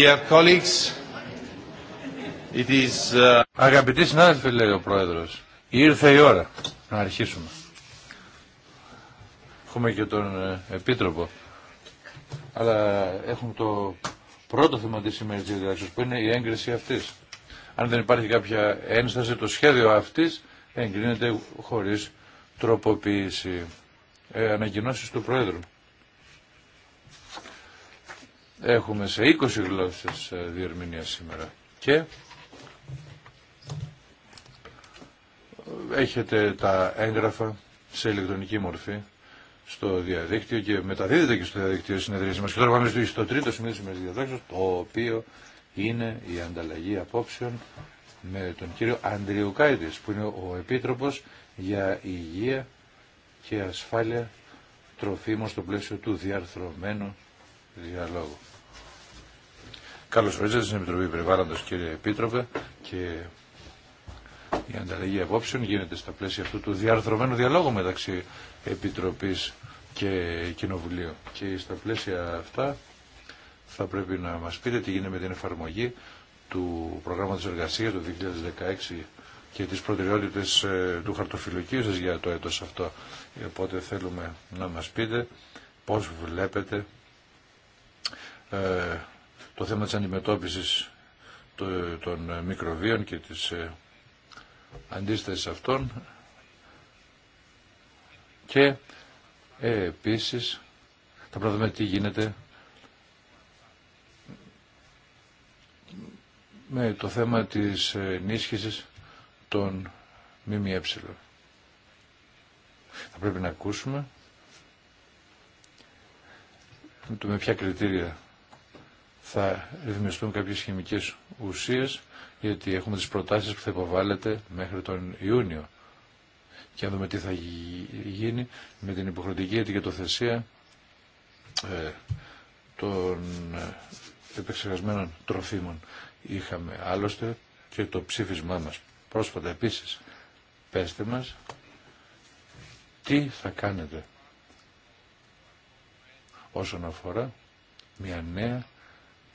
Uh, Αγαπητοί συνάδελφοι, λέει ο Πρόεδρος, ήρθε η ώρα να αρχίσουμε. Έχουμε και τον ε, Επίτροπο, αλλά έχουμε το πρώτο θέμα της σημερινής διαδικασίας που είναι η έγκριση αυτής. Αν δεν υπάρχει κάποια ένσταση, το σχέδιο αυτής εγκρίνεται χωρίς τροποποίηση. Ε, ανακοινώσεις του Πρόεδρου. Έχουμε σε 20 γλώσσες ε, διερμηνία σήμερα και έχετε τα έγγραφα σε ηλεκτρονική μορφή στο διαδίκτυο και μεταδίδεται και στο διαδίκτυο συνεδρίαση μας. Και τώρα πάμε στο τρίτο σημείο της σημερινής το οποίο είναι η ανταλλαγή απόψεων με τον κύριο Ανδριούκαΐδης που είναι ο Επίτροπος για Υγεία και Ασφάλεια Τροφίμων στο πλαίσιο του διαρθρωμένου διαλόγου. Καλώς ορίσατε στην Επιτροπή Περιβάλλοντος κύριε Επίτροπε και η ανταλλαγή απόψεων γίνεται στα πλαίσια αυτού του διαρθρωμένου διαλόγου μεταξύ Επιτροπής και Κοινοβουλίου. Και στα πλαίσια αυτά θα πρέπει να μας πείτε τι γίνεται με την εφαρμογή του προγράμματος εργασίας του 2016 και τις προτεραιότητες ε, του χαρτοφυλλοκίου σας για το έτος αυτό. Οπότε θέλουμε να μας πείτε πώς βλέπετε ε, το θέμα της αντιμετώπισης των μικροβίων και της ε, αντίστασης αυτών και ε, επίσης θα πρέπει να τι γίνεται με το θέμα της ενίσχυσης των ΜΜΕ. Θα πρέπει να ακούσουμε με ποια κριτήρια θα ρυθμιστούν κάποιες χημικές ουσίες γιατί έχουμε τις προτάσεις που θα υποβάλλεται μέχρι τον Ιούνιο και να δούμε τι θα γίνει με την υποχρεωτική ετικετοθεσία ε, των ε, επεξεργασμένων τροφίμων. Είχαμε άλλωστε και το ψήφισμά μας πρόσφατα επίσης. Πέστε μας τι θα κάνετε όσον αφορά μια νέα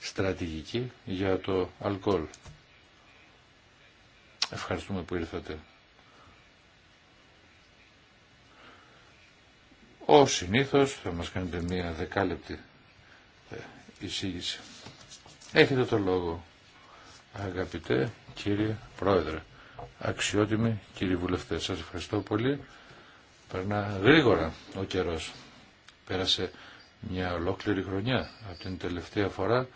στρατηγική για το αλκοόλ. Ευχαριστούμε που ήρθατε. Ω συνήθως θα μας κάνετε μία δεκάλεπτη ε, εισήγηση. Έχετε το λόγο αγαπητέ κύριε Πρόεδρε, αξιότιμοι κύριοι βουλευτές. Σας ευχαριστώ πολύ. Περνά γρήγορα ο καιρός. Πέρασε μια ολόκληρη χρονιά από την τελευταία φορά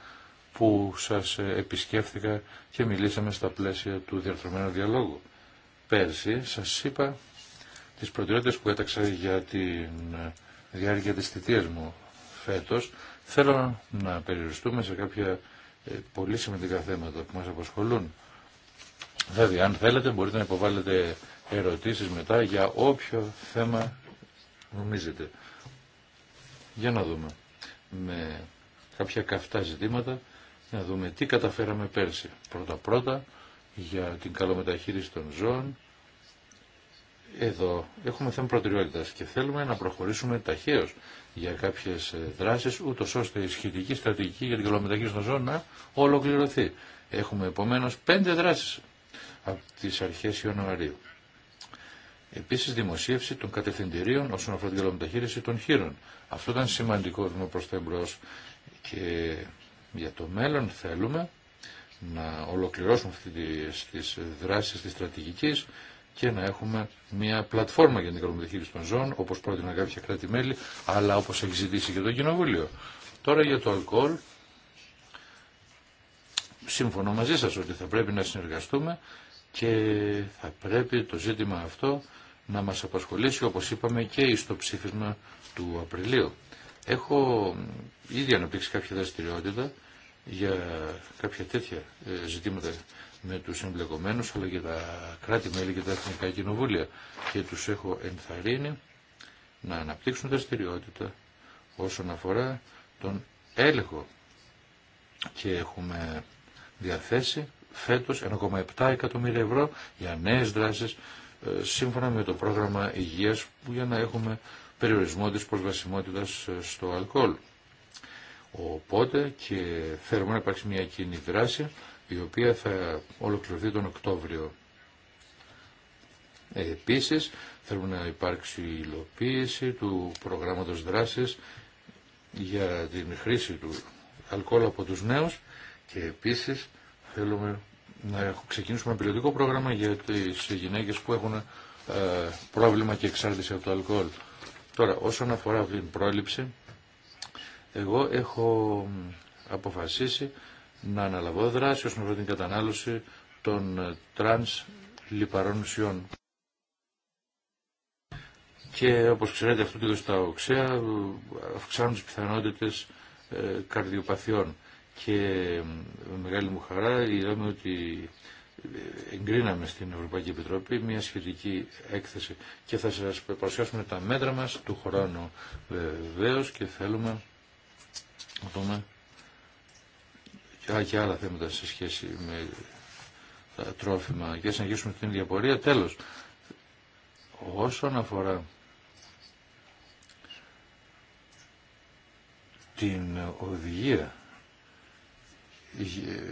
που σας επισκέφθηκα και μιλήσαμε στα πλαίσια του διαρθρωμένου διαλόγου. Πέρσι σας είπα τις προτεραιότητες που έταξα για τη διάρκεια της θητείας μου φέτος. Θέλω να περιοριστούμε σε κάποια ε, πολύ σημαντικά θέματα που μας απασχολούν. Δηλαδή, αν θέλετε, μπορείτε να υποβάλλετε ερωτήσεις μετά για όποιο θέμα νομίζετε. Για να δούμε. Με κάποια καυτά ζητήματα να δούμε τι καταφέραμε πέρσι. Πρώτα-πρώτα για την καλομεταχείριση των ζώων. Εδώ έχουμε θέμα προτεραιότητα και θέλουμε να προχωρήσουμε ταχαίω για κάποιε δράσει ούτω ώστε η σχετική στρατηγική για την καλομεταχείριση των ζώων να ολοκληρωθεί. Έχουμε επομένω πέντε δράσει από τι αρχές Ιανουαρίου. Επίση δημοσίευση των κατευθυντηρίων όσον αφορά την καλομεταχείριση των χείρων. Αυτό ήταν σημαντικό βήμα προ τα εμπρό και για το μέλλον θέλουμε να ολοκληρώσουμε αυτές τις δράσεις της στρατηγικής και να έχουμε μια πλατφόρμα για την οικονομική των ζώων, πρότεινα πρότειναν κάποια κράτη-μέλη, αλλά όπως έχει ζητήσει και το Κοινοβούλιο. Τώρα για το αλκοόλ, σύμφωνο μαζί σας ότι θα πρέπει να συνεργαστούμε και θα πρέπει το ζήτημα αυτό να μας απασχολήσει, όπως είπαμε, και στο ψήφισμα του Απριλίου. Έχω ήδη αναπτύξει κάποια δραστηριότητα για κάποια τέτοια ε, ζητήματα με τους εμπλεκομένους αλλά και τα κράτη-μέλη και τα εθνικά κοινοβούλια και τους έχω ενθαρρύνει να αναπτύξουν δραστηριότητα όσον αφορά τον έλεγχο και έχουμε διαθέσει φέτος 1,7 εκατομμύρια ευρώ για νέες δράσεις ε, σύμφωνα με το πρόγραμμα υγείας που για να έχουμε περιορισμό τη προσβασιμότητας ε, στο αλκοόλ. Οπότε και θέλουμε να υπάρξει μια κοινή δράση η οποία θα ολοκληρωθεί τον Οκτώβριο. Επίσης θέλουμε να υπάρξει η υλοποίηση του προγράμματος δράσης για την χρήση του αλκοόλ από τους νέους και επίσης θέλουμε να ξεκινήσουμε ένα πιλωτικό πρόγραμμα για τις γυναίκες που έχουν ε, πρόβλημα και εξάρτηση από το αλκοόλ. Τώρα, όσον αφορά την πρόληψη, εγώ έχω αποφασίσει να αναλαβώ δράση όσον αφορά την κατανάλωση των τρανς λιπαρών ουσιών. Και όπως ξέρετε αυτού του είδους τα οξέα αυξάνουν τις πιθανότητες ε, καρδιοπαθειών. Και ε, με μεγάλη μου χαρά είδαμε ότι ε, εγκρίναμε στην Ευρωπαϊκή Επιτροπή μια σχετική έκθεση και θα σας παρουσιάσουμε τα μέτρα μας του χρόνου βεβαίω και θέλουμε δούμε και άλλα θέματα σε σχέση με τα τρόφιμα και συνεχίσουμε την ίδια πορεία. Τέλος, όσον αφορά την οδηγία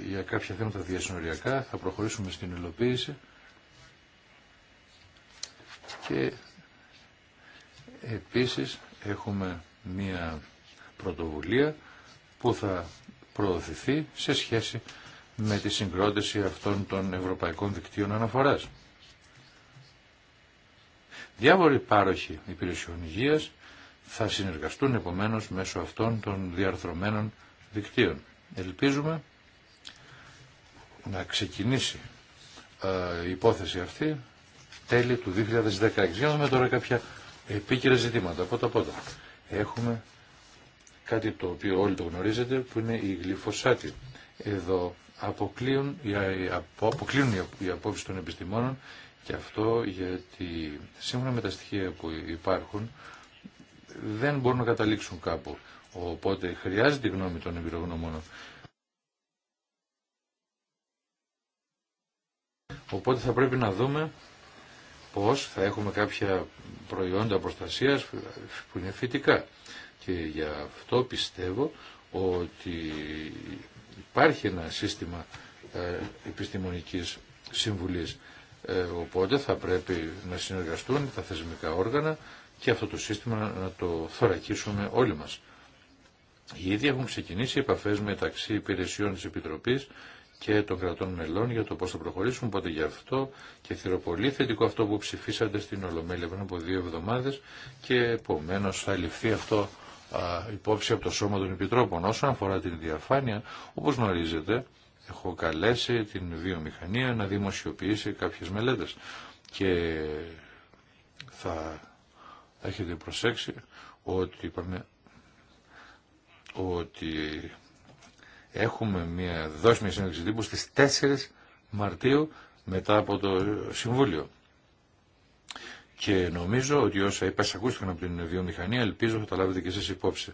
για κάποια θέματα διασυνοριακά, θα προχωρήσουμε στην υλοποίηση και επίσης έχουμε μία πρωτοβουλία που θα προωθηθεί σε σχέση με τη συγκρότηση αυτών των ευρωπαϊκών δικτύων αναφοράς. Διάφοροι πάροχοι υπηρεσιών υγείας θα συνεργαστούν επομένως μέσω αυτών των διαρθρωμένων δικτύων. Ελπίζουμε να ξεκινήσει ε, η υπόθεση αυτή τέλη του 2016. Για να δούμε τώρα κάποια επίκαιρα ζητήματα. τα πότε. έχουμε κάτι το οποίο όλοι το γνωρίζετε που είναι η γλυφοσάτη. Εδώ αποκλείουν, αποκλείουν οι των επιστημόνων και αυτό γιατί σύμφωνα με τα στοιχεία που υπάρχουν δεν μπορούν να καταλήξουν κάπου. Οπότε χρειάζεται η γνώμη των εμπειρογνωμόνων. Οπότε θα πρέπει να δούμε πώς θα έχουμε κάποια προϊόντα προστασίας που είναι φυτικά. Και γι' αυτό πιστεύω ότι υπάρχει ένα σύστημα ε, επιστημονικής συμβουλής. Ε, οπότε θα πρέπει να συνεργαστούν τα θεσμικά όργανα και αυτό το σύστημα να το θωρακίσουμε όλοι μας. Ήδη έχουν ξεκινήσει επαφές μεταξύ υπηρεσιών της Επιτροπής και των κρατών μελών για το πώς θα προχωρήσουν. Οπότε γι' αυτό και θεωρώ πολύ θετικό αυτό που ψηφίσατε στην Ολομέλεια πριν από δύο εβδομάδες και επομένως θα ληφθεί αυτό υπόψη από το Σώμα των Επιτρόπων. Όσον αφορά την διαφάνεια, όπως γνωρίζετε, έχω καλέσει την βιομηχανία να δημοσιοποιήσει κάποιες μελέτες και θα έχετε προσέξει ότι, είπαμε, ότι έχουμε μια δόσμια συνέντευξη τύπου στις 4 Μαρτίου μετά από το Συμβούλιο. Και νομίζω ότι όσα είπα, ακούστηκαν από την βιομηχανία, ελπίζω θα τα λάβετε και εσείς υπόψη.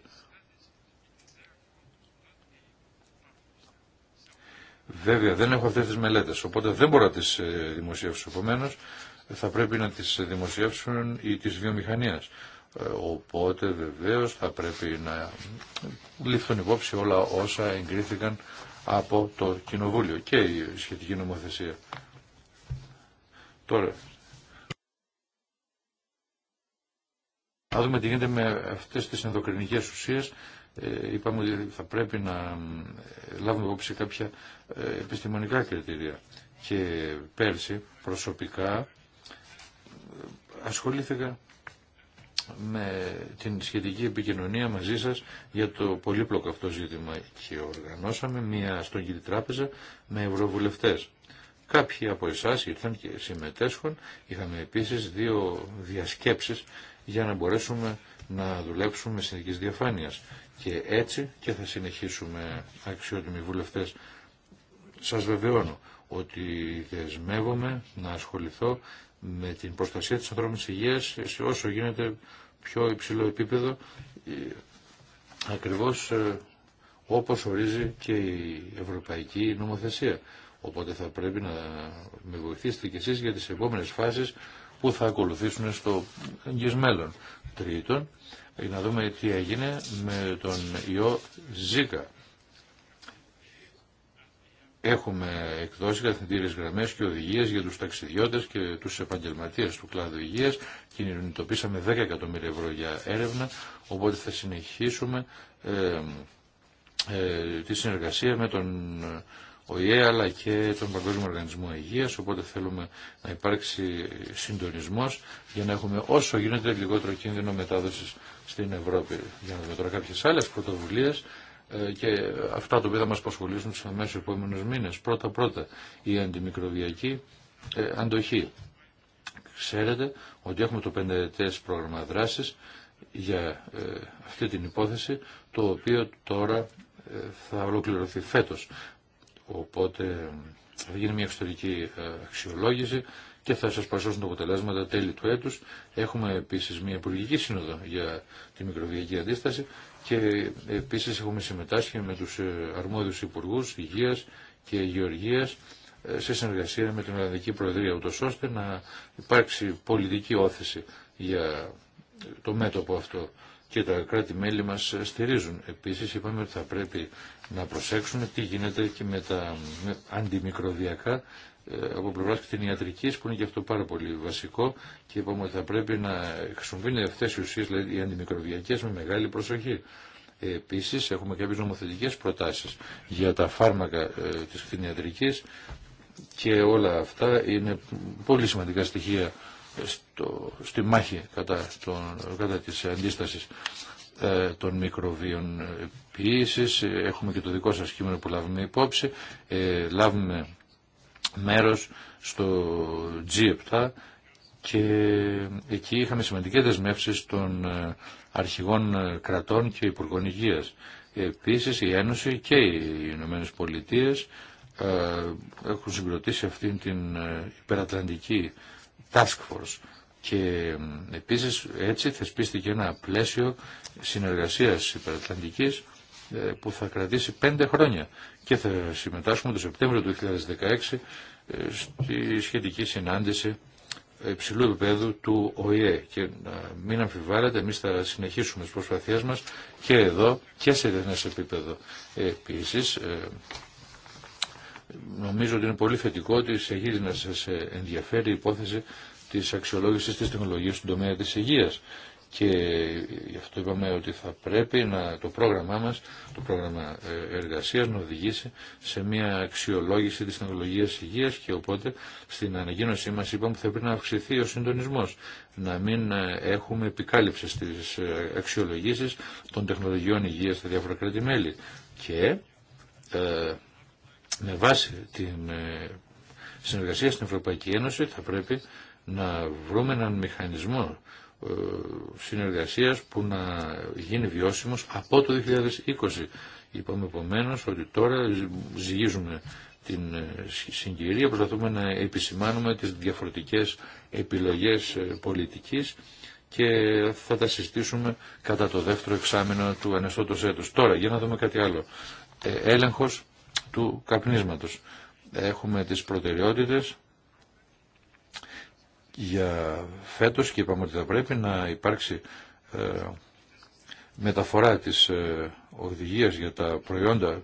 Βέβαια δεν έχω αυτές τις μελέτες, οπότε δεν μπορώ να τις ε, δημοσιεύσω. Επομένω, θα πρέπει να τις ε, δημοσιεύσουν οι της βιομηχανίας. Ε, οπότε βεβαίως θα πρέπει να ληφθούν υπόψη όλα όσα εγκρίθηκαν από το Κοινοβούλιο και η σχετική νομοθεσία. Τώρα, Να δούμε τι γίνεται με αυτές τις ενδοκρινικές ουσίες. Ε, είπαμε ότι θα πρέπει να λάβουμε υπόψη κάποια ε, επιστημονικά κριτήρια. Και πέρσι προσωπικά ασχολήθηκα με την σχετική επικοινωνία μαζί σας για το πολύπλοκο αυτό ζήτημα και οργανώσαμε μια στρογγυλή τράπεζα με ευρωβουλευτές. Κάποιοι από εσάς ήρθαν και συμμετέσχουν. Είχαμε επίσης δύο διασκέψεις για να μπορέσουμε να δουλέψουμε με συνδικής διαφάνειας. Και έτσι και θα συνεχίσουμε αξιότιμοι βουλευτές. Σας βεβαιώνω ότι δεσμεύομαι να ασχοληθώ με την προστασία της ανθρώπινης υγείας σε όσο γίνεται πιο υψηλό επίπεδο ε, ακριβώς ε, όπως ορίζει και η Ευρωπαϊκή Νομοθεσία. Οπότε θα πρέπει να με βοηθήσετε κι εσείς για τις επόμενες φάσεις που θα ακολουθήσουν στο εγγύς μέλλον. Τρίτον, να δούμε τι έγινε με τον ιό Ζήκα. Έχουμε εκδώσει καθημερινές γραμμές και οδηγίες για τους ταξιδιώτες και τους επαγγελματίες του κλάδου υγείας. Κινητοποίησαμε 10 εκατομμύρια ευρώ για έρευνα, οπότε θα συνεχίσουμε ε, ε, τη συνεργασία με τον ΟΗΕ αλλά και τον Παγκόσμιο Οργανισμό Υγείας, οπότε θέλουμε να υπάρξει συντονισμός για να έχουμε όσο γίνεται λιγότερο κίνδυνο μετάδοσης στην Ευρώπη. Για να δούμε τώρα κάποιες άλλες πρωτοβουλίες ε, και αυτά τα οποία θα μας απασχολήσουν στους αμέσως επόμενους μήνες. Πρώτα-πρώτα η αντιμικροβιακή ε, αντοχή. Ξέρετε ότι έχουμε το πενταετές πρόγραμμα δράσης για ε, αυτή την υπόθεση, το οποίο τώρα θα ολοκληρωθεί φέτος. Οπότε θα γίνει μια εξωτερική ε, αξιολόγηση και θα σας παρουσιάσουν τα αποτελέσματα τέλη του έτους. Έχουμε επίσης μια υπουργική σύνοδο για τη μικροβιακή αντίσταση και επίσης έχουμε συμμετάσχει με τους ε, αρμόδιους υπουργούς υγείας και γεωργίας ε, σε συνεργασία με την Ολλανδική Προεδρία ούτως ώστε να υπάρξει πολιτική όθηση για το μέτωπο αυτό και τα κράτη-μέλη μας στηρίζουν. Επίσης είπαμε ότι θα πρέπει να προσέξουν τι γίνεται και με τα αντιμικροβιακά ε, από πλευρά και την ιατρική που είναι και αυτό πάρα πολύ βασικό και είπαμε ότι θα πρέπει να χρησιμοποιούν αυτέ οι ουσίε, δηλαδή οι αντιμικροβιακέ, με μεγάλη προσοχή. Επίση, έχουμε κάποιε νομοθετικέ προτάσει για τα φάρμακα ε, τη κτηνιατρική και όλα αυτά είναι πολύ σημαντικά στοιχεία στο, στη μάχη κατά, κατά της αντίστασης ε, των μικροβίων. Επίση, έχουμε και το δικό σας κείμενο που λάβουμε υπόψη. Ε, λάβουμε μέρος στο G7 και εκεί είχαμε σημαντικές δεσμεύσεις των ε, αρχηγών κρατών και υπουργών υγείας. Επίσης η Ένωση και οι Ηνωμένε Πολιτείε έχουν συγκροτήσει αυτήν την υπερατλαντική task force και επίσης έτσι θεσπίστηκε ένα πλαίσιο συνεργασίας υπερατλαντικής ε, που θα κρατήσει πέντε χρόνια και θα συμμετάσχουμε το Σεπτέμβριο του 2016 ε, στη σχετική συνάντηση υψηλού επίπεδου του ΟΗΕ και ε, μην αμφιβάλλετε εμείς θα συνεχίσουμε τις προσπαθίες μας και εδώ και σε διεθνέ επίπεδο. Επίσης νομίζω ότι είναι πολύ θετικό ότι σε να σας ενδιαφέρει η υπόθεση Τη αξιολόγησης της τεχνολογίας στον τομέα της υγείας. Και γι' αυτό είπαμε ότι θα πρέπει να, το πρόγραμμά μας, το πρόγραμμα ε, εργασίας να οδηγήσει σε μια αξιολόγηση της τεχνολογίας υγείας και οπότε στην ανακοίνωσή μας είπαμε ότι θα πρέπει να αυξηθεί ο συντονισμός, να μην ε, έχουμε επικάλυψη στις ε, αξιολογήσεις των τεχνολογιών υγείας στα διάφορα κράτη-μέλη. Και ε, με βάση την συνεργασία στην Ευρωπαϊκή Ένωση θα πρέπει να βρούμε έναν μηχανισμό ε, συνεργασίας που να γίνει βιώσιμος από το 2020. Είπαμε επομένω ότι τώρα ζυγίζουμε την ε, συγκυρία, προσπαθούμε να επισημάνουμε τις διαφορετικές επιλογές ε, πολιτικής και θα τα συστήσουμε κατά το δεύτερο εξάμεινο του ανεστώτος έτους. Τώρα, για να δούμε κάτι άλλο. έλεγχος του καπνίσματος. Έχουμε τις προτεραιότητες για φέτος και είπαμε ότι θα πρέπει να υπάρξει ε, μεταφορά της ε, οδηγίας για τα προϊόντα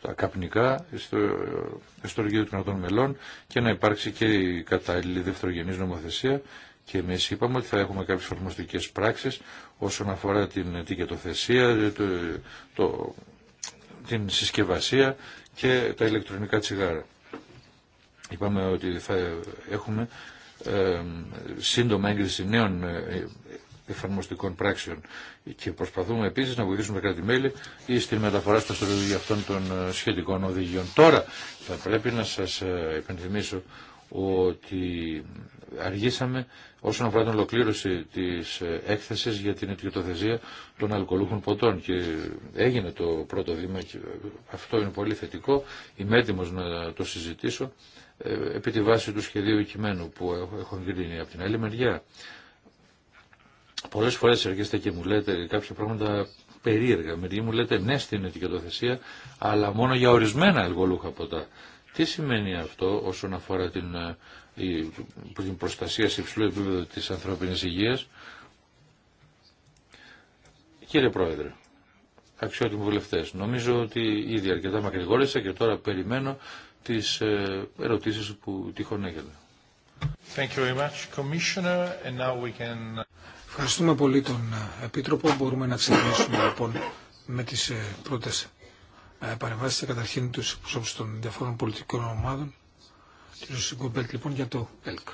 τα καπνικά στο ε, Υπουργείο των κρατών μελών και να υπάρξει και η κατάλληλη δευτερογενής νομοθεσία και εμεί είπαμε ότι θα έχουμε κάποιες φορμοστικές πράξεις όσον αφορά την ετικετοθεσία, το, το, την συσκευασία και τα ηλεκτρονικά τσιγάρα. Είπαμε ότι θα έχουμε ε, σύντομα έγκριση νέων ε, ε, εφαρμοστικών πράξεων και προσπαθούμε επίσης να βοηθήσουμε τα κράτη-μέλη ή στη μεταφορά στα αυτών των σχετικών οδηγιών. Τώρα θα πρέπει να σας επενθυμίσω ότι αργήσαμε όσον αφορά την ολοκλήρωση της έκθεσης για την αιτιοτοθεσία των αλκοολούχων ποτών και έγινε το πρώτο βήμα και αυτό είναι πολύ θετικό, είμαι έτοιμος να το συζητήσω ε, επί τη βάση του σχεδίου κειμένου που έχω εγκρίνει από την άλλη μεριά. Πολλέ φορέ έρχεστε και μου λέτε κάποια πράγματα περίεργα. Μερικοί μου λέτε ναι στην ετικετοθεσία, αλλά μόνο για ορισμένα εργολούχα ποτά. Τι σημαίνει αυτό όσον αφορά την, ε, την προστασία σε υψηλό επίπεδο τη ανθρώπινη υγεία. Κύριε Πρόεδρε, αξιότιμοι βουλευτέ, νομίζω ότι ήδη αρκετά μακρηγόρησα και τώρα περιμένω τις ε, ερωτήσεις που τυχόν έχετε. Thank you very much, Commissioner. And now we can... Ευχαριστούμε πολύ τον ε, Επίτροπο. Μπορούμε να ξεκινήσουμε λοιπόν με τις ε, πρώτες παρεμβάσεις και καταρχήν τους εκπροσώπους των διαφόρων πολιτικών ομάδων. Κύριο Σιγκομπέλτ λοιπόν για το ΕΛΚ.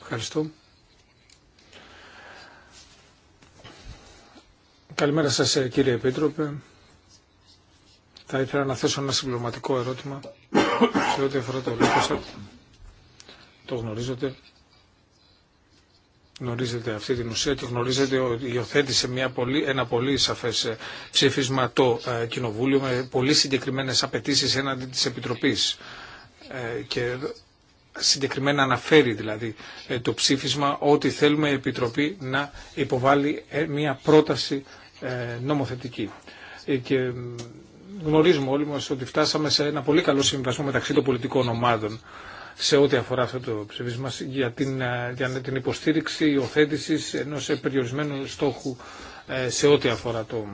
Ευχαριστώ. Καλημέρα σας κύριε Επίτροπε. Θα ήθελα να θέσω ένα συμπληρωματικό ερώτημα σε ό,τι αφορά το το γνωρίζετε. Γνωρίζετε αυτή την ουσία και γνωρίζετε ότι υιοθέτησε μια ένα πολύ σαφές ε, ψήφισμα το ε, Κοινοβούλιο με πολύ συγκεκριμένες απαιτήσει έναντι της Επιτροπής. Ε, και συγκεκριμένα αναφέρει δηλαδή το ψήφισμα ότι θέλουμε η Επιτροπή να υποβάλει μια πρόταση νομοθετική. Και γνωρίζουμε όλοι μας ότι φτάσαμε σε ένα πολύ καλό συμβασμό μεταξύ των πολιτικών ομάδων σε ό,τι αφορά αυτό το ψηφίσμα για την, ε, για την υποστήριξη υιοθέτηση ενός ε, περιορισμένου στόχου ε, σε ό,τι αφορά το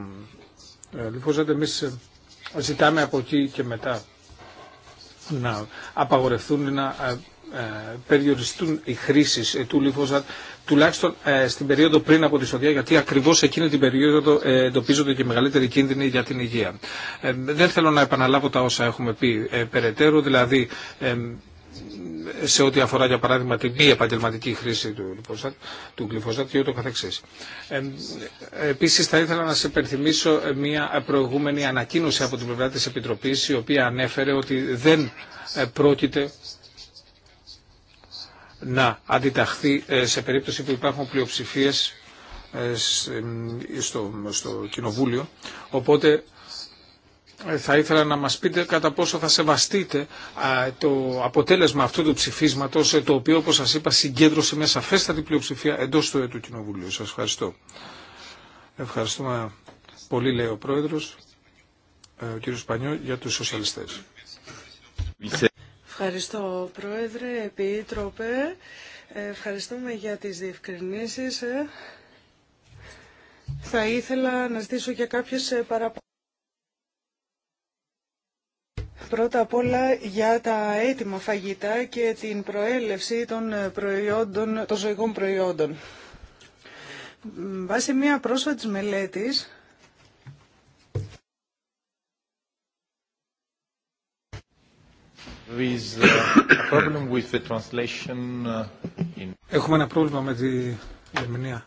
λιφόζατε. Εμεί ζητάμε από εκεί και μετά να απαγορευτούν να περιοριστούν οι χρήσεις του λιφόζατ τουλάχιστον ε, στην περίοδο πριν από τη Σωδία, γιατί ακριβώ εκείνη την περίοδο ε, εντοπίζονται και μεγαλύτεροι κίνδυνοι για την υγεία. Ε, δεν θέλω να επαναλάβω τα όσα έχουμε πει περαιτέρω, δηλαδή σε ό,τι αφορά για παράδειγμα την μη επαγγελματική χρήση του, του γλυφοσάτ και ούτω καθεξής. Ε, επίσης θα ήθελα να σε υπενθυμίσω μια προηγούμενη ανακοίνωση από την πλευρά της Επιτροπής η οποία ανέφερε ότι δεν πρόκειται να αντιταχθεί ε, σε περίπτωση που υπάρχουν πλειοψηφίες ε, στο, στο Κοινοβούλιο. Οπότε ε, θα ήθελα να μας πείτε κατά πόσο θα σεβαστείτε το αποτέλεσμα αυτού του ψηφίσματος, το οποίο όπως σας είπα συγκέντρωσε μια σαφέστατη πλειοψηφία εντός του, του Κοινοβουλίου. Σας ευχαριστώ. Ευχαριστούμε πολύ λέει ο Πρόεδρος, ο κύριος Πανιό, για τους σοσιαλιστές. Ευχαριστώ, Πρόεδρε, Επίτροπε. Ευχαριστούμε για τις διευκρινήσεις. Ε. Θα ήθελα να ζητήσω και κάποιες ε, παραπάνω. Πρώτα απ' όλα για τα έτοιμα φαγητά και την προέλευση των, ε, προϊόντων, των ζωικών προϊόντων. Βάσει μια πρόσφατης μελέτης, Uh, uh, Έχουμε ένα πρόβλημα με τη ερμηνεία.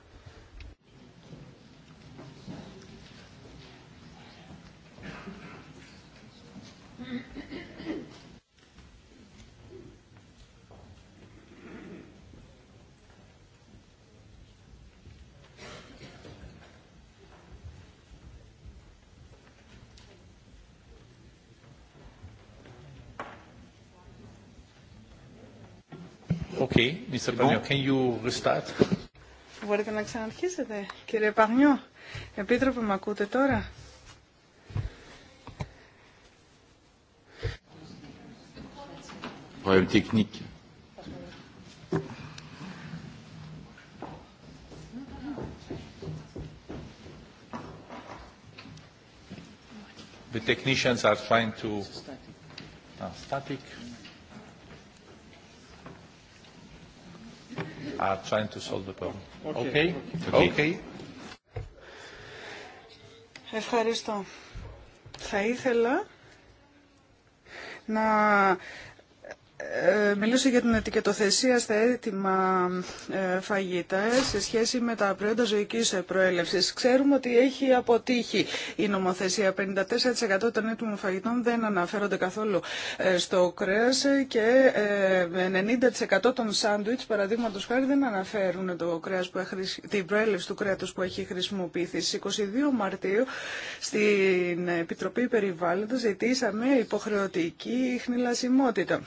Okay, Mr. Pagno, can you restart? Μπορείτε να ξαναρχίσετε, κύριε Παγνιό. Επίτροπε, με ακούτε τώρα. Problème technique. The technicians are trying to... Ah, static. are trying to solve the problem. Okay. Okay. okay. Ευχαριστώ. Θα ήθελα να ε, μιλήσω για την ετικετοθεσία στα έτοιμα ε, φαγητά σε σχέση με τα προϊόντα ζωικής ε, προέλευσης. Ξέρουμε ότι έχει αποτύχει η νομοθεσία. 54% των έτοιμων φαγητών δεν αναφέρονται καθόλου στο κρέας και 90% των σάντουιτς, παραδείγματος χάρη, δεν αναφέρουν το κρέας που έχει, την προέλευση του κρέατος που έχει χρησιμοποιηθεί. Στις 22 Μαρτίου στην Επιτροπή Περιβάλλοντος ζητήσαμε υποχρεωτική χνηλασιμότητα.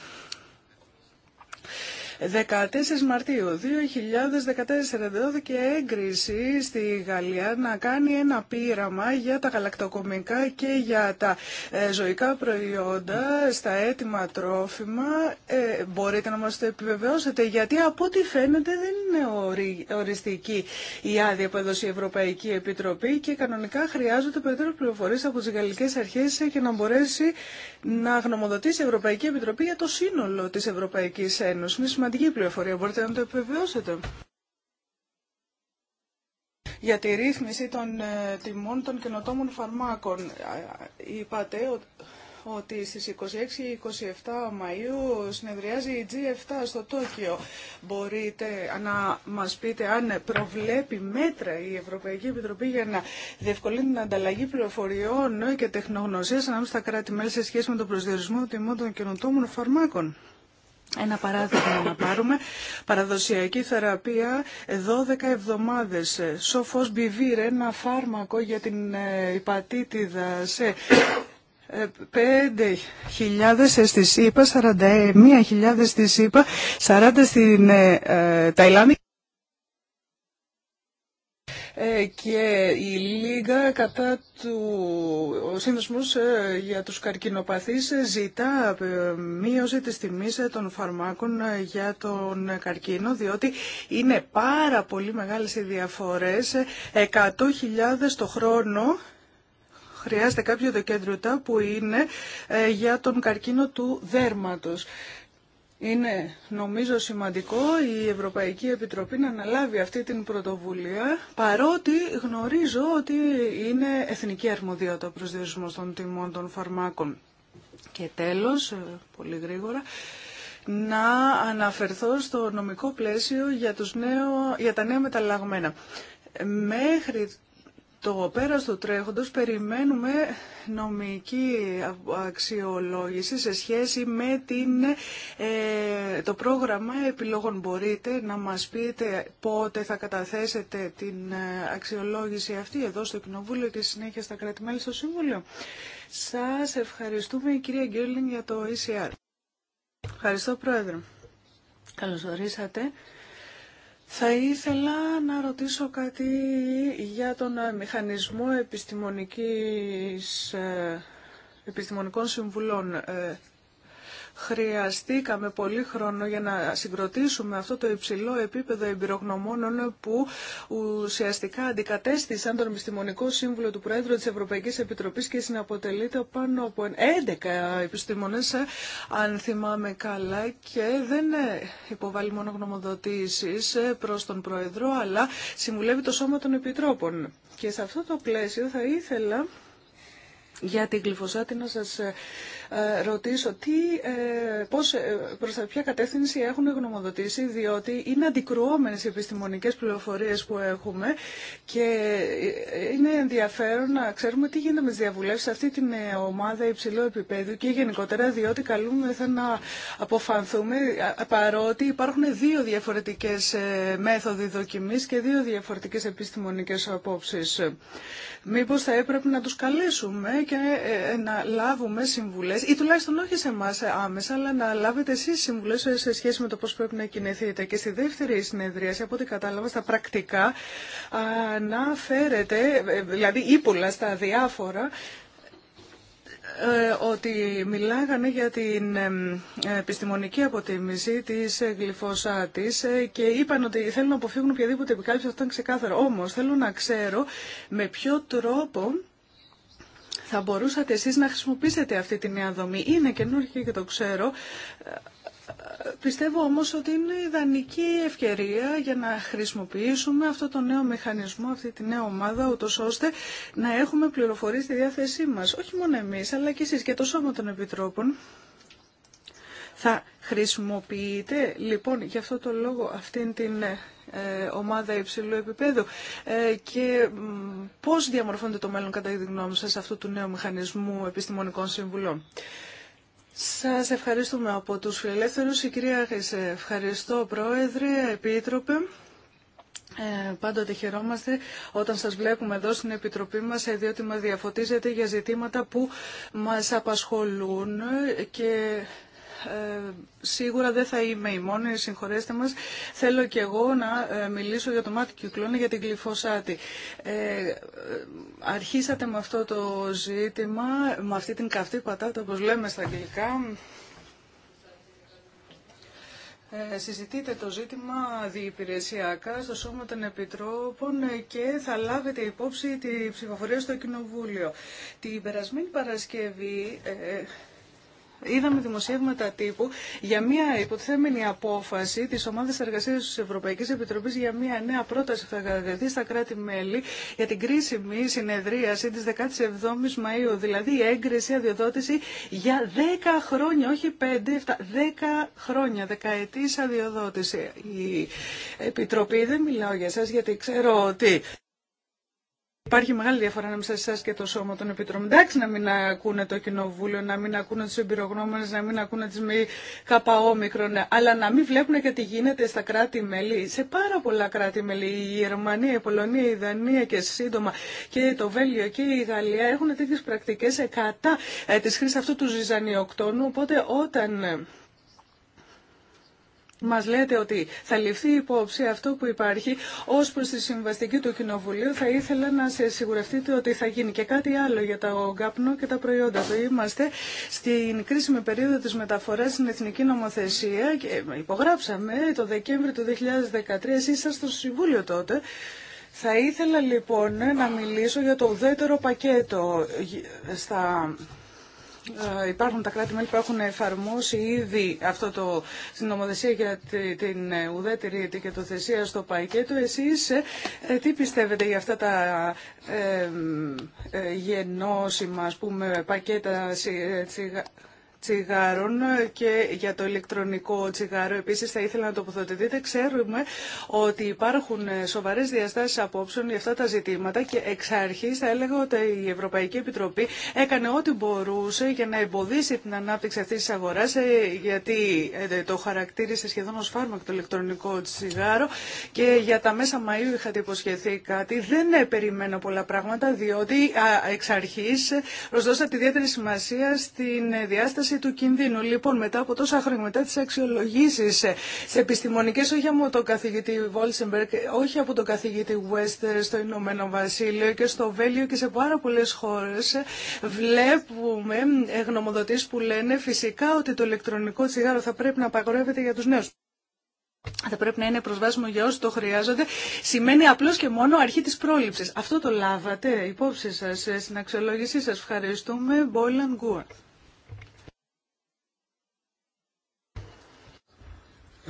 14 Μαρτίου 2014 δόθηκε έγκριση στη Γαλλία να κάνει ένα πείραμα για τα γαλακτοκομικά και για τα ε, ζωικά προϊόντα στα έτοιμα τρόφιμα. Ε, μπορείτε να μας το επιβεβαιώσετε γιατί από ό,τι φαίνεται δεν είναι οριστική η άδεια που έδωσε η Ευρωπαϊκή Επιτροπή και κανονικά χρειάζονται περαιτέρω πληροφορίες από τις γαλλικές αρχές και να μπορέσει να γνωμοδοτήσει η Ευρωπαϊκή Επιτροπή για το σύνολο της Ευρωπαϊκής Ένωσης σημαντική πληροφορία. Μπορείτε να το επιβεβαιώσετε. Για τη ρύθμιση των ε, τιμών των καινοτόμων φαρμάκων, ε, ε, είπατε ότι στις 26-27 Μαΐου συνεδριάζει η G7 στο Τόκιο. Μπορείτε να μας πείτε αν προβλέπει μέτρα η Ευρωπαϊκή Επιτροπή για να διευκολύνει την ανταλλαγή πληροφοριών και τεχνογνωσίας ανάμεσα στα κράτη-μέλη σε σχέση με τον προσδιορισμό τιμών των καινοτόμων φαρμάκων. Ένα παράδειγμα να πάρουμε, παραδοσιακή θεραπεία 12 ε, εβδομάδες, ε, σοφός μπιβίρ, ένα φάρμακο για την ε, υπατήτηδα σε 5.000 στη ΣΥΠΑ, 41.000 στη ΣΥΠΑ, 40 στην ε, Ταϊλάνδη. Ε, και η Λίγα κατά του... Ο Σύνδεσμος ε, για τους καρκινοπαθείς ζητά ε, μείωση της τιμής των φαρμάκων για τον καρκίνο, διότι είναι πάρα πολύ μεγάλες οι διαφορές, 100.000 το χρόνο χρειάζεται κάποιο δοκέντρωτα που είναι για τον καρκίνο του δέρματος. Είναι νομίζω σημαντικό η Ευρωπαϊκή Επιτροπή να αναλάβει αυτή την πρωτοβουλία παρότι γνωρίζω ότι είναι εθνική αρμοδιότητα το προσδιορισμός των τιμών των φαρμάκων. Και τέλος, ε, πολύ γρήγορα, να αναφερθώ στο νομικό πλαίσιο για, τους νέο, για τα νέα μεταλλαγμένα. Μέχρι το πέρα του τρέχοντος περιμένουμε νομική αξιολόγηση σε σχέση με την, ε, το πρόγραμμα επιλογών. Μπορείτε να μας πείτε πότε θα καταθέσετε την ε, αξιολόγηση αυτή εδώ στο Κοινοβούλιο και συνέχεια στα κρατημέλη στο Σύμβουλιο. Σας ευχαριστούμε κυρία Γκέρλινγκ για το ECR. Ευχαριστώ Πρόεδρε. Καλώς ορίσατε. Θα ήθελα να ρωτήσω κάτι για τον ε, μηχανισμό επιστημονικής, ε, επιστημονικών συμβουλών. Ε, χρειαστήκαμε πολύ χρόνο για να συγκροτήσουμε αυτό το υψηλό επίπεδο εμπειρογνωμόνων που ουσιαστικά αντικατέστησαν τον Επιστημονικό Σύμβουλο του Πρόεδρου της Ευρωπαϊκής Επιτροπής και συναποτελείται πάνω από 11 επιστήμονες, αν θυμάμαι καλά, και δεν υποβάλλει μόνο γνωμοδοτήσεις προς τον Πρόεδρο, αλλά συμβουλεύει το Σώμα των Επιτρόπων. Και σε αυτό το πλαίσιο θα ήθελα για την γλυφοσάτη να σας ε, ρωτήσω τι, ε, πώς, ε, προς ποια κατεύθυνση έχουν γνωμοδοτήσει, διότι είναι αντικρουόμενες οι επιστημονικές πληροφορίες που έχουμε και είναι ενδιαφέρον να ξέρουμε τι γίνεται με τις διαβουλεύσεις σε αυτή την ομάδα υψηλού επίπεδου και γενικότερα διότι καλούμεθα να αποφανθούμε παρότι υπάρχουν δύο διαφορετικές μέθοδοι δοκιμής και δύο διαφορετικές επιστημονικές απόψεις. Μήπως θα έπρεπε να τους καλέσουμε και να λάβουμε συμβουλές ή τουλάχιστον όχι σε εμά άμεσα, αλλά να λάβετε εσεί συμβουλέ σε σχέση με το πώ πρέπει να κινηθείτε. Και στη δεύτερη συνεδρία από ό,τι κατάλαβα, στα πρακτικά φέρετε ε, δηλαδή ύπουλα στα διάφορα, ε, ότι μιλάγανε για την επιστημονική αποτίμηση της γλυφοσάτης ε, και είπαν ότι θέλουν να αποφύγουν οποιαδήποτε επικάλυψη, αυτό ήταν ξεκάθαρο. Όμως θέλω να ξέρω με ποιο τρόπο θα μπορούσατε εσείς να χρησιμοποιήσετε αυτή τη νέα δομή. Είναι καινούργια και το ξέρω. Πιστεύω όμως ότι είναι ιδανική ευκαιρία για να χρησιμοποιήσουμε αυτό το νέο μηχανισμό, αυτή τη νέα ομάδα, ούτω ώστε να έχουμε πληροφορίες στη διάθεσή μας. Όχι μόνο εμείς, αλλά και εσείς και το Σώμα των Επιτρόπων. Θα χρησιμοποιείτε λοιπόν γι' αυτό το λόγο αυτήν την ε, ομάδα υψηλού επίπεδου ε, και πώς διαμορφώνεται το μέλλον κατά τη γνώμη σας αυτού του νέου μηχανισμού επιστημονικών συμβουλών. Σας ευχαριστούμε από τους φιλελεύθερους. Η κυρία Χρυσέ, ε, ευχαριστώ πρόεδρε, επίτροπε. Ε, πάντοτε χαιρόμαστε όταν σας βλέπουμε εδώ στην Επιτροπή μας, διότι μας διαφωτίζετε για ζητήματα που μας απασχολούν και ε, σίγουρα δεν θα είμαι η μόνη, συγχωρέστε μας. Θέλω και εγώ να ε, μιλήσω για το μάτι κυκλώνα, για την κλειφωσάτη. Ε, αρχίσατε με αυτό το ζήτημα, με αυτή την καυτή πατάτα, όπως λέμε στα αγγλικά. Ε, συζητείτε το ζήτημα διυπηρεσιακά στο Σώμα των Επιτρόπων και θα λάβετε υπόψη τη ψηφοφορία στο Κοινοβούλιο. Την περασμένη Παρασκευή... Ε, είδαμε δημοσίευματα τύπου για μια υποτιθέμενη απόφαση τη ομάδα εργασία τη Ευρωπαϊκή Επιτροπή για μια νέα πρόταση που θα καταδεχθεί στα κράτη-μέλη για την κρίσιμη συνεδρίαση τη 17η Μαου, δηλαδή η έγκριση, αδειοδότηση για 10 χρόνια, όχι 5, 7, 10 χρόνια, δεκαετή αδειοδότηση. Η Επιτροπή δεν μιλάω για εσά γιατί ξέρω ότι Υπάρχει μεγάλη διαφορά ανάμεσα σε εσά και το σώμα των επιτροπών. Εντάξει να μην ακούνε το κοινοβούλιο, να μην ακούνε του εμπειρογνώμονε, να μην ακούνε τι μη καπαόμικρον, αλλά να μην βλέπουν και τι γίνεται στα κράτη-μέλη. Σε πάρα πολλά κράτη-μέλη, η Γερμανία, η Πολωνία, η Δανία και σύντομα και το Βέλγιο και η Γαλλία έχουν τέτοιε πρακτικέ κατά ε, τη χρήση αυτού του ζυζανιοκτώνου. Οπότε όταν ε, μας λέτε ότι θα ληφθεί υπόψη αυτό που υπάρχει ω προ τη συμβαστική του Κοινοβουλίου. Θα ήθελα να σε σιγουρευτείτε ότι θα γίνει και κάτι άλλο για τα καπνό και τα προϊόντα το Είμαστε στην κρίσιμη περίοδο της μεταφορά στην Εθνική Νομοθεσία και υπογράψαμε το Δεκέμβριο του 2013. εσεί ήσασταν στο Συμβούλιο τότε. Θα ήθελα λοιπόν να μιλήσω για το ουδέτερο πακέτο στα ε, υπάρχουν τα κράτη-μέλη που έχουν εφαρμόσει ήδη αυτό το στην νομοθεσία για την ε, ουδέτερη ετικετοθεσία στο πακέτο. Εσείς ε, τι πιστεύετε για αυτά τα ε, ε, γενώσιμα, πούμε, πακέτα τσιγάρων και για το ηλεκτρονικό τσιγάρο. Επίση, θα ήθελα να τοποθετηθείτε. Ξέρουμε ότι υπάρχουν σοβαρέ διαστάσει απόψεων για αυτά τα ζητήματα και εξ αρχή θα έλεγα ότι η Ευρωπαϊκή Επιτροπή έκανε ό,τι μπορούσε για να εμποδίσει την ανάπτυξη αυτή τη αγορά ε, γιατί ε, το χαρακτήρισε σχεδόν ω φάρμακο το ηλεκτρονικό τσιγάρο και για τα μέσα Μαΐου είχατε υποσχεθεί κάτι. Δεν περιμένω πολλά πράγματα διότι εξ αρχή ε, προσδώσατε ιδιαίτερη σημασία στην διάσταση του κινδύνου. Λοιπόν, μετά από τόσα χρόνια, μετά τι αξιολογήσει σε επιστημονικέ, όχι από τον καθηγητή Βόλσεμπεργκ, όχι από τον καθηγητή West ε, στο Ηνωμένο Βασίλειο και στο Βέλιο και σε πάρα πολλέ χώρε, ε, βλέπουμε ε, γνωμοδοτή που λένε φυσικά ότι το ηλεκτρονικό τσιγάρο θα πρέπει να απαγορεύεται για του νέου θα πρέπει να είναι προσβάσιμο για όσοι το χρειάζονται, σημαίνει απλώ και μόνο αρχή τη πρόληψη. Αυτό το λάβατε υπόψη σα, στην αξιολόγησή σα Ευχαριστούμε. Μπόιλαν Γκουαρτ.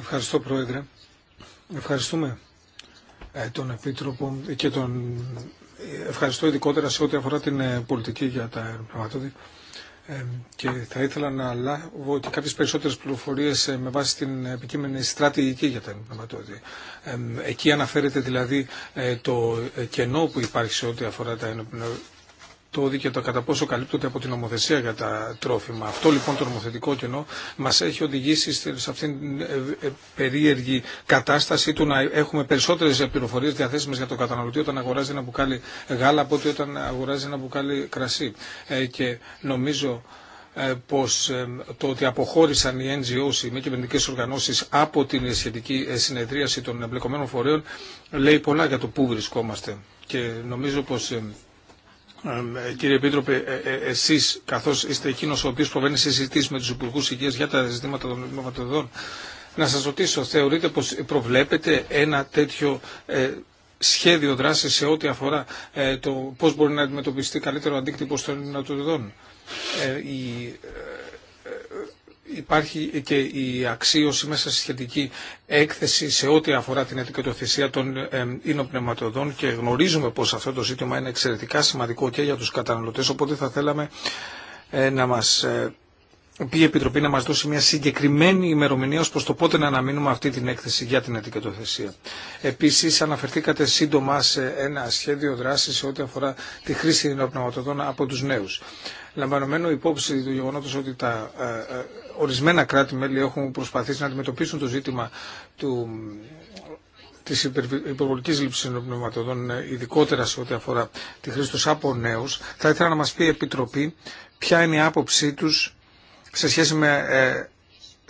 Ευχαριστώ Πρόεδρε. Ευχαριστούμε ε, τον Επίτροπο και τον ε, ευχαριστώ ειδικότερα σε ό,τι αφορά την ε, πολιτική για τα Ε, και θα ήθελα να λάβω και κάποιες περισσότερες πληροφορίες με βάση την επικείμενη στρατηγική για τα Ε, Εκεί αναφέρεται δηλαδή το κενό που υπάρχει σε ό,τι αφορά τα το δίκαιο το κατά πόσο καλύπτονται από την νομοθεσία για τα τρόφιμα. Αυτό λοιπόν το νομοθετικό κενό μα έχει οδηγήσει σε αυτήν την ε, ε, περίεργη κατάσταση του να έχουμε περισσότερε πληροφορίε διαθέσιμε για το καταναλωτή όταν αγοράζει ένα μπουκάλι γάλα από ότι όταν αγοράζει ένα μπουκάλι κρασί. Ε, και νομίζω πως το ότι αποχώρησαν οι NGOs, οι μη κυβερνητικέ οργανώσεις από την σχετική συνεδρίαση των εμπλεκομένων φορέων λέει πολλά για το πού βρισκόμαστε και νομίζω πως ε, κύριε Επίτροπε, ε, ε, εσείς καθώς είστε εκείνο ο οποίο προβαίνει σε συζητήσει με τους Υπουργού Υγεία για τα ζητήματα των πνευματοδών, να σας ρωτήσω, θεωρείτε πως προβλέπετε ένα τέτοιο σχέδιο δράση σε ό,τι αφορά το πώ μπορεί να αντιμετωπιστεί καλύτερο αντίκτυπο των Ε, Η υπάρχει και η αξίωση μέσα στη σχετική έκθεση σε ό,τι αφορά την ετικοτοθεσία των ίνοπνευματοδών και γνωρίζουμε πως αυτό το ζήτημα είναι εξαιρετικά σημαντικό και για τους καταναλωτές, οπότε θα θέλαμε ε, να μας ε, πει η Επιτροπή να μας δώσει μια συγκεκριμένη ημερομηνία ως προς το πότε να αναμείνουμε αυτή την έκθεση για την ετικοτοθεσία. Επίσης αναφερθήκατε σύντομα σε ένα σχέδιο δράσης σε ό,τι αφορά τη χρήση ινοπνευματοδών από τους νέους. Λαμβανομένο υπόψη του γεγονότος ότι τα ε, ορισμένα κράτη-μέλη έχουν προσπαθήσει να αντιμετωπίσουν το ζήτημα του, της υπερβολικής λήψης πνευματοδών, ε, ειδικότερα σε ό,τι αφορά τη χρήση τους από νέους. Θα ήθελα να μας πει η Επιτροπή ποια είναι η άποψή τους σε σχέση με ε,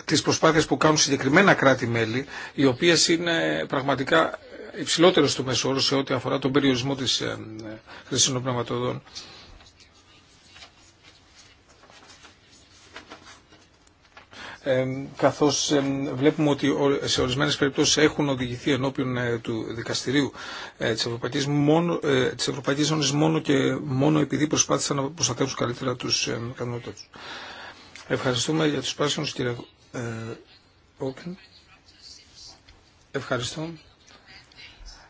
τις προσπάθειες που κάνουν συγκεκριμένα κράτη-μέλη, οι οποίες είναι πραγματικά υψηλότερες του μέσου σε ό,τι αφορά τον περιορισμό της ε, ε χρήσης πνευματοδών. καθώς βλέπουμε ότι σε ορισμένες περιπτώσεις έχουν οδηγηθεί ενώπιον ε, του δικαστηρίου ε, της Ευρωπαϊκής, μόνο, ε, μόνο και μόνο επειδή προσπάθησαν να προστατεύσουν καλύτερα τους τους. Ευχαριστούμε για τους πράσινους κύριε ε, Ευχαριστώ.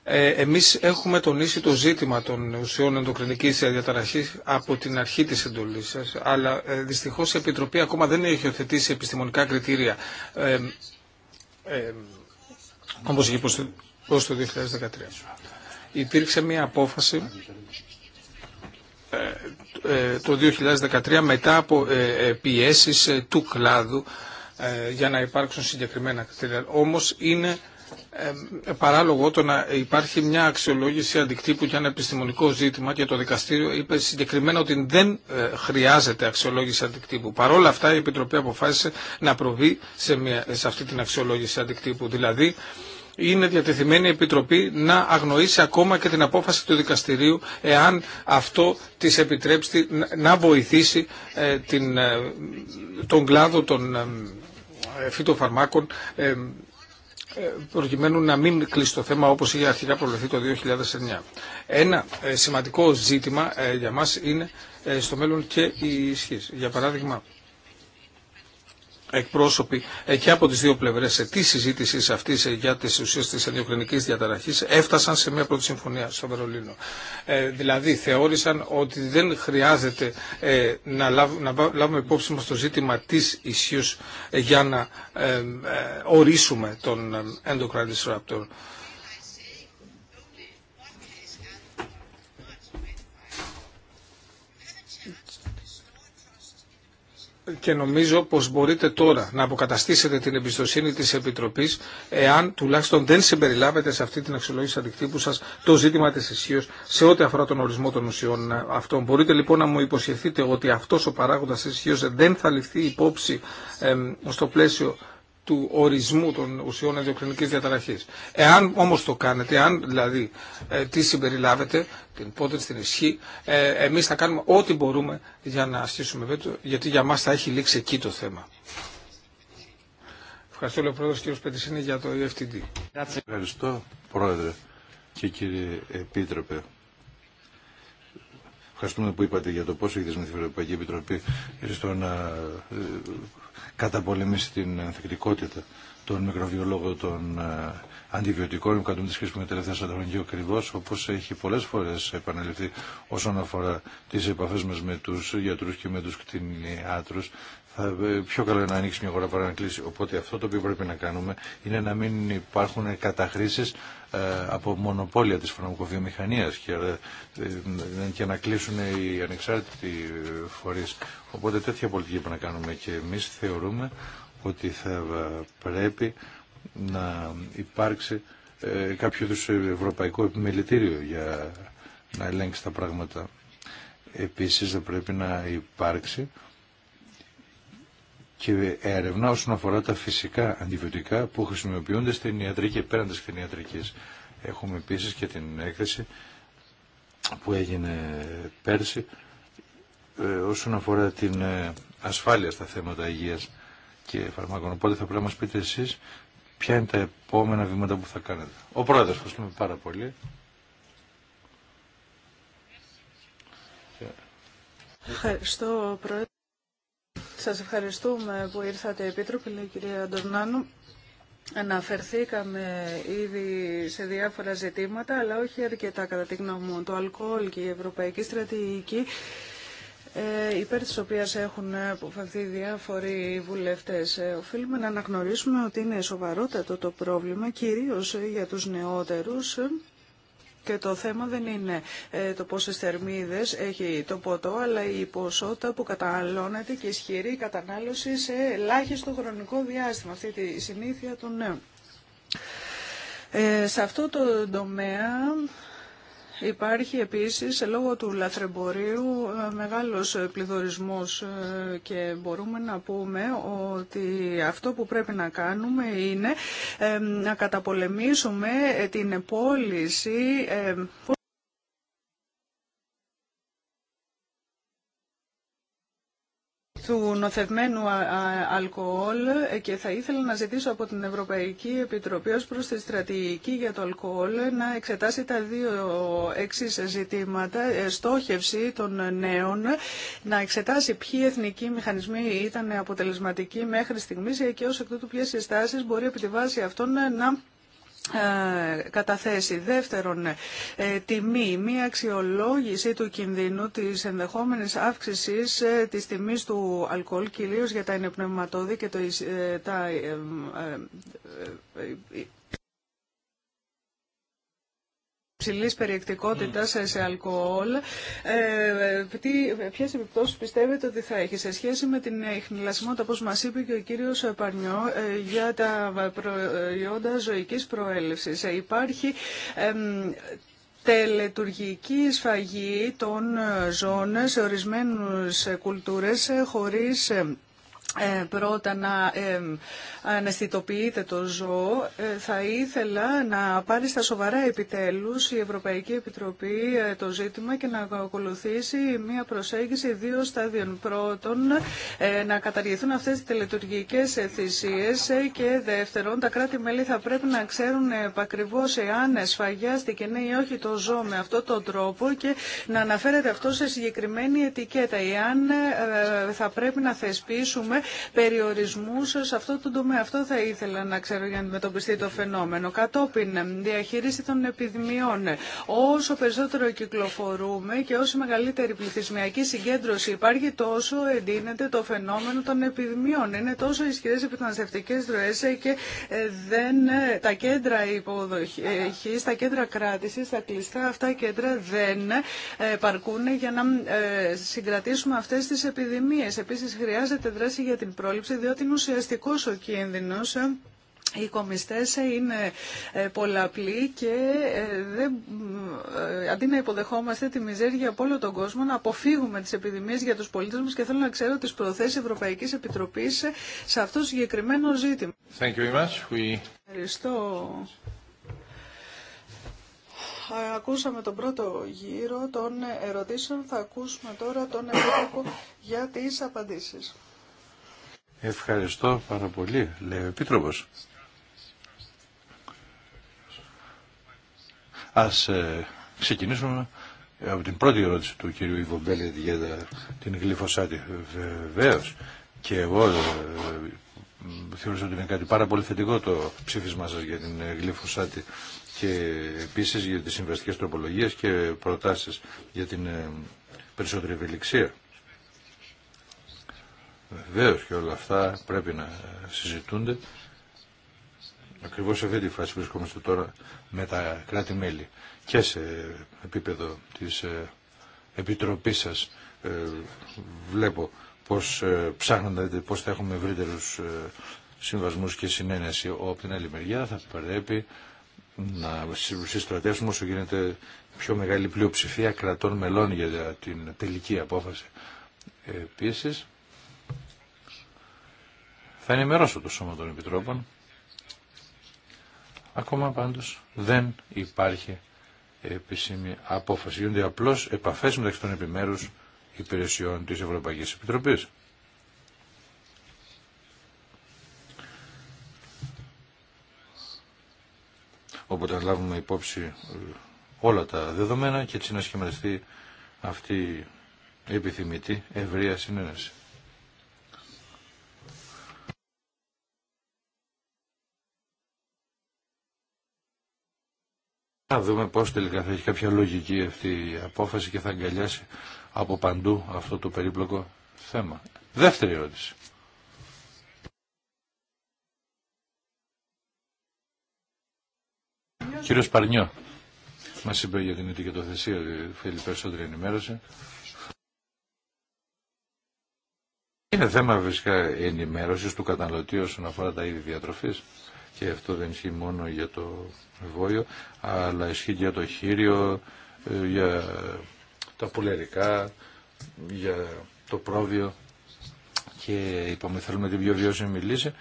Ε, εμείς έχουμε τονίσει το ζήτημα των ουσιών ενδοκρινικής διαταραχής από την αρχή της εντολής σας, αλλά ε, δυστυχώς η Επιτροπή ακόμα δεν έχει οθετήσει επιστημονικά κριτήρια, ε, ε, όπως είχε προς το 2013. Υπήρξε μια απόφαση ε, το 2013 μετά από πιέσεις του κλάδου για να υπάρξουν συγκεκριμένα κριτήρια. Όμως είναι ε, παράλογο το να υπάρχει μια αξιολόγηση αντικτύπου για ένα επιστημονικό ζήτημα και το δικαστήριο είπε συγκεκριμένα ότι δεν ε, χρειάζεται αξιολόγηση αντικτύπου. Παρ' όλα αυτά η Επιτροπή αποφάσισε να προβεί σε, μια, σε αυτή την αξιολόγηση αντικτύπου. Δηλαδή είναι διατεθειμένη η Επιτροπή να αγνοήσει ακόμα και την απόφαση του δικαστηρίου εάν αυτό της επιτρέψει να βοηθήσει ε, την, τον κλάδο των φυτοφαρμάκων ε, προκειμένου να μην κλείσει το θέμα όπως είχε αρχικά προβλεφθεί το 2009. Ένα ε, σημαντικό ζήτημα ε, για μας είναι στο μέλλον και η ισχύς. Για παράδειγμα, εκπρόσωποι ε, και από τις δύο πλευρές ε, τη συζήτηση αυτή ε, για τι ουσίες τη ενδιοκρινικής διαταραχή, έφτασαν σε μια πρώτη συμφωνία στο Βερολίνο. Ε, δηλαδή θεώρησαν ότι δεν χρειάζεται να, να λάβουμε υπόψη μας το ζήτημα τη ισχύω για να ορίσουμε τον endocrine disruptor και νομίζω πως μπορείτε τώρα να αποκαταστήσετε την εμπιστοσύνη της Επιτροπής εάν τουλάχιστον δεν συμπεριλάβετε σε αυτή την αξιολόγηση αντικτύπου σας το ζήτημα της ισχύω σε ό,τι αφορά τον ορισμό των ουσιών αυτών. Μπορείτε λοιπόν να μου υποσχεθείτε ότι αυτός ο παράγοντας της ισχύω δεν θα ληφθεί υπόψη στο πλαίσιο του ορισμού των ουσιών ενδοκρινικής διαταραχής. Εάν όμως το κάνετε, αν δηλαδή ε, τι συμπεριλάβετε, την πότε στην ισχύ, ε, εμείς θα κάνουμε ό,τι μπορούμε για να ασκήσουμε βέτο, γιατί για μας θα έχει λήξει εκεί το θέμα. Ευχαριστώ, λέει ο Πρόεδρος, κύριος για το EFTD. Ευχαριστώ, Πρόεδρε και κύριε Επίτροπε. Ευχαριστούμε που είπατε για το πόσο έχει δεσμευτεί η Ευρωπαϊκή Επιτροπή στο ε, καταπολεμήσει την ανθεκτικότητα των μικροβιολόγων των ε, αντιβιωτικών που τη χρήση με τελευταία ανταγωνική ακριβώ, όπω έχει πολλέ φορέ επαναληφθεί όσον αφορά τι επαφέ μα με του γιατρού και με του κτηνιάτρου. Θα, ε, πιο καλό είναι να ανοίξει μια αγορά παρά να κλείσει. Οπότε αυτό το οποίο πρέπει να κάνουμε είναι να μην υπάρχουν καταχρήσει ε, από μονοπόλια της φαρμακοβιομηχανίας και, ε, ε, και να κλείσουν οι ανεξάρτητοι φορείς. Οπότε τέτοια πολιτική πρέπει να κάνουμε και εμείς θεωρούμε ότι θα πρέπει να υπάρξει κάποιο ευρωπαϊκό επιμελητήριο για να ελέγξει τα πράγματα. Επίσης θα πρέπει να υπάρξει και έρευνα όσον αφορά τα φυσικά αντιβιωτικά που χρησιμοποιούνται στην ιατρική και πέραν της κτηνιατρικής. Έχουμε επίσης και την έκθεση που έγινε πέρσι ε, όσον αφορά την ε, ασφάλεια στα θέματα υγείας και φαρμάκων. Οπότε θα πρέπει να μας πείτε εσείς ποια είναι τα επόμενα βήματα που θα κάνετε. Ο Πρόεδρος, ευχαριστούμε πάρα πολύ. Σας ευχαριστούμε που ήρθατε, Επίτροπη, λέει η κυρία Αντωνάνου. Αναφερθήκαμε ήδη σε διάφορα ζητήματα, αλλά όχι αρκετά κατά τη γνώμη μου. Το αλκοόλ και η ευρωπαϊκή στρατηγική ε, υπέρ της οποίας έχουν αποφαθεί διάφοροι βουλευτές. Ε, οφείλουμε να αναγνωρίσουμε ότι είναι σοβαρότατο το πρόβλημα, κυρίως για τους νεότερους και το θέμα δεν είναι ε, το πόσες θερμίδες έχει το ποτό, αλλά η ποσότητα που καταναλώνεται και ισχυρή κατανάλωση σε ελάχιστο χρονικό διάστημα, αυτή τη συνήθεια των νέων. Ε, σε αυτό το τομέα Υπάρχει επίσης λόγω του λαθρεμπορίου ε, μεγάλος πληθωρισμός ε, και μπορούμε να πούμε ότι αυτό που πρέπει να κάνουμε είναι ε, να καταπολεμήσουμε την πώληση του νοθευμένου αλκοόλ και θα ήθελα να ζητήσω από την Ευρωπαϊκή Επιτροπή ως προς τη στρατηγική για το αλκοόλ να εξετάσει τα δύο εξή ζητήματα. Ε, στόχευση των νέων, να εξετάσει ποιοι εθνικοί μηχανισμοί ήταν αποτελεσματικοί μέχρι στιγμής και ως εκ τούτου ποιες συστάσεις μπορεί επί τη βάση αυτών να ε, καταθέσει. Δεύτερον, ε, τιμή, μία αξιολόγηση του κινδύνου της ενδεχόμενης αύξησης ε, της τιμής του αλκοόλ, κυρίως για τα ενεπνευματόδη και τα Υψηλή περιεκτικότητα σε αλκοόλ. Ε, Ποιε επιπτώσει πιστεύετε ότι θα έχει σε σχέση με την ειχνηλασιμότητα, όπω μα είπε και ο κύριο Παρνιό, ε, για τα προϊόντα ζωική προέλευση. Ε, υπάρχει τελετουργική σφαγή των ε, ζώνων σε ορισμένους κουλτούρες χωρίς ε, πρώτα να ε, αναισθητοποιείται το ζώο, ε, θα ήθελα να πάρει στα σοβαρά επιτέλους η Ευρωπαϊκή Επιτροπή ε, το ζήτημα και να ακολουθήσει μια προσέγγιση δύο στάδιων. Πρώτον, να καταργηθούν αυτές οι τελετουργικές θυσίες και δεύτερον, τα κράτη-μέλη θα πρέπει να ξέρουν ακριβώ εάν σφαγιάστηκε ναι ή όχι το ζώο με αυτόν τον τρόπο και να αναφέρεται αυτό σε συγκεκριμένη ετικέτα. Εάν θα πρέπει να θεσπίσουμε Περιορισμού σε αυτό το τομέα. Αυτό θα ήθελα να ξέρω για να αντιμετωπιστεί το φαινόμενο. Κατόπιν, διαχείριση των επιδημιών. Όσο περισσότερο κυκλοφορούμε και όσο μεγαλύτερη πληθυσμιακή συγκέντρωση υπάρχει, τόσο εντείνεται το φαινόμενο των επιδημιών. Είναι τόσο ισχυρέ οι μεταναστευτικέ ροέ και ε, δεν, ε, τα κέντρα υποδοχή, τα κέντρα κράτηση, τα κλειστά αυτά κέντρα δεν ε, παρκούν για να συγκρατήσουμε αυτέ τι επιδημίε. Επίση, χρειάζεται δράση για την πρόληψη, διότι είναι ουσιαστικό ο κίνδυνο. οι κομιστές είναι ε, πολλαπλοί και ε, δεν, ε, αντί να υποδεχόμαστε τη μιζέρια από όλο τον κόσμο, να αποφύγουμε τις επιδημίες για τους πολίτες μας και θέλω να ξέρω τις προθέσεις Ευρωπαϊκής Επιτροπής σε αυτό το συγκεκριμένο ζήτημα. Thank you very much. Ευχαριστώ. Ακούσαμε τον πρώτο γύρο των ερωτήσεων. Θα ακούσουμε τώρα τον Ευρωπαϊκό για τις απαντήσεις. Ευχαριστώ πάρα πολύ, λέει ο Επίτροπος. Ας ε, ξεκινήσουμε από την πρώτη ερώτηση του κυρίου Ιβομπέλη για την γλυφοσάτη. Βεβαίω. Και εγώ ε, θεωρούσα ότι είναι κάτι πάρα πολύ θετικό το ψήφισμά σας για την γλυφοσάτη και επίσης για τις συμβαστικές τροπολογίες και προτάσεις για την ε, περισσότερη ευελιξία. Βεβαίω και όλα αυτά πρέπει να συζητούνται. Ακριβώς σε αυτή τη φάση βρισκόμαστε τώρα με τα κράτη-μέλη και σε επίπεδο της ε, Επιτροπής σας ε, βλέπω πώς ε, ψάχνονται, πώς θα έχουμε ευρύτερους συμβασμούς και συνένεση. Από την άλλη μεριά θα πρέπει να συστρατεύσουμε όσο γίνεται πιο μεγάλη πλειοψηφία κρατών μελών για την τελική απόφαση. Επίσης, θα ενημερώσω το Σώμα των Επιτρόπων. Ακόμα πάντως δεν υπάρχει επίσημη απόφαση. Γίνονται απλώς επαφές μεταξύ των επιμέρους υπηρεσιών της Ευρωπαϊκής Επιτροπής. Οπότε να λάβουμε υπόψη όλα τα δεδομένα και έτσι να σχηματιστεί αυτή η επιθυμητή ευρεία συνένεση. Θα δούμε πώς τελικά θα έχει κάποια λογική αυτή η απόφαση και θα αγκαλιάσει από παντού αυτό το περίπλοκο θέμα. Δεύτερη ερώτηση. Κύριος Παρνιό, μας είπε για την ότι θέλει περισσότερη ενημέρωση. Είναι θέμα φυσικά ενημέρωσης του καταναλωτή όσον αφορά τα είδη διατροφής και αυτό δεν ισχύει μόνο για το βόλιο, αλλά ισχύει για το χείριο, ε, για τα πουλερικά, για το πρόβιο και είπαμε θέλουμε την πιο βιώσιμη λύση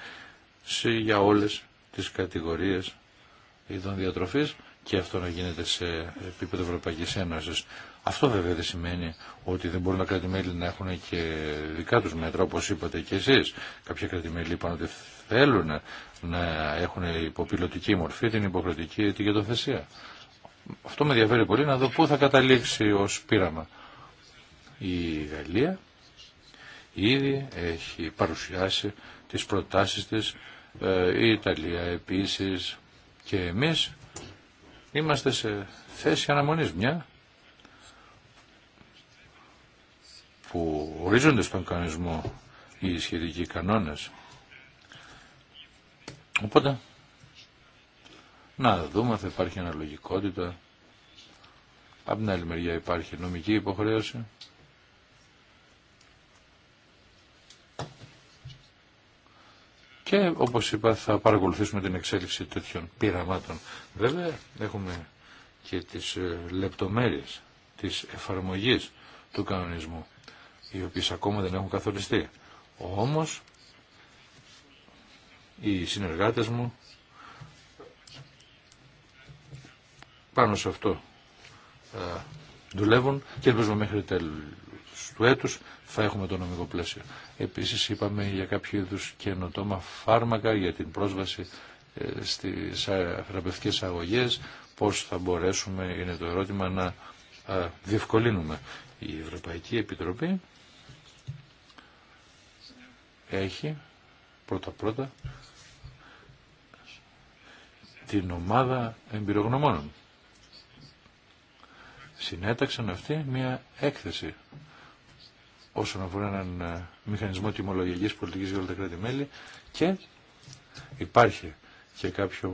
σε, για όλες τις κατηγορίες ειδών διατροφής και αυτό να γίνεται σε επίπεδο Ευρωπαϊκής Ένωσης. Αυτό βέβαια δεν σημαίνει ότι δεν μπορούν τα κρατημέλη να έχουν και δικά τους μέτρα, όπως είπατε και εσείς. Κάποια κρατημέλη είπαν ότι θέλουν να έχουν υποπιλωτική μορφή την υποχρεωτική ετικετοθεσία. Αυτό με ενδιαφέρει πολύ να δω πού θα καταλήξει ως πείραμα. Η Γαλλία ήδη έχει παρουσιάσει τις προτάσεις της, ε, η Ιταλία επίσης και εμείς είμαστε σε θέση αναμονής μια που ορίζονται στον κανονισμό οι σχετικοί κανόνες Οπότε, να δούμε, θα υπάρχει αναλογικότητα. Από την άλλη μεριά υπάρχει νομική υποχρέωση. Και όπως είπα θα παρακολουθήσουμε την εξέλιξη τέτοιων πειραμάτων. Βέβαια έχουμε και τις ε, λεπτομέρειες της εφαρμογής του κανονισμού, οι οποίες ακόμα δεν έχουν καθοριστεί. Όμως οι συνεργάτες μου πάνω σε αυτό ε, δουλεύουν και ελπίζουμε μέχρι τέλους του έτους θα έχουμε το νομικό πλαίσιο. Επίσης είπαμε για κάποιο είδους καινοτόμα φάρμακα για την πρόσβαση ε, στις ε, θεραπευτικές αγωγές, πώς θα μπορέσουμε, είναι το ερώτημα, να διευκολύνουμε. Η Ευρωπαϊκή Επιτροπή έχει πρώτα-πρώτα την ομάδα εμπειρογνωμόνων. Συνέταξαν αυτοί μια έκθεση όσον αφορά έναν ε, μηχανισμό τιμολογική πολιτικής για όλα τα κράτη-μέλη και υπάρχει και κάποιο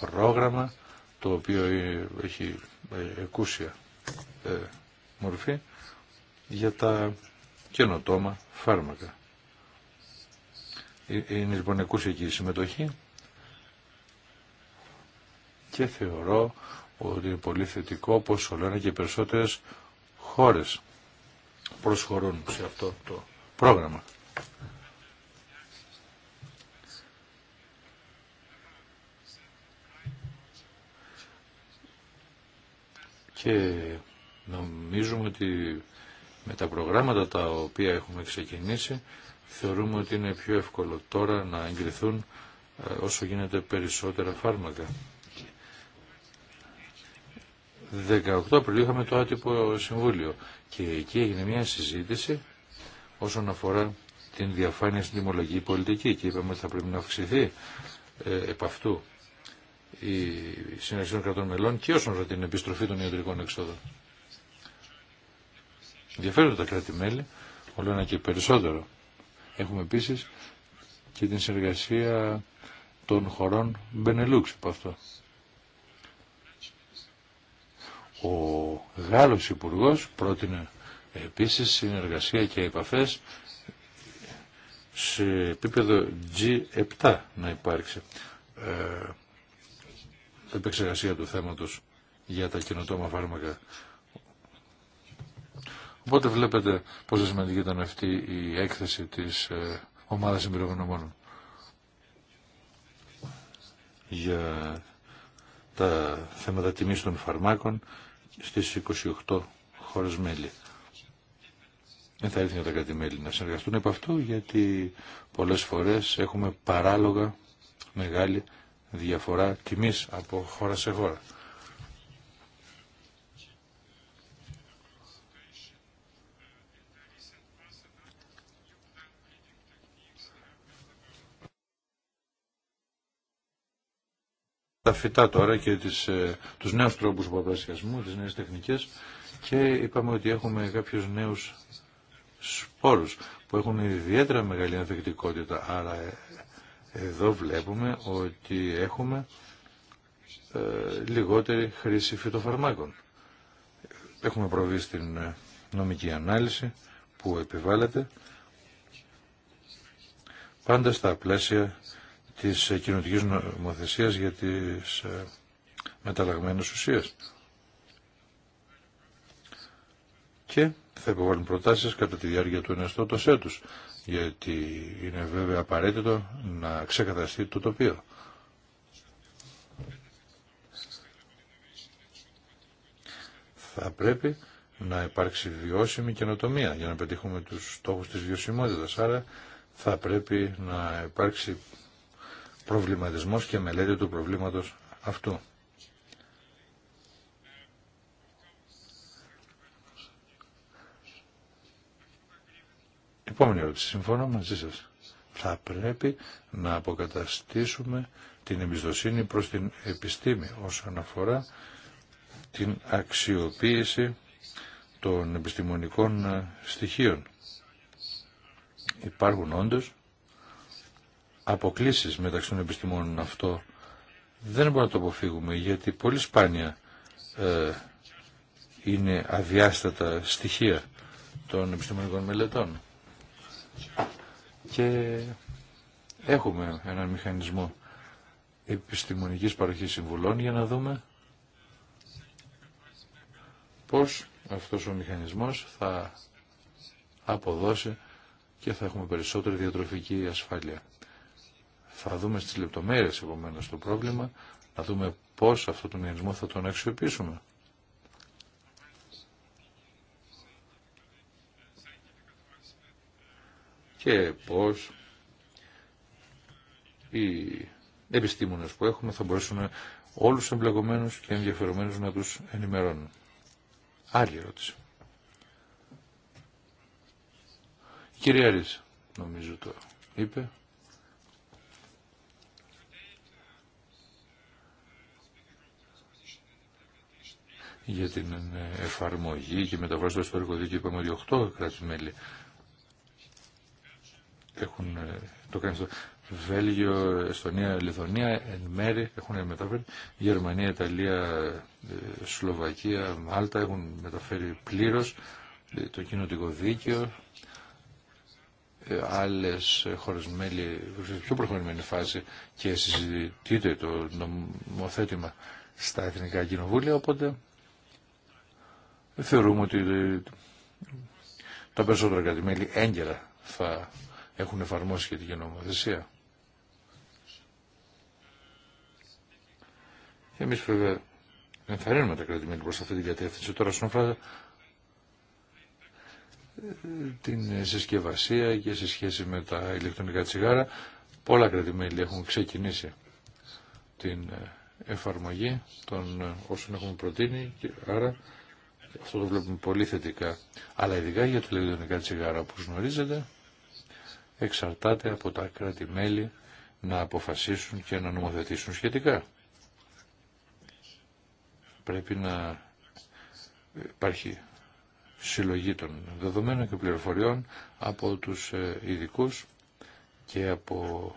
πρόγραμμα το οποίο ε, έχει ε, εκούσια μορφή για τα καινοτόμα φάρμακα. Είναι λοιπόν εκούσια και η συμμετοχή και θεωρώ ότι είναι πολύ θετικό πως ολένα και οι περισσότερες χώρες προσχωρούν σε αυτό το πρόγραμμα. Και νομίζουμε ότι με τα προγράμματα τα οποία έχουμε ξεκινήσει θεωρούμε ότι είναι πιο εύκολο τώρα να εγκριθούν ε, όσο γίνεται περισσότερα φάρμακα. 18 Απριλίου είχαμε το άτυπο συμβούλιο και εκεί έγινε μια συζήτηση όσον αφορά την διαφάνεια στην τιμολογική πολιτική και είπαμε ότι θα πρέπει να αυξηθεί ε, επ' αυτού η συνεργασία των κρατών μελών και όσον αφορά την επιστροφή των ιατρικών εξόδων. Ενδιαφέρονται τα κράτη-μέλη, όλο ένα και περισσότερο. Έχουμε επίσης και την συνεργασία των χωρών Μπενελούξ από αυτό. Ο Γάλλος Υπουργός πρότεινε επίσης συνεργασία και επαφές σε επίπεδο G7 να υπάρξει ε, επεξεργασία του θέματος για τα κοινοτόμα φάρμακα. Οπότε βλέπετε πόσο σημαντική ήταν αυτή η έκθεση της ε, ομάδας εμπειρογνωμόνων για τα θέματα τιμής των φαρμάκων στις 28 χώρες μέλη. Δεν θα έρθουν τα μελη να συνεργαστούν από αυτού γιατί πολλές φορές έχουμε παράλογα μεγάλη διαφορά τιμής από χώρα σε χώρα. τα φυτά τώρα και τις, ε, τους νέους τρόπους παπλασιασμού, τις νέες τεχνικές και είπαμε ότι έχουμε κάποιους νέους σπόρους που έχουν ιδιαίτερα μεγάλη ανθεκτικότητα. Άρα ε, εδώ βλέπουμε ότι έχουμε ε, λιγότερη χρήση φυτοφαρμάκων. Έχουμε προβεί στην νομική ανάλυση που επιβάλλεται πάντα στα πλαίσια της ε, κοινωτικής νομοθεσίας για τις ε, μεταλλαγμένες ουσίες. Και θα υποβάλουν προτάσεις κατά τη διάρκεια του ενεστώτος έτους, γιατί είναι βέβαια απαραίτητο να ξεκαταστεί το τοπίο. Θα πρέπει να υπάρξει βιώσιμη καινοτομία για να πετύχουμε τους στόχους της βιωσιμότητας. Άρα θα πρέπει να υπάρξει προβληματισμός και μελέτη του προβλήματος αυτού. Επόμενη ερώτηση. Συμφωνώ μαζί σας. Θα πρέπει να αποκαταστήσουμε την εμπιστοσύνη προς την επιστήμη όσον αφορά την αξιοποίηση των επιστημονικών στοιχείων. Υπάρχουν όντως αποκλήσεις μεταξύ των επιστημόνων αυτό δεν μπορούμε να το αποφύγουμε γιατί πολύ σπάνια ε, είναι αδιάστατα στοιχεία των επιστημονικών μελετών. Και έχουμε έναν μηχανισμό επιστημονικής παροχής συμβουλών για να δούμε πώς αυτός ο μηχανισμός θα αποδώσει και θα έχουμε περισσότερη διατροφική ασφάλεια. Θα δούμε στις λεπτομέρειες επομένω το πρόβλημα, να δούμε πώς αυτό το μηχανισμό θα τον αξιοποιήσουμε. Και πώς οι επιστήμονες που έχουμε θα μπορέσουν όλους τους και ενδιαφερομένους να τους ενημερώνουν. Άλλη ερώτηση. Η κυρία νομίζω το είπε. για την εφαρμογή και μεταβάση του ιστορικό δίκαιο. είπαμε ότι 8 κράτη-μέλη έχουν ε, το κάνει στο Βέλγιο, Εστονία, Λιθωνία, εν μέρη έχουν μεταφέρει, Γερμανία, Ιταλία, ε, Σλοβακία, Μάλτα έχουν μεταφέρει πλήρω ε, το κοινωτικό δίκαιο, άλλε χώρε μέλη, πιο προχωρημένη φάση και συζητείται το νομοθέτημα στα εθνικά κοινοβούλια, οπότε θεωρούμε ότι ε, τα περισσότερα κρατημέλη έγκαιρα θα έχουν εφαρμόσει και την νομοθεσία. Και εμείς βέβαια ενθαρρύνουμε τα κρατημένη προς αυτή την κατεύθυνση. Τώρα στον αφορά ε, την συσκευασία και σε σχέση με τα ηλεκτρονικά τσιγάρα πολλά κρατημέλη έχουν ξεκινήσει την ε, εφαρμογή των όσων έχουμε προτείνει και άρα αυτό το βλέπουμε πολύ θετικά. Αλλά ειδικά για τα ηλεκτρονικά τσιγάρα, όπως γνωρίζετε, εξαρτάται από τα κράτη-μέλη να αποφασίσουν και να νομοθετήσουν σχετικά. Πρέπει να υπάρχει συλλογή των δεδομένων και πληροφοριών από τους ε, ειδικού και από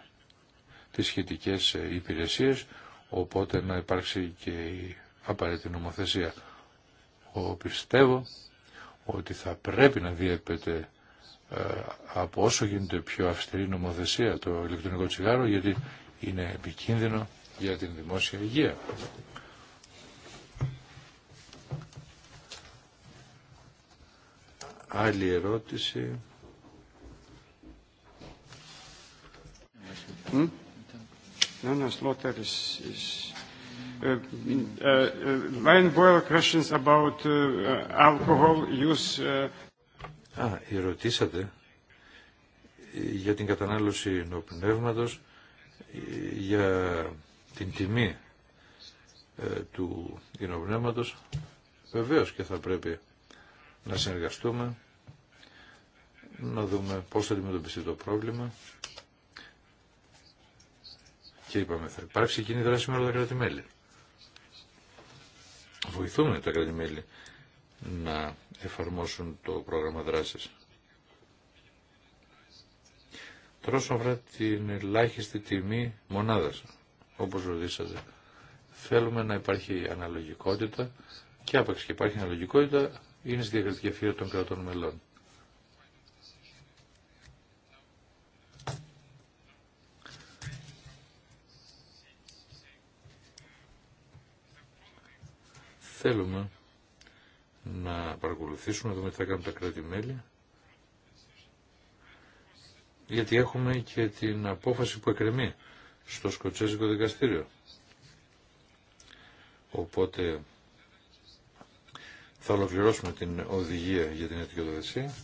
τις σχετικές ε, υπηρεσίες, οπότε να υπάρξει και η απαραίτητη νομοθεσία. Εγώ πιστεύω ότι θα πρέπει να διέπεται ε, από όσο γίνεται πιο αυστηρή νομοθεσία το ηλεκτρονικό τσιγάρο γιατί είναι επικίνδυνο για την δημόσια υγεία. Άλλη ερώτηση. Hm? Uh, uh, uh, about alcohol use. Α, ρωτήσατε ε, για την κατανάλωση νοπνεύματος, ε, για την τιμή ε, του υνοπνεύματος. Βεβαίω και θα πρέπει να συνεργαστούμε, να δούμε πώς θα αντιμετωπιστεί το πρόβλημα. Και είπαμε θα υπάρξει κοινή δράση με όλα τα κράτη-μέλη βοηθούμε τα κρατη να εφαρμόσουν το πρόγραμμα δράσης. Τώρα όσον την ελάχιστη τιμή μονάδας, όπως ρωτήσατε, θέλουμε να υπάρχει αναλογικότητα και άπαξ και υπάρχει αναλογικότητα είναι στη διακριτική των κρατών μελών. Θέλουμε να παρακολουθήσουμε, να δούμε τι θα κάνουν τα κράτη-μέλη. Γιατί έχουμε και την απόφαση που εκκρεμεί στο Σκοτσέζικο Δικαστήριο. Οπότε θα ολοκληρώσουμε την οδηγία για την αιτιοδοσία.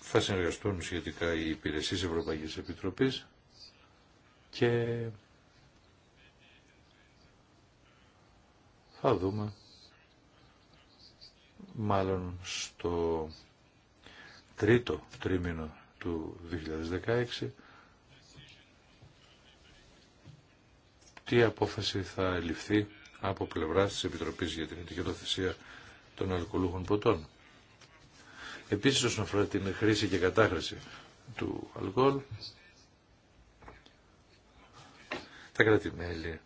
Θα συνεργαστούν σχετικά οι υπηρεσίες Ευρωπαϊκής Επιτροπής και θα δούμε μάλλον στο τρίτο τρίμηνο του 2016 τι απόφαση θα ληφθεί από πλευρά της Επιτροπής για την Ετικετοθεσία των Αλκοολούχων Ποτών. Επίσης όσον αφορά την χρήση και κατάχρηση του αλκοόλ, τα κράτη-μέλη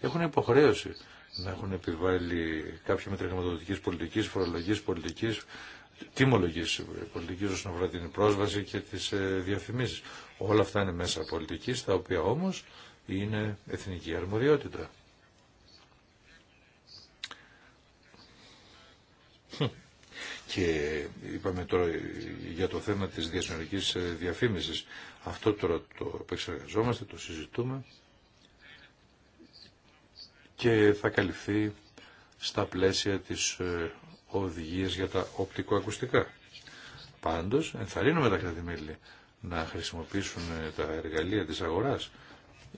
έχουν υποχρέωση να έχουν επιβάλει κάποια μέτρα χρηματοδοτική πολιτική, φορολογική πολιτική, τιμολογική πολιτική όσον αφορά την πρόσβαση και τι ε, διαφημίσει. Όλα αυτά είναι μέσα πολιτική, τα οποία όμω είναι εθνική αρμοδιότητα. Και είπαμε τώρα για το θέμα της διασυνορικής ε, διαφήμισης. Αυτό τώρα το επεξεργαζόμαστε, το συζητούμε και θα καλυφθεί στα πλαίσια της ε, οδηγίας για τα οπτικοακουστικά. Πάντως, ενθαρρύνουμε τα κρατημέλη να χρησιμοποιήσουν ε, τα εργαλεία της αγοράς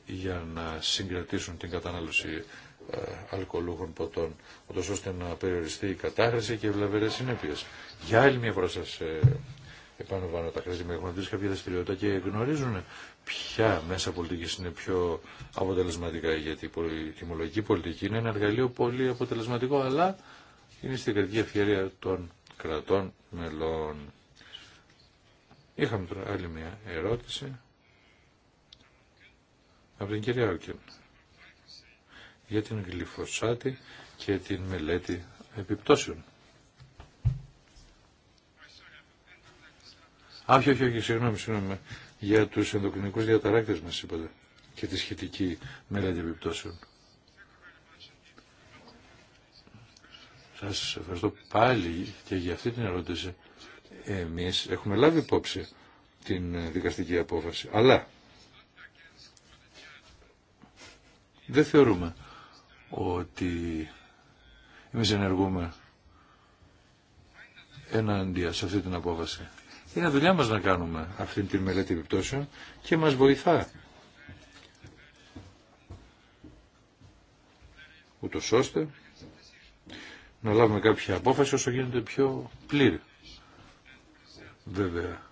για να συγκρατήσουν την κατανάλωση ε, αλκοολούχων ποτών, ώστε να περιοριστεί η κατάχρηση και οι βλαβερές συνέπειες. Για άλλη μια φορά σας επαναλαμβάνω τα με έχουν κάποια δραστηριότητα και γνωρίζουν ποια μέσα πολιτική είναι πιο αποτελεσματικά. Γιατί η τιμολογική πολιτική είναι ένα εργαλείο πολύ αποτελεσματικό, αλλά είναι στην κρατική ευκαιρία των κρατών μελών. Είχαμε τώρα άλλη μια ερώτηση από την κυρία Όκεν για την γλυφοσάτη και την μελέτη επιπτώσεων. Α, όχι, όχι, όχι, συγγνώμη, συγγνώμη. Για τους ενδοκρινικού διαταράκτε, μας είπατε και τη σχετική μελέτη επιπτώσεων. σα ευχαριστώ πάλι και για αυτή την ερώτηση. Εμείς έχουμε λάβει υπόψη την δικαστική απόφαση. Αλλά δεν θεωρούμε ότι εμείς ενεργούμε ενάντια σε αυτή την απόφαση. Είναι δουλειά μας να κάνουμε αυτή τη μελέτη επιπτώσεων και μας βοηθά. Ούτως ώστε να λάβουμε κάποια απόφαση όσο γίνεται πιο πλήρη. Βέβαια.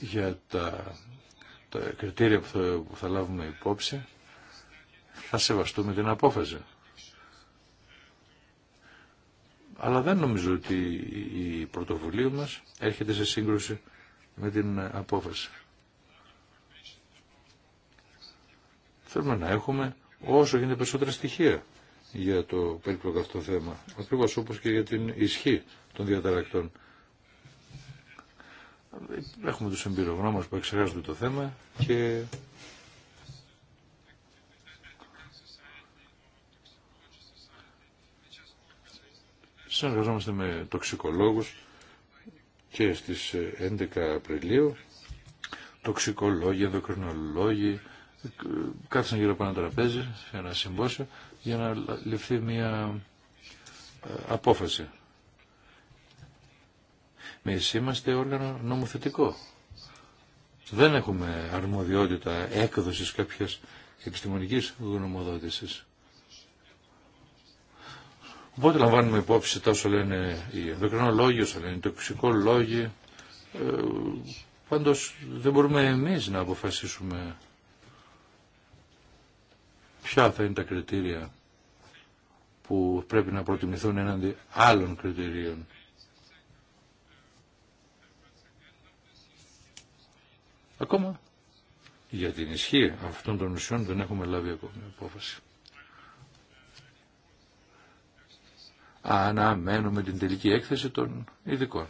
Για τα, κριτήρια που θα λάβουμε υπόψη θα σεβαστούμε την απόφαση. αλλά δεν νομίζω ότι η πρωτοβουλία μας έρχεται σε σύγκρουση με την απόφαση. Θέλουμε να έχουμε όσο γίνεται περισσότερα στοιχεία για το περίπλοκο αυτό θέμα, ακριβώ όπως και για την ισχύ των διαταρακτών. Έχουμε τους εμπειρογνώμες που εξεργάζονται το θέμα και συνεργαζόμαστε με τοξικολόγους και στις 11 ε, Απριλίου τοξικολόγοι, ενδοκρινολόγοι ε, κάτσαν γύρω από ένα τραπέζι σε ένα συμπόσιο για να ληφθεί μια ε, απόφαση. με είμαστε όργανο νομοθετικό. Δεν έχουμε αρμοδιότητα έκδοσης κάποιας επιστημονικής γνωμοδότησης. Οπότε λαμβάνουμε υπόψη τόσο λένε οι ενδοκρινολόγοι, όσο λένε οι τοξικολόγοι. Ε, πάντως δεν μπορούμε εμείς να αποφασίσουμε ποια θα είναι τα κριτήρια που πρέπει να προτιμηθούν έναντι άλλων κριτηρίων. Ακόμα για την ισχύ αυτών των ουσιών δεν έχουμε λάβει ακόμη απόφαση. αναμένουμε την τελική έκθεση των ειδικών.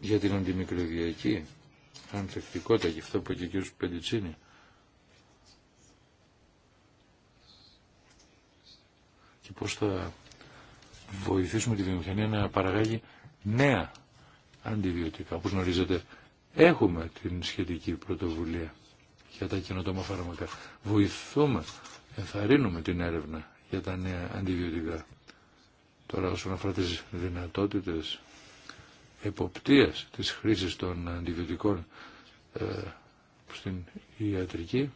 για την αντιμικροβιακή ανθεκτικότητα και αυτό που είπε και ο κ. Πεντιτσίνη. Και πώς θα βοηθήσουμε τη βιομηχανία να παραγάγει νέα αντιβιωτικά. Όπως γνωρίζετε, έχουμε την σχετική πρωτοβουλία για τα καινοτόμα φάρμακα. Βοηθούμε, ενθαρρύνουμε την έρευνα για τα νέα αντιβιωτικά. Τώρα όσον αφορά τις δυνατότητες εποπτείας της χρήσης των αντιβιωτικών ε, στην ιατρική,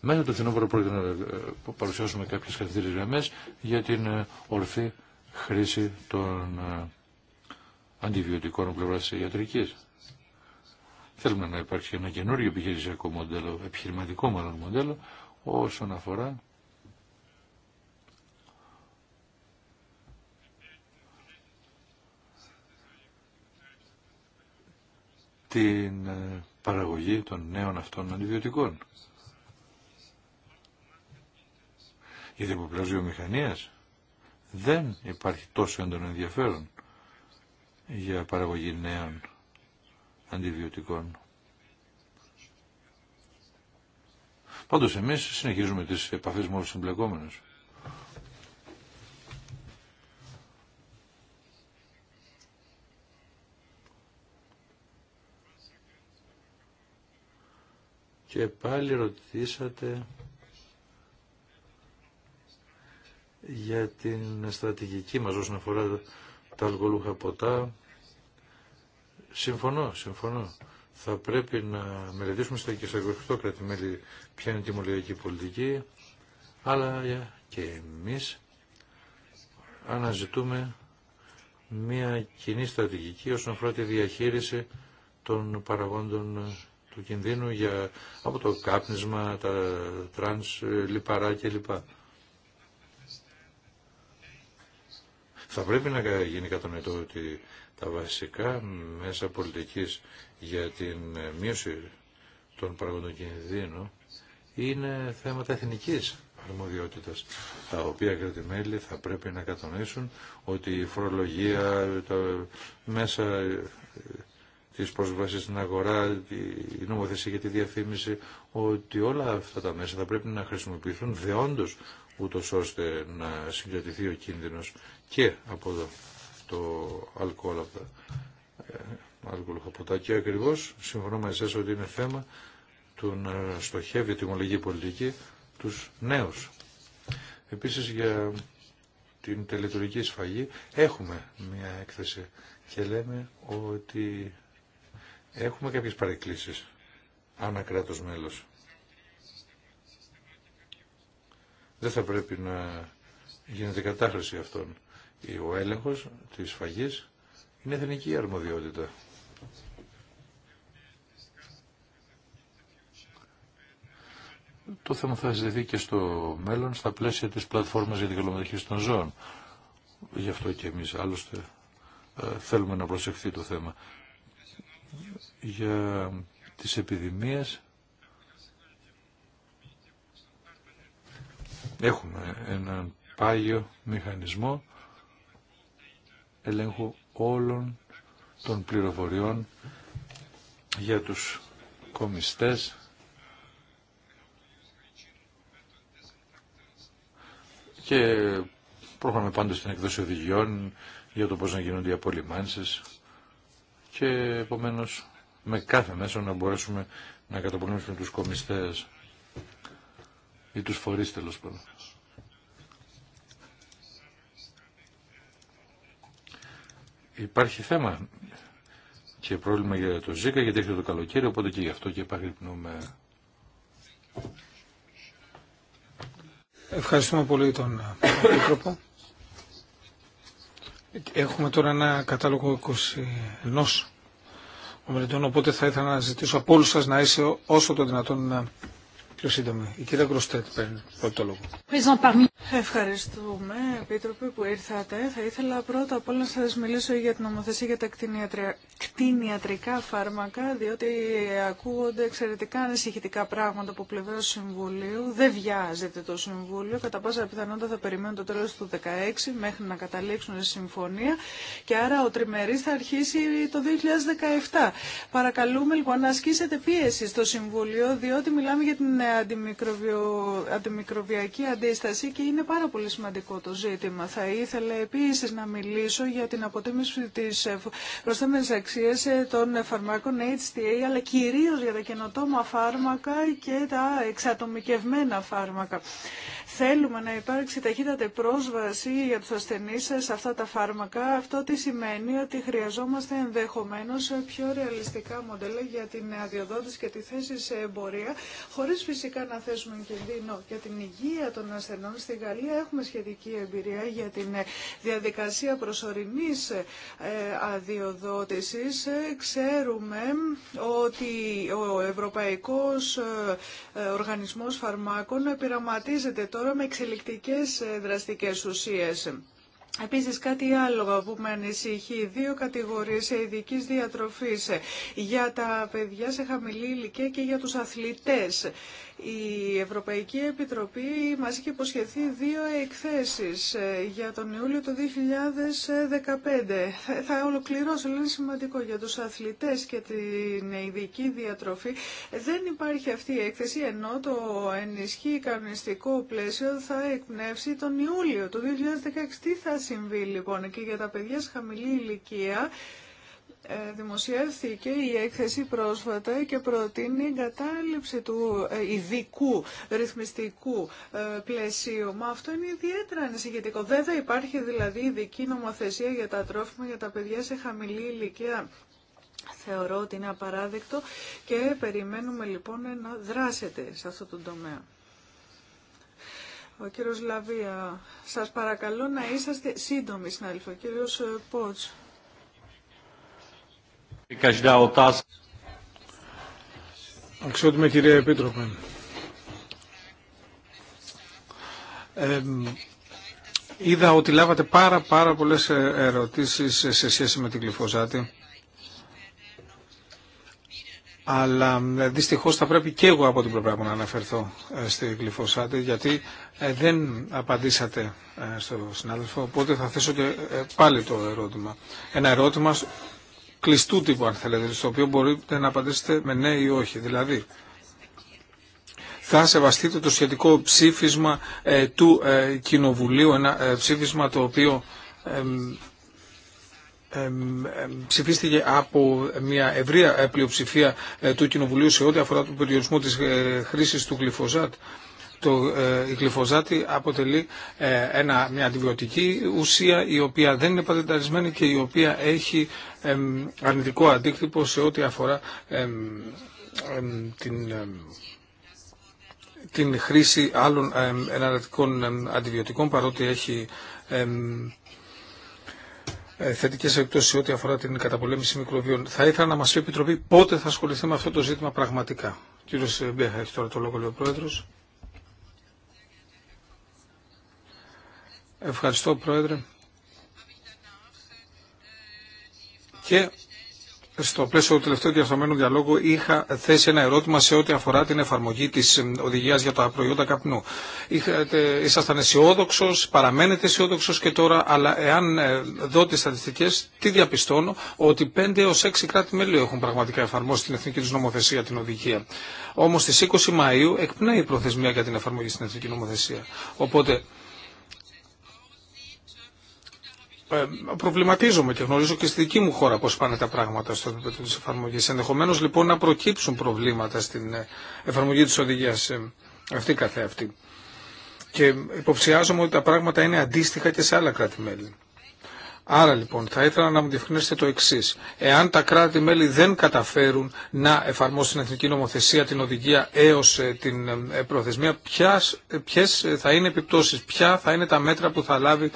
μέσα το φθινόπωρο πρόκειται να ε, ε, παρουσιάσουμε κάποιες καθητήρες γραμμές για την ε, ορθή χρήση των αντιβιωτικών πλευράς της ιατρικής. Θέλουμε να υπάρξει ένα καινούριο επιχειρησιακό μοντέλο, επιχειρηματικό μάλλον μοντέλο, όσον αφορά την παραγωγή των νέων αυτών αντιβιωτικών. Γιατί από πλευρά βιομηχανία δεν υπάρχει τόσο έντονο ενδιαφέρον για παραγωγή νέων αντιβιωτικών. Πάντως εμείς συνεχίζουμε τις επαφές με όλους τους Και πάλι ρωτήσατε για την στρατηγική μας όσον αφορά τα αλκοολούχα ποτά. Συμφωνώ, συμφωνώ. Θα πρέπει να μελετήσουμε στα 28 κράτη-μέλη ποια είναι η τιμολογική πολιτική, αλλά και εμείς αναζητούμε μια κοινή στρατηγική όσον αφορά τη διαχείριση των παραγόντων του κινδύνου για, από το κάπνισμα, τα τρανς, ε, λιπαρά κλπ. Θα πρέπει να γίνει κατανοητό ότι τα βασικά μέσα πολιτικής για την μείωση των παραγόντων κινδύνων είναι θέματα εθνικής αρμοδιότητας, τα οποία μέλη θα πρέπει να κατανοήσουν ότι η φορολογία, μέσα της πρόσβασης στην αγορά, η νομοθεσία για τη διαφήμιση, ότι όλα αυτά τα μέσα θα πρέπει να χρησιμοποιηθούν δεόντως ούτω ώστε να συγκρατηθεί ο κίνδυνο και από το αλκοόλ από τα ε, ποτά. Και ακριβώ συμφωνώ με σας ότι είναι θέμα του να στοχεύει η τιμολογική πολιτική τους νέους. Επίσης για την τελετουργική σφαγή έχουμε μια έκθεση και λέμε ότι έχουμε κάποιες παρεκκλήσεις ανά μέλος. Δεν θα πρέπει να γίνεται κατάχρηση αυτών. Ο έλεγχος της φαγής είναι εθνική αρμοδιότητα. Το θέμα θα συζητηθεί και στο μέλλον στα πλαίσια της πλατφόρμας για την καλομεταχείριση των ζώων. Γι' αυτό και εμείς άλλωστε ε, θέλουμε να προσεχθεί το θέμα. Για τις επιδημίες Έχουμε έναν πάγιο μηχανισμό ελέγχου όλων των πληροφοριών για τους κομιστές και πρόγραμμα πάντως στην εκδόση οδηγιών για το πώς να γίνονται οι απολυμάνσεις και επομένως με κάθε μέσο να μπορέσουμε να καταπολεμήσουμε τους κομιστές ή τους φορείς τέλος πάντων. Υπάρχει θέμα και πρόβλημα για το ΖΙΚΑ γιατί έρχεται το καλοκαίρι, οπότε και γι' αυτό και επαγρυπνούμε. Ευχαριστούμε πολύ τον ε, Επίτροπο. Έχουμε τώρα ένα κατάλογο 21 ομιλητών, οπότε θα ήθελα να ζητήσω από όλους σας να είσαι όσο το δυνατόν ε, πιο σύντομη. Η κυρία Γκροστέτ παίρνει πρώτο λόγο. Ευχαριστούμε, Επίτροπε, που ήρθατε. Θα ήθελα πρώτα απ' όλα να σα μιλήσω για την νομοθεσία για τα κτηνιατρικά φάρμακα, διότι ακούγονται εξαιρετικά ανησυχητικά πράγματα από πλευρά Συμβουλίου. Δεν βιάζεται το Συμβούλιο. Κατά πάσα πιθανότητα θα περιμένουν το τέλο του 2016 μέχρι να καταλήξουν σε συμφωνία και άρα ο τριμερή θα αρχίσει το 2017. Παρακαλούμε λοιπόν να ασκήσετε πίεση στο Συμβούλιο, διότι μιλάμε για την ε, αντιμικροβιακή αντίσταση και είναι πάρα πολύ σημαντικό το ζήτημα. Θα ήθελα επίσης να μιλήσω για την αποτίμηση της ε, προσθέμενης αξίας ε, των φαρμάκων HTA, αλλά κυρίως για τα καινοτόμα φάρμακα και τα εξατομικευμένα φάρμακα. Θέλουμε να υπάρξει ταχύτατη πρόσβαση για τους ασθενείς σε αυτά τα φάρμακα. Αυτό τι σημαίνει ότι χρειαζόμαστε ενδεχομένως πιο ρεαλιστικά μοντέλα για την αδειοδότηση και τη θέση σε εμπορία, χωρίς φυσικά να θέσουμε κινδύνο για την υγεία των ασθενών. Στη Γαλλία έχουμε σχετική εμπειρία για την διαδικασία προσωρινής ε, αδειοδότησης. Ξέρουμε ότι ο Ευρωπαϊκός ε, Οργανισμός Φαρμάκων πειραματίζεται τώρα με εξελικτικές ε, δραστικές ουσίε. Επίση, κάτι άλλο που με ανησυχεί, δύο κατηγορίε ειδική διατροφή ε, για τα παιδιά σε χαμηλή ηλικία και για τους αθλητέ. Η Ευρωπαϊκή Επιτροπή μας είχε υποσχεθεί δύο εκθέσεις ε, για τον Ιούλιο του 2015. Θα ολοκληρώσω, είναι σημαντικό για τους αθλητές και την ειδική διατροφή. Δεν υπάρχει αυτή η έκθεση, ενώ το ενισχύει κανονιστικό πλαίσιο θα εκπνεύσει τον Ιούλιο του 2016. Τι θα συμβεί λοιπόν και για τα παιδιά σε χαμηλή ηλικία, δημοσιεύθηκε η έκθεση πρόσφατα και προτείνει εγκατάλειψη του ε, ειδικού ρυθμιστικού ε, πλαισίου. Μα αυτό είναι ιδιαίτερα ανησυχητικό. Δεν θα υπάρχει δηλαδή ειδική νομοθεσία για τα τρόφιμα για τα παιδιά σε χαμηλή ηλικία. Θεωρώ ότι είναι απαράδεκτο και περιμένουμε λοιπόν να δράσετε σε αυτό το τομέα. Ο κύριος Λαβία, σας παρακαλώ να είσαστε σύντομοι συνάδελφοι. Ο κύριος Πότς. Αξιότιμη κυρία Επίτροπε. είδα ότι λάβατε πάρα πάρα πολλές ε, ερωτήσεις σε σχέση με την Κλειφόζάτη Αλλά ε, δυστυχώς θα πρέπει και εγώ από την πλευρά να αναφερθώ ε, στη Κλειφόζάτη γιατί δεν απαντήσατε στο συνάδελφο οπότε θα θέσω και πάλι το ερώτημα. Ένα ερώτημα κλειστού τύπου αν θέλετε, στο οποίο μπορείτε να απαντήσετε με ναι ή όχι. Δηλαδή, θα σεβαστείτε το σχετικό ψήφισμα ε, του ε, Κοινοβουλίου, ένα ε, ψήφισμα το οποίο ψηφίστηκε από μια ευρεία πλειοψηφία του Κοινοβουλίου σε ό,τι αφορά τον περιορισμό της χρήσης του γλυφοζάτ το ε, η γλυφοζάτη αποτελεί ε, ένα, μια αντιβιωτική ουσία η οποία δεν είναι πατενταρισμένη και η οποία έχει αρνητικό αντίκτυπο σε ό,τι αφορά την, την χρήση άλλων εναλλακτικών αντιβιωτικών παρότι έχει ε, θετικές επιπτώσεις σε ό,τι αφορά την καταπολέμηση μικροβίων. Θα ήθελα να μας πει η Επιτροπή πότε θα ασχοληθεί με αυτό το ζήτημα πραγματικά. Κύριος Μπέχα έχει τώρα το λόγο, λέει ο Πρόεδρος. Ευχαριστώ, Πρόεδρε. Και στο πλαίσιο του τελευταίου διαρθωμένου διαλόγου είχα θέσει ένα ερώτημα σε ό,τι αφορά την εφαρμογή της οδηγίας για τα προϊόντα καπνού. Είχατε, ήσασταν αισιόδοξο, παραμένετε αισιόδοξο και τώρα, αλλά εάν ε, δω τις στατιστικές, τι διαπιστώνω, ότι 5 έως 6 κράτη-μέλη έχουν πραγματικά εφαρμόσει την εθνική του νομοθεσία, την οδηγία. Όμως στις 20 Μαΐου εκπνέει η προθεσμία για την εφαρμογή στην εθνική νομοθεσία. Οπότε ε, προβληματίζομαι και γνωρίζω και στη δική μου χώρα πώς πάνε τα πράγματα στο επίπεδο της εφαρμογής. Ενδεχομένως λοιπόν να προκύψουν προβλήματα στην ε, εφαρμογή της οδηγίας ε, αυτή καθεαυτή. Και υποψιάζομαι ότι τα πράγματα είναι αντίστοιχα και σε άλλα κράτη-μέλη. Άρα λοιπόν θα ήθελα να μου διευκρινίσετε το εξή. Εάν τα κράτη-μέλη δεν καταφέρουν να εφαρμόσουν την εθνική νομοθεσία, την οδηγία έω την προθεσμία, ποιε θα είναι επιπτώσει, ποια θα είναι τα μέτρα που θα λάβει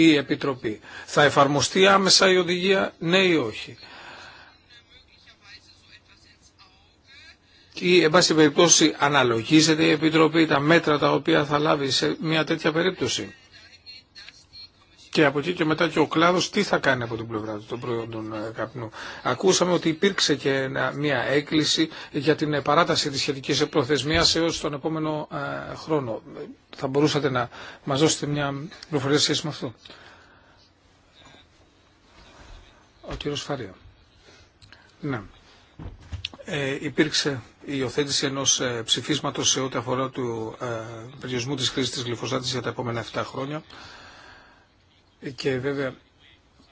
η Επιτροπή. Θα εφαρμοστεί άμεσα η οδηγία, ναι ή όχι. Ή, εν πάση περιπτώσει, αναλογίζεται η Επιτροπή τα μέτρα τα οποία θα λάβει σε μια τέτοια περίπτωση και από εκεί και μετά και ο κλάδο τι θα κάνει από την πλευρά του των προϊόντων ε, καπνού. Ακούσαμε ότι υπήρξε και μια έκκληση για την ε, παράταση τη σχετική προθεσμία έω τον επόμενο ε, χρόνο. Θα μπορούσατε να μας δώσετε μια πληροφορία σχέση με αυτό. Ο κύριο Φαρία. Ναι. υπήρξε η υιοθέτηση ενό ψηφίσματο σε ό,τι αφορά του ε, περιορισμού τη χρήση τη γλυφοσάτη για τα επόμενα 7 χρόνια και βέβαια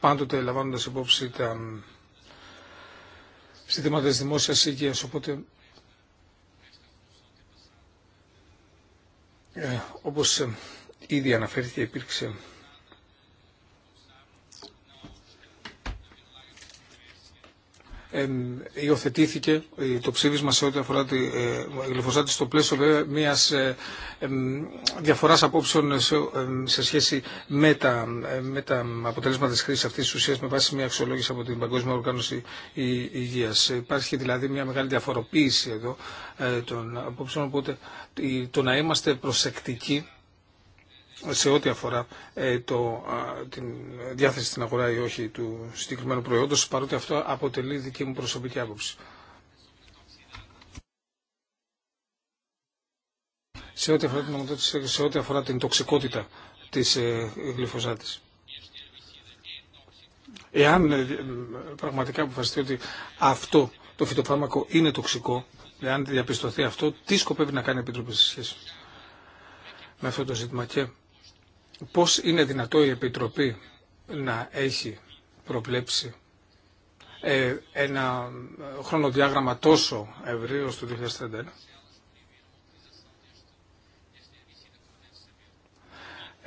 πάντοτε λαμβάνοντας υπόψη τα ζητήματα της δημόσιας υγείας. Οπότε, ε, όπως ε, ήδη αναφέρθηκε, υπήρξε υιοθετήθηκε ε, το ψήφισμα σε ό,τι αφορά τη ε, γλυφοσάτη στο πλαίσιο μιας ε, διαφοράς απόψεων σε σχέση με τα, με τα αποτελέσματα της χρήσης αυτής τη ουσία με βάση μια αξιολόγηση από την Παγκόσμια Οργάνωση Υγείας. Υπάρχει δηλαδή μια μεγάλη διαφοροποίηση εδώ των απόψεων, οπότε το να είμαστε προσεκτικοί σε ό,τι αφορά ε, το, την διάθεση στην αγορά ή όχι του συγκεκριμένου προϊόντος, παρότι αυτό αποτελεί δική μου προσωπική άποψη. Σε ό,τι αφορά την αφορά την τοξικότητα της ε, γλυφοζάτης. Εάν ε, πραγματικά αποφασιστεί ότι αυτό το φυτοφάρμακο είναι τοξικό, εάν διαπιστωθεί αυτό, τι σκοπεύει να κάνει η Επιτροπή σε σχέση με αυτό το ζήτημα. Και πώς είναι δυνατό η Επιτροπή να έχει προβλέψει ε, ένα χρονοδιάγραμμα τόσο ευρύ ως το 2031.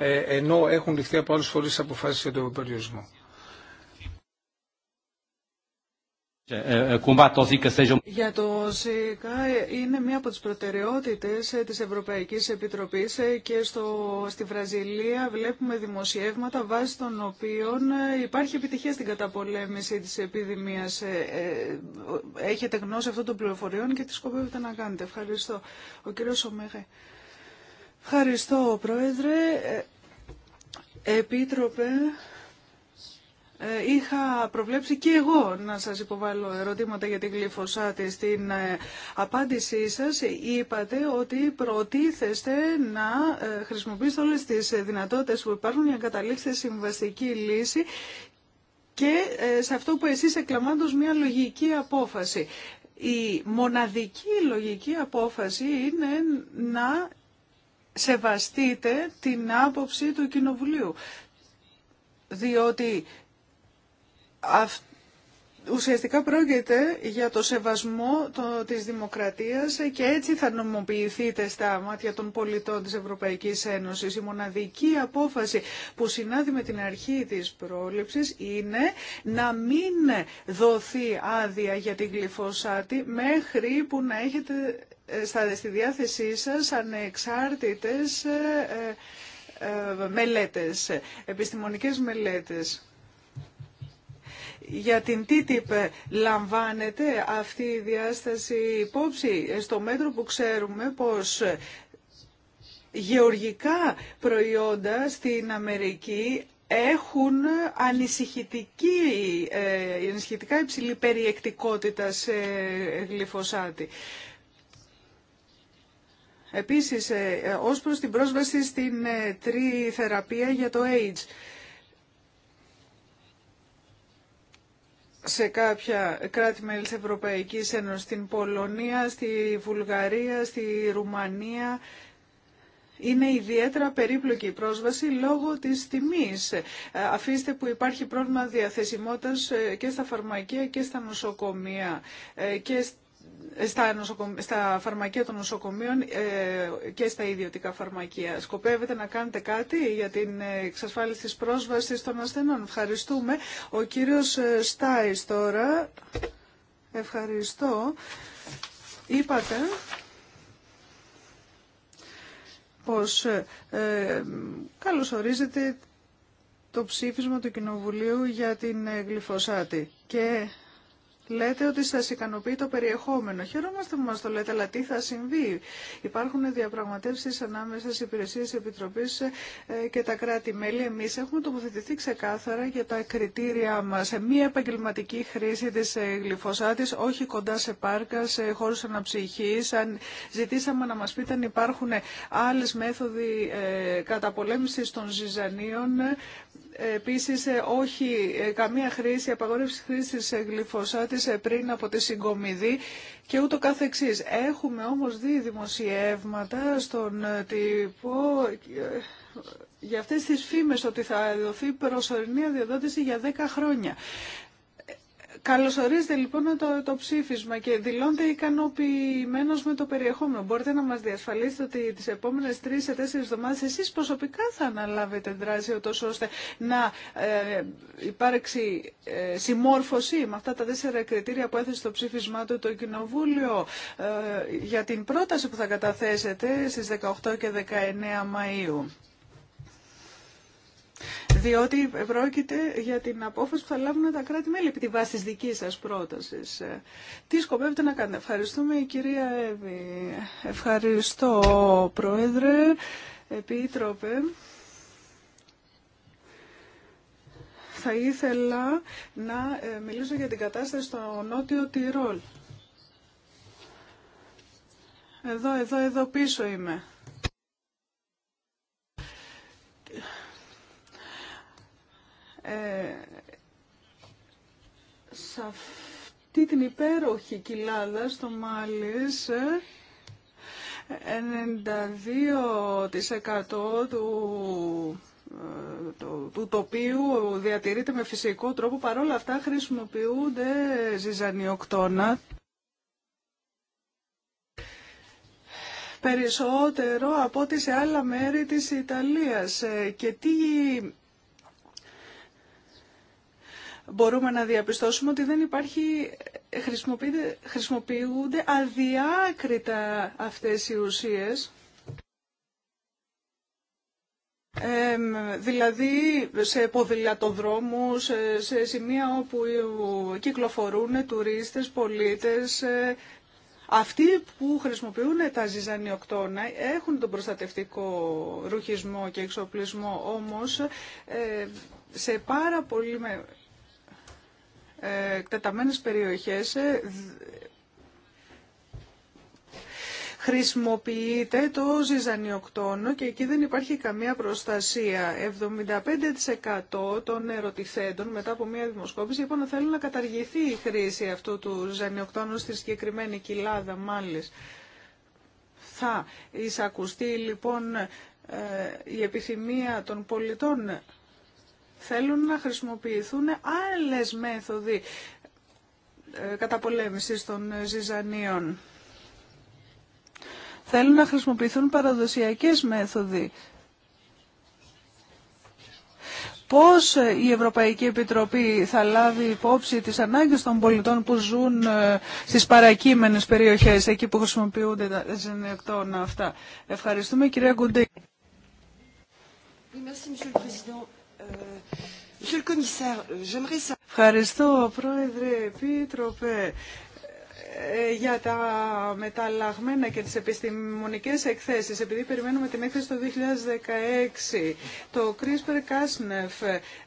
Ε, ενώ έχουν ληφθεί από άλλους φορείς αποφάσεις για τον περιορισμό. Ε, ε, Για το ΣΥΚΑ είναι μία από τις προτεραιότητες ε, της Ευρωπαϊκής Επιτροπής και στο, στη Βραζιλία βλέπουμε δημοσιεύματα βάσει των οποίων υπάρχει επιτυχία στην καταπολέμηση της επιδημίας. Έχετε γνώση αυτών των πληροφοριών και τι σκοπεύετε να κάνετε. Ευχαριστώ. Ο κύριος Σομέχε. Ευχαριστώ, Πρόεδρε. Επίτροπε, ε, είχα προβλέψει και εγώ να σας υποβάλω ερωτήματα για την γλυφοσάτη. Στην ε, απάντησή σας είπατε ότι προτίθεστε να ε, χρησιμοποιήσετε όλες τις δυνατότητες που υπάρχουν για να καταλήξετε συμβαστική λύση και σε αυτό που εσείς εκλαμβάνετε μια λογική απόφαση. Η μοναδική λογική απόφαση είναι να σεβαστείτε την άποψη του Κοινοβουλίου. Διότι ουσιαστικά πρόκειται για το σεβασμό της δημοκρατίας και έτσι θα νομοποιηθείτε στα μάτια των πολιτών της Ευρωπαϊκής Ένωσης. Η μοναδική απόφαση που συνάδει με την αρχή της πρόληψης είναι να μην δοθεί άδεια για την γλυφοσάτη μέχρι που να έχετε ε, στη διάθεσή σας ανεξάρτητες ε, ε, μελέτες, επιστημονικές μελέτες. Για την TTIP ε, λαμβάνεται αυτή η διάσταση υπόψη ε, στο μέτρο που ξέρουμε πως ε, γεωργικά προϊόντα στην Αμερική έχουν ανησυχητική, ε, ανησυχητικά υψηλή περιεκτικότητα σε γλυφοσάτη. Επίσης, ε, ως προς την πρόσβαση στην ε, τρι θεραπεία για το AIDS. σε κάποια κράτη-μέλη της Ευρωπαϊκής Ένωσης, στην Πολωνία, στη Βουλγαρία, στη Ρουμανία, είναι ιδιαίτερα περίπλοκη η πρόσβαση λόγω της τιμής. Ε, αφήστε που υπάρχει πρόβλημα διαθεσιμότητας ε, και στα φαρμακεία και στα νοσοκομεία ε, και στα, νοσοκομ... στα φαρμακεία των νοσοκομείων ε, και στα ιδιωτικά φαρμακεία. Σκοπεύετε να κάνετε κάτι για την εξασφάλιση της πρόσβασης των ασθενών. Ευχαριστούμε. Ο κύριος ε, Στάις τώρα. Ευχαριστώ. Είπατε πως ε, ε καλωσορίζεται το ψήφισμα του Κοινοβουλίου για την γλυφοσάτη και Λέτε ότι σα ικανοποιεί το περιεχόμενο. Χαιρόμαστε που μας το λέτε, αλλά τι θα συμβεί. Υπάρχουν διαπραγματεύσεις ανάμεσα στις υπηρεσίες Επιτροπή ε, και τα κράτη-μέλη. Εμείς έχουμε τοποθετηθεί ξεκάθαρα για τα κριτήρια μας. Ε, μία επαγγελματική χρήση της ε, γλυφωσάτης, όχι κοντά σε πάρκα, σε χώρους αναψυχή. Αν ζητήσαμε να μα πείτε αν υπάρχουν άλλε μέθοδοι καταπολέμηση των ζυζανίων Επίσης, ε, όχι ε, καμία χρήση, απαγόρευση χρήσης ε, γλυφοσάτης πριν από τη συγκομιδή και ούτω καθεξής. Έχουμε όμως δει δημοσιεύματα στον τύπο για αυτές τις φήμες ότι θα δοθεί προσωρινή αδειοδότηση για 10 χρόνια. Καλωσορίζετε λοιπόν το, το ψήφισμα και δηλώνετε ικανοποιημένο με το περιεχόμενο. Μπορείτε να μα διασφαλίσετε ότι τι επόμενε τρει σε τέσσερι εβδομάδε εσεί προσωπικά θα αναλάβετε δράση, ούτω ώστε να ε, υπάρξει ε, συμμόρφωση με αυτά τα τέσσερα κριτήρια που έθεσε στο ψήφισμά του το Κοινοβούλιο ε, για την πρόταση που θα καταθέσετε στι 18 και 19 Μαου. Διότι πρόκειται για την απόφαση που θα λάβουν τα κράτη-μέλη επί τη βάση τη δική σας πρότασης. Ε, τι σκοπεύετε να κάνετε. Ευχαριστούμε η κυρία Εύη. Ευχαριστώ Πρόεδρε, Επίτροπε. Θα ήθελα να ε, μιλήσω για την κατάσταση στο νότιο Τιρόλ. Εδώ, εδώ, εδώ πίσω είμαι. Ε, σε αυτή την υπέροχη κοιλάδα στο Μάλις 92% του ε, του, του τοπίου διατηρείται με φυσικό τρόπο, παρόλα αυτά χρησιμοποιούνται ζυζανιοκτώνα. Περισσότερο από ό,τι σε άλλα μέρη της Ιταλίας. Ε, και τι μπορούμε να διαπιστώσουμε ότι δεν υπάρχει, χρησιμοποιούνται, χρησιμοποιούνται αδιάκριτα αυτές οι ουσίες. δηλαδή σε ποδηλατοδρόμους, σε σημεία όπου κυκλοφορούν τουρίστες, πολίτες, ε, αυτοί που χρησιμοποιούν τα ζυζανιοκτώνα έχουν τον προστατευτικό ρουχισμό και εξοπλισμό, όμως ε, σε πάρα πολύ εκτεταμένες περιοχές ε, χρησιμοποιείται το ζυζανιοκτόνο και εκεί δεν υπάρχει καμία προστασία. 75% των ερωτηθέντων μετά από μια δημοσκόπηση είπαν ότι θέλουν να καταργηθεί η χρήση αυτού του ζυζανιοκτόνου στη συγκεκριμένη κοιλάδα μάλιστα. Θα εισακουστεί λοιπόν ε, η επιθυμία των πολιτών θέλουν να χρησιμοποιηθούν άλλες μέθοδοι ε, καταπολέμησης των ε, ζυζανίων. Θέλουν να χρησιμοποιηθούν παραδοσιακές μέθοδοι. Πώς ε, η Ευρωπαϊκή Επιτροπή θα λάβει υπόψη τις ανάγκες των πολιτών που ζουν στις παρακείμενες περιοχές, εκεί που χρησιμοποιούνται τα ζενεκτόνα αυτά. Ευχαριστούμε κυρία Γκουντή. Ευχαριστώ, Πρόεδρε, Επίτροπε. Ε, για τα μεταλλαγμένα και τις επιστημονικές εκθέσεις, επειδή περιμένουμε την έκθεση το 2016, το crispr cas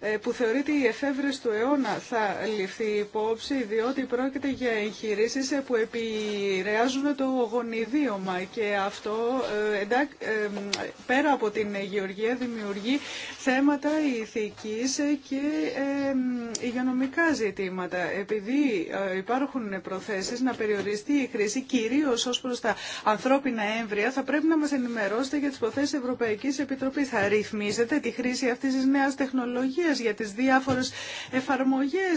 ε, που θεωρείται η εφεύρεση του αιώνα θα ληφθεί υπόψη, διότι πρόκειται για εγχειρήσεις ε, που επηρεάζουν το γονιδίωμα και αυτό πέρα από την γεωργία δημιουργεί θέματα ηθικής και υγειονομικά ζητήματα. Επειδή υπάρχουν προθέσεις περιοριστεί η χρήση κυρίω ω προ τα ανθρώπινα έμβρια, θα πρέπει να μα ενημερώσετε για τι προθέσει Ευρωπαϊκή Επιτροπή. Θα ρυθμίζετε τη χρήση αυτή τη νέα τεχνολογία για τι διάφορε εφαρμογέ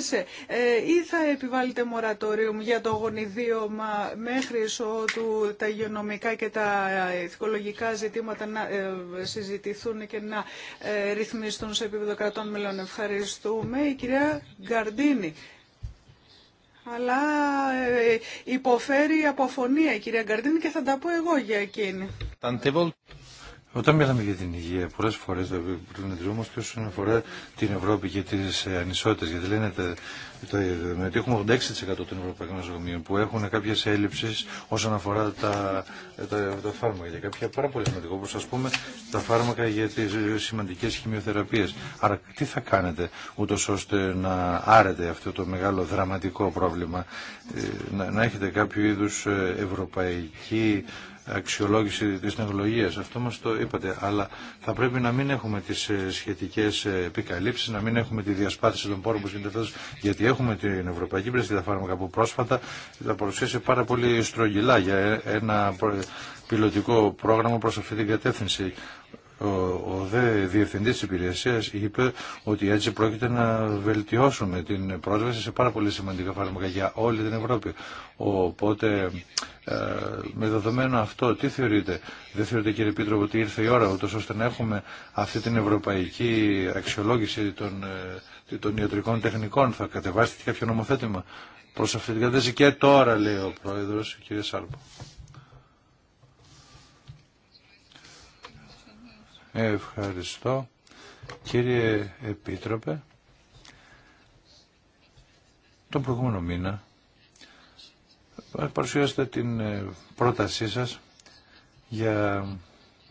ε, ή θα επιβάλλετε μορατόριο για το γονιδίωμα μέχρι ότου τα υγειονομικά και τα ηθικολογικά ζητήματα να ε, συζητηθούν και να ε, ρυθμιστούν σε επίπεδο κρατών μελών. Ευχαριστούμε. Η κυρία Γκαρντίνη αλλά ε, υποφέρει από η κυρία Γκαρδίνη και θα τα πω εγώ για εκείνη. Όταν μιλάμε για την υγεία, πολλέ φορέ και όσον αφορά την Ευρώπη και τι ε, ανισότητε. Γιατί λένε ότι έχουμε 86% των ευρωπαϊκών νοσοκομείων που έχουν κάποιε έλλειψει όσον αφορά τα, τα, φάρμακα. Για κάποια πάρα πολύ σημαντικό, όπω α πούμε τα φάρμακα για τι σημαντικέ χημειοθεραπείε. Άρα, τι θα κάνετε, ούτω ώστε να άρετε αυτό το μεγάλο δραματικό πρόβλημα, ε, να, να έχετε κάποιο είδου ε, ευρωπαϊκή αξιολόγηση της τεχνολογίας. Αυτό μας το είπατε. Αλλά θα πρέπει να μην έχουμε τις ε, σχετικές ε, επικαλύψεις, να μην έχουμε τη διασπάθηση των πόρων που γίνεται γιατί έχουμε την Ευρωπαϊκή τα Φάρμακα που πρόσφατα τα παρουσίασε πάρα πολύ στρογγυλά για ε, ένα πιλωτικό πρόγραμμα προς αυτή την κατεύθυνση. Ο, δε διευθυντή τη υπηρεσία είπε ότι έτσι πρόκειται να βελτιώσουμε την πρόσβαση σε πάρα πολύ σημαντικά φάρμακα για όλη την Ευρώπη. Οπότε, ε, με δεδομένο αυτό, τι θεωρείτε, δεν θεωρείτε κύριε Πίτρο ότι ήρθε η ώρα ούτως ώστε να έχουμε αυτή την ευρωπαϊκή αξιολόγηση των, ε, των ιατρικών τεχνικών, θα κατεβάσετε κάποιο νομοθέτημα προς αυτή την κατεύθυνση και τώρα λέει ο Πρόεδρος, κύριε Σάρπο. Ευχαριστώ. Κύριε Επίτροπε, τον προηγούμενο μήνα παρουσιάσατε την ε, πρότασή σας για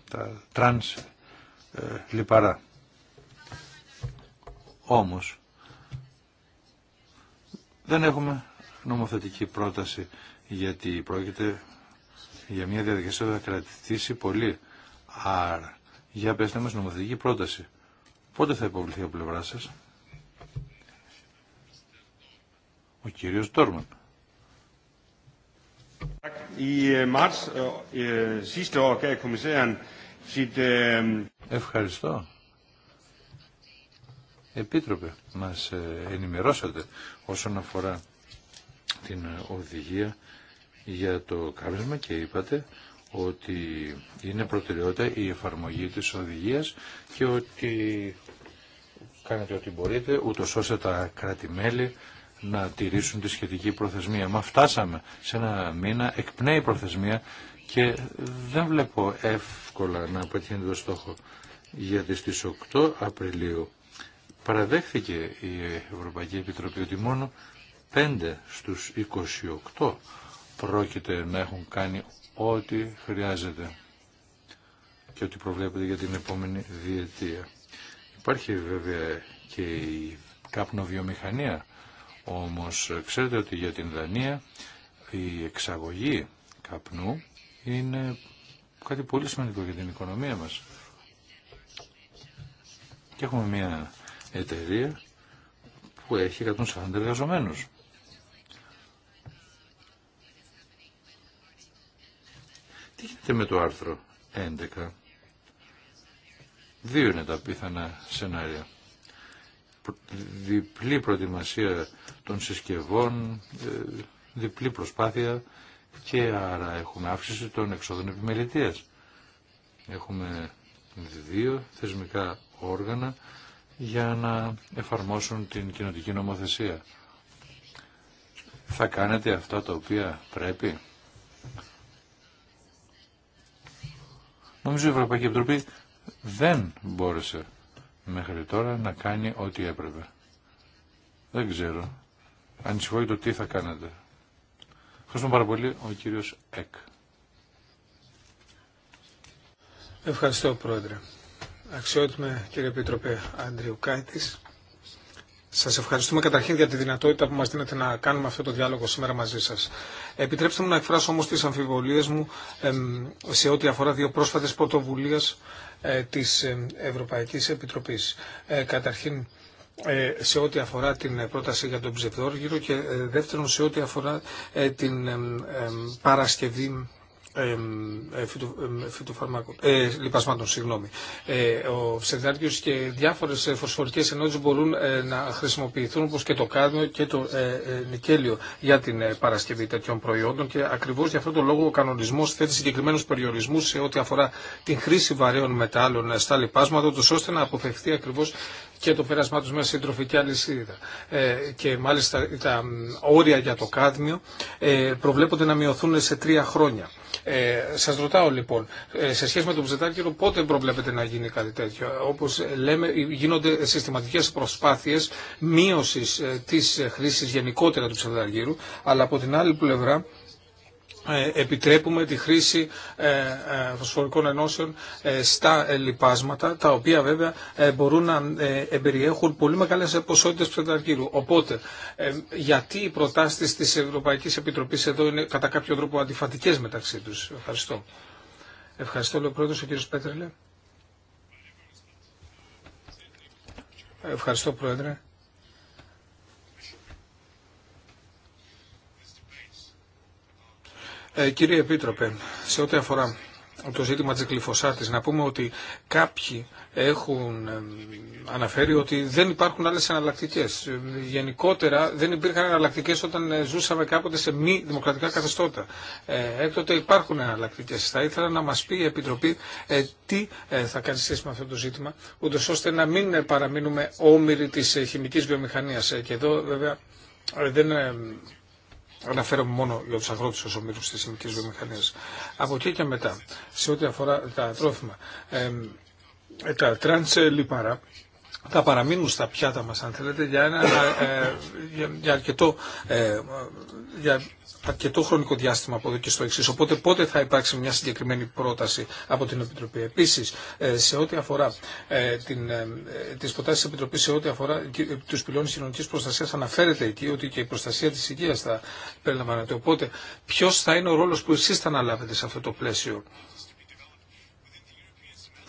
τα τρανς ε, λιπαρά. Όμως, δεν έχουμε νομοθετική πρόταση γιατί πρόκειται για μια διαδικασία που θα κρατηθήσει πολύ. Άρα για να μας νομοθετική πρόταση. Πότε θα υποβληθεί από πλευρά σα, Ο κύριος Τόρμαν. Ευχαριστώ. Επίτροπε, μας ε, ενημερώσατε όσον αφορά την ε, οδηγία για το κάλεσμα και είπατε ότι είναι προτεραιότητα η εφαρμογή της οδηγίας και ότι κάνετε ό,τι μπορείτε, ούτως ώστε τα κράτη-μέλη να τηρήσουν τη σχετική προθεσμία. Μα φτάσαμε σε ένα μήνα, εκπνέει η προθεσμία και δεν βλέπω εύκολα να πετύχει το στόχο. Γιατί στις 8 Απριλίου παραδέχθηκε η Ευρωπαϊκή Επιτροπή ότι μόνο 5 στους 28 πρόκειται να έχουν κάνει ό,τι χρειάζεται και ό,τι προβλέπεται για την επόμενη διετία. Υπάρχει βέβαια και η καπνοβιομηχανία, όμως ξέρετε ότι για την Δανία η εξαγωγή καπνού είναι κάτι πολύ σημαντικό για την οικονομία μας. Και έχουμε μια εταιρεία που έχει 140 εργαζομένους. Τι με το άρθρο 11. Δύο είναι τα πιθανά σενάρια. Διπλή προετοιμασία των συσκευών, ε, διπλή προσπάθεια και άρα έχουμε αύξηση των εξόδων επιμελητίας. Έχουμε δύο θεσμικά όργανα για να εφαρμόσουν την κοινοτική νομοθεσία. Θα κάνετε αυτά τα οποία πρέπει. Νομίζω η Ευρωπαϊκή Επιτροπή δεν μπόρεσε μέχρι τώρα να κάνει ό,τι έπρεπε. Δεν ξέρω. Ανησυχώ για το τι θα κάνετε. Ευχαριστούμε πάρα πολύ ο κύριος Εκ. Ευχαριστώ Πρόεδρε. Αξιότιμε κύριε Επιτροπέ Αντριουκάητης. Σας ευχαριστούμε καταρχήν για τη δυνατότητα που μας δίνετε να κάνουμε αυτό το διάλογο σήμερα μαζί σας. Επιτρέψτε μου να εκφράσω όμω τις αμφιβολίες μου σε ό,τι αφορά δύο πρόσφατες πρωτοβουλίε ε, της ε, Ευρωπαϊκής Επιτροπής. Ε, καταρχήν, σε ό,τι αφορά την πρόταση για τον ψευδόργυρο και δεύτερον σε ό,τι αφορά την Παρασκευή ε, φυτοφαρμάκων, ε, λιπασμάτων, συγγνώμη. Ε, ο ψευδάρκιος και διάφορες ε, φωσφορικές ενότητες μπορούν ε, να χρησιμοποιηθούν όπως και το κάδμιο και το νικέλιο για την παρασκευή τέτοιων προϊόντων και ακριβώς για αυτόν τον λόγο ο κανονισμός θέτει συγκεκριμένους περιορισμούς σε ό,τι αφορά την χρήση βαρέων μετάλλων στα λιπάσματα ώστε να αποφευχθεί ακριβώς και το πέρασμά τους μέσα στην τροφική αλυσίδα. Ε, και μάλιστα τα όρια για το κάδμιο ε, προβλέπονται να μειωθούν σε τρία χρόνια. Ε, Σα ρωτάω λοιπόν, ε, σε σχέση με τον Ψετάκηρο, πότε προβλέπετε να γίνει κάτι τέτοιο. Όπω λέμε, γίνονται συστηματικέ προσπάθειε μείωση τη χρήση γενικότερα του ψευδαργύρου, αλλά από την άλλη πλευρά ε, επιτρέπουμε τη χρήση ε, ε, φωσφορικών ενώσεων στα λιπάσματα, τα οποία βέβαια μπορούν να περιέχουν πολύ μεγάλες ποσότητες ψευδαρκύρου. Οπότε, γιατί οι προτάσεις της Ευρωπαϊκής Επιτροπής εδώ είναι κατά κάποιο τρόπο αντιφατικές μεταξύ τους. Ευχαριστώ. Ευχαριστώ, λέει ο πρόεδρος, ο κύριος Πέτρελε. Ευχαριστώ, πρόεδρε. Ε, κύριε Επίτροπε, σε ό,τι αφορά το ζήτημα της γλυφοσάτης, να πούμε ότι κάποιοι έχουν ε, αναφέρει ότι δεν υπάρχουν άλλες εναλλακτικέ. Ε, γενικότερα δεν υπήρχαν εναλλακτικέ όταν ζούσαμε κάποτε σε μη δημοκρατικά καθεστώτα. Έκτοτε υπάρχουν εναλλακτικέ. Θα ήθελα να μας πει η Επιτροπή τι θα κάνει σχέση με αυτό το ζήτημα, ούτως ώστε να μην παραμείνουμε όμοιροι της χημικής βιομηχανίας. Και εδώ βέβαια δεν Αναφέρομαι μόνο για του αγρότε όσο ομίλου τη χημική βιομηχανία. Από εκεί και μετά, σε ό,τι αφορά τα τρόφιμα, τα τρανς λιπαρά θα παραμείνουν στα πιάτα μας αν θέλετε για, ένα, ε, ε, για, αρκετό ε, για αρκετό χρονικό διάστημα από εδώ και στο εξή. Οπότε πότε θα υπάρξει μια συγκεκριμένη πρόταση από την Επιτροπή. Επίση, ε, σε ό,τι αφορά ε, ε, ε τι προτάσει τη Επιτροπή, σε ό,τι αφορά του πυλώνε κοινωνική προστασία, αναφέρεται εκεί ότι και η προστασία τη υγεία θα περιλαμβάνεται. Οπότε, ποιο θα είναι ο ρόλο που εσεί θα αναλάβετε σε αυτό το πλαίσιο.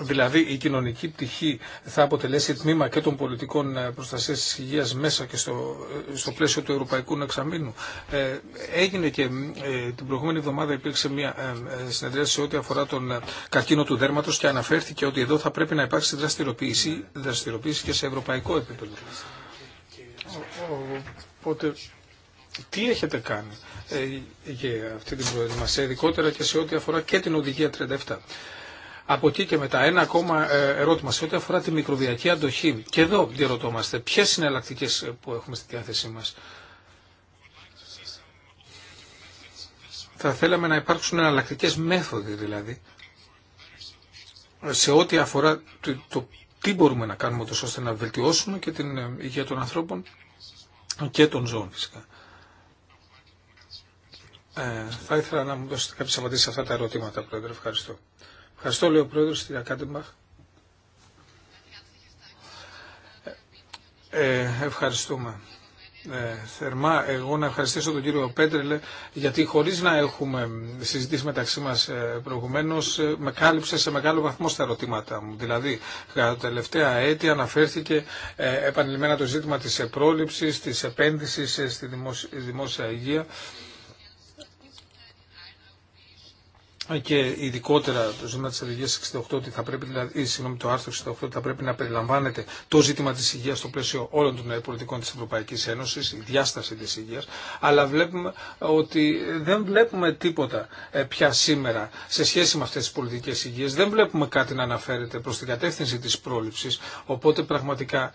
Δηλαδή η κοινωνική πτυχή θα αποτελέσει τμήμα και των πολιτικών ε, προστασίας της υγείας μέσα και στο, ε, στο πλαίσιο του Ευρωπαϊκού Εξαμήνου. Ε, έγινε και την προηγούμενη εβδομάδα υπήρξε μια ε, συνεδρία σε ό,τι αφορά τον καρκίνο του δέρματος και αναφέρθηκε ότι εδώ θα πρέπει να υπάρξει δραστηριοποίηση, δραστηριοποίηση και σε ευρωπαϊκό επίπεδο. Οπότε, τι έχετε κάνει για αυτή την προετοιμασία, ειδικότερα και σε ό,τι αφορά και την οδηγία 37. Από εκεί και μετά, ένα ακόμα ε, ερώτημα σε ό,τι αφορά τη μικροβιακή αντοχή. Και εδώ διαρωτόμαστε ποιε είναι εναλλακτικέ ε, που έχουμε στη διάθεσή μα. Θα θέλαμε να υπάρξουν εναλλακτικέ μέθοδοι δηλαδή σε ό,τι αφορά το, τι μπορούμε να κάνουμε τόσο ώστε να βελτιώσουμε και την ε, υγεία των ανθρώπων και των ζώων φυσικά. Ε, θα ήθελα να μου δώσετε κάποιες απαντήσεις σε αυτά τα ερωτήματα, Πρόεδρε. Ευχαριστώ. Ευχαριστώ, λέει ο Πρόεδρος, Κάντεμπαχ. Ε, ευχαριστούμε. Ε, θερμά εγώ να ευχαριστήσω τον κύριο Πέτρελε γιατί χωρίς να έχουμε συζητήσει μεταξύ μας ε, προηγουμένως ε, με κάλυψε σε μεγάλο βαθμό στα ερωτήματα μου. Δηλαδή κατά τα τελευταία έτη αναφέρθηκε ε, επανειλημμένα το ζήτημα της πρόληψης, της επένδυσης στη δημόσια υγεία και ειδικότερα το ζήτημα της αλληλεγγύη 68 ότι θα πρέπει, δηλαδή, συγγνώμη, το άρθρο 68 ότι θα πρέπει να περιλαμβάνεται το ζήτημα της υγείας στο πλαίσιο όλων των πολιτικών της Ευρωπαϊκής Ένωσης, η διάσταση της υγείας, αλλά βλέπουμε ότι δεν βλέπουμε τίποτα ε, πια σήμερα σε σχέση με αυτές τις πολιτικές υγείας, δεν βλέπουμε κάτι να αναφέρεται προς την κατεύθυνση της πρόληψης, οπότε πραγματικά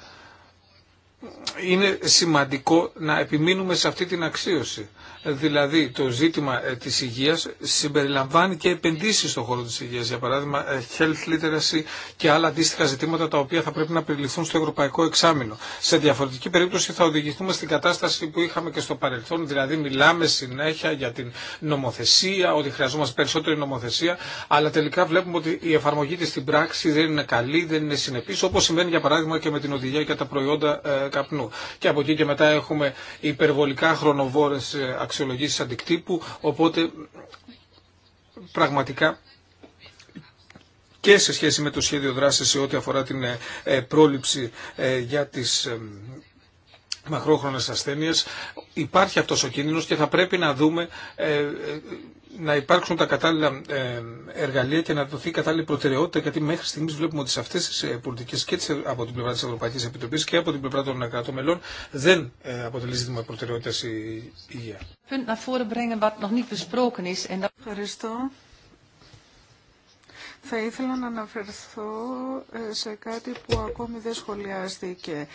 είναι σημαντικό να επιμείνουμε σε αυτή την αξίωση. Δηλαδή το ζήτημα ε, της υγείας συμπεριλαμβάνει και επενδύσεις στον χώρο της υγείας. Για παράδειγμα ε, health literacy και άλλα αντίστοιχα ζητήματα τα οποία θα πρέπει να περιληφθούν στο ευρωπαϊκό εξάμεινο. Σε διαφορετική περίπτωση θα οδηγηθούμε στην κατάσταση που είχαμε και στο παρελθόν. Δηλαδή μιλάμε συνέχεια για την νομοθεσία, ότι χρειαζόμαστε περισσότερη νομοθεσία, αλλά τελικά βλέπουμε ότι η εφαρμογή της στην πράξη δεν είναι καλή, δεν είναι συνεπής, όπως συμβαίνει για παράδειγμα και με την οδηγία για τα προϊόντα ε, καπνού. Και από εκεί και μετά έχουμε υπερβολικά χρονοβόρες ε, αξιολογήσεις αντικτύπου, οπότε πραγματικά και σε σχέση με το σχέδιο δράσης σε ό,τι αφορά την ε, ε, πρόληψη για τις μακρόχρονες ασθένειες υπάρχει αυτός ο κίνδυνος και θα πρέπει να δούμε να υπάρξουν τα κατάλληλα ε, εργαλεία και να δοθεί κατάλληλη προτεραιότητα, γιατί μέχρι στιγμή βλέπουμε ότι σε αυτέ τι ε, πολιτικέ και ε, από την πλευρά τη Ευρωπαϊκή Επιτροπή και από την πλευρά των κρατών μελών δεν αποτελεί ζήτημα προτεραιότητα η υγεία. Ευχαριστώ. Θα ήθελα να αναφερθώ σε κάτι που ακόμη δεν σχολιάστηκε.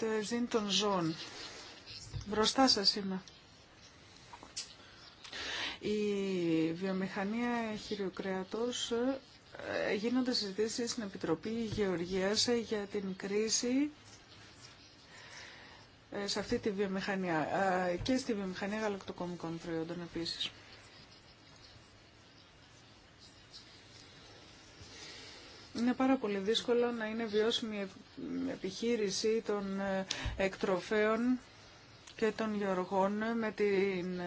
Το ευζήν των ζώων. Μπροστά σας είμαι. Η βιομηχανία χειροκρεατός ε, γίνονται συζητήσεις στην Επιτροπή Γεωργίας για την κρίση ε, σε αυτή τη βιομηχανία ε, και στη βιομηχανία γαλακτοκομικών προϊόντων επίσης. Είναι πάρα πολύ δύσκολο να είναι βιώσιμη επιχείρηση των εκτροφέων και των γεωργών με την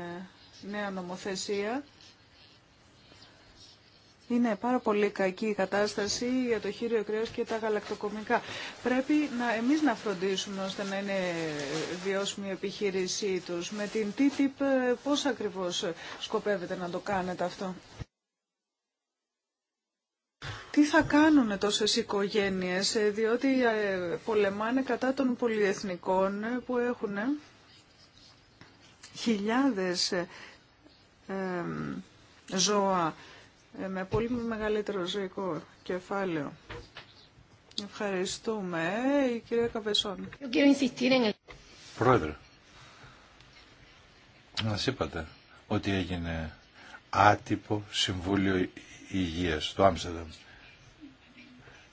νέα νομοθεσία. Είναι πάρα πολύ κακή η κατάσταση για το χείριο κρέας και τα γαλακτοκομικά. Πρέπει να, εμείς να φροντίσουμε ώστε να είναι βιώσιμη η επιχείρησή τους. Με την TTIP ε, πώς ακριβώς σκοπεύετε να το κάνετε αυτό. Τι θα κάνουν τόσες οικογένειες, ε, διότι ε, πολεμάνε κατά των πολυεθνικών που έχουν χιλιάδες ζώα ε, με πολύ μεγαλύτερο ζωικό κεφάλαιο. Ευχαριστούμε. Η κυρία Καβεσόν. Πρόεδρε, μας είπατε ότι έγινε άτυπο Συμβούλιο Υγείας του Άμστερνταμ.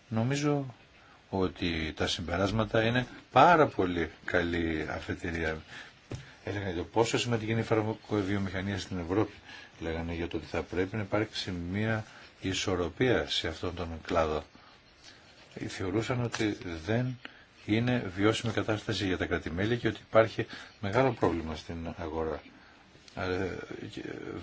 Νομίζω ότι τα συμπεράσματα είναι πάρα πολύ καλή αφετηρία έλεγαν για το πόσο σημαντική είναι η φαρμακοβιομηχανία στην Ευρώπη. Λέγανε για το ότι θα πρέπει να υπάρξει μια ισορροπία σε αυτόν τον κλάδο. Ε, θεωρούσαν ότι δεν είναι βιώσιμη κατάσταση για τα κρατημέλη και ότι υπάρχει μεγάλο πρόβλημα στην αγορά. Ε, ε,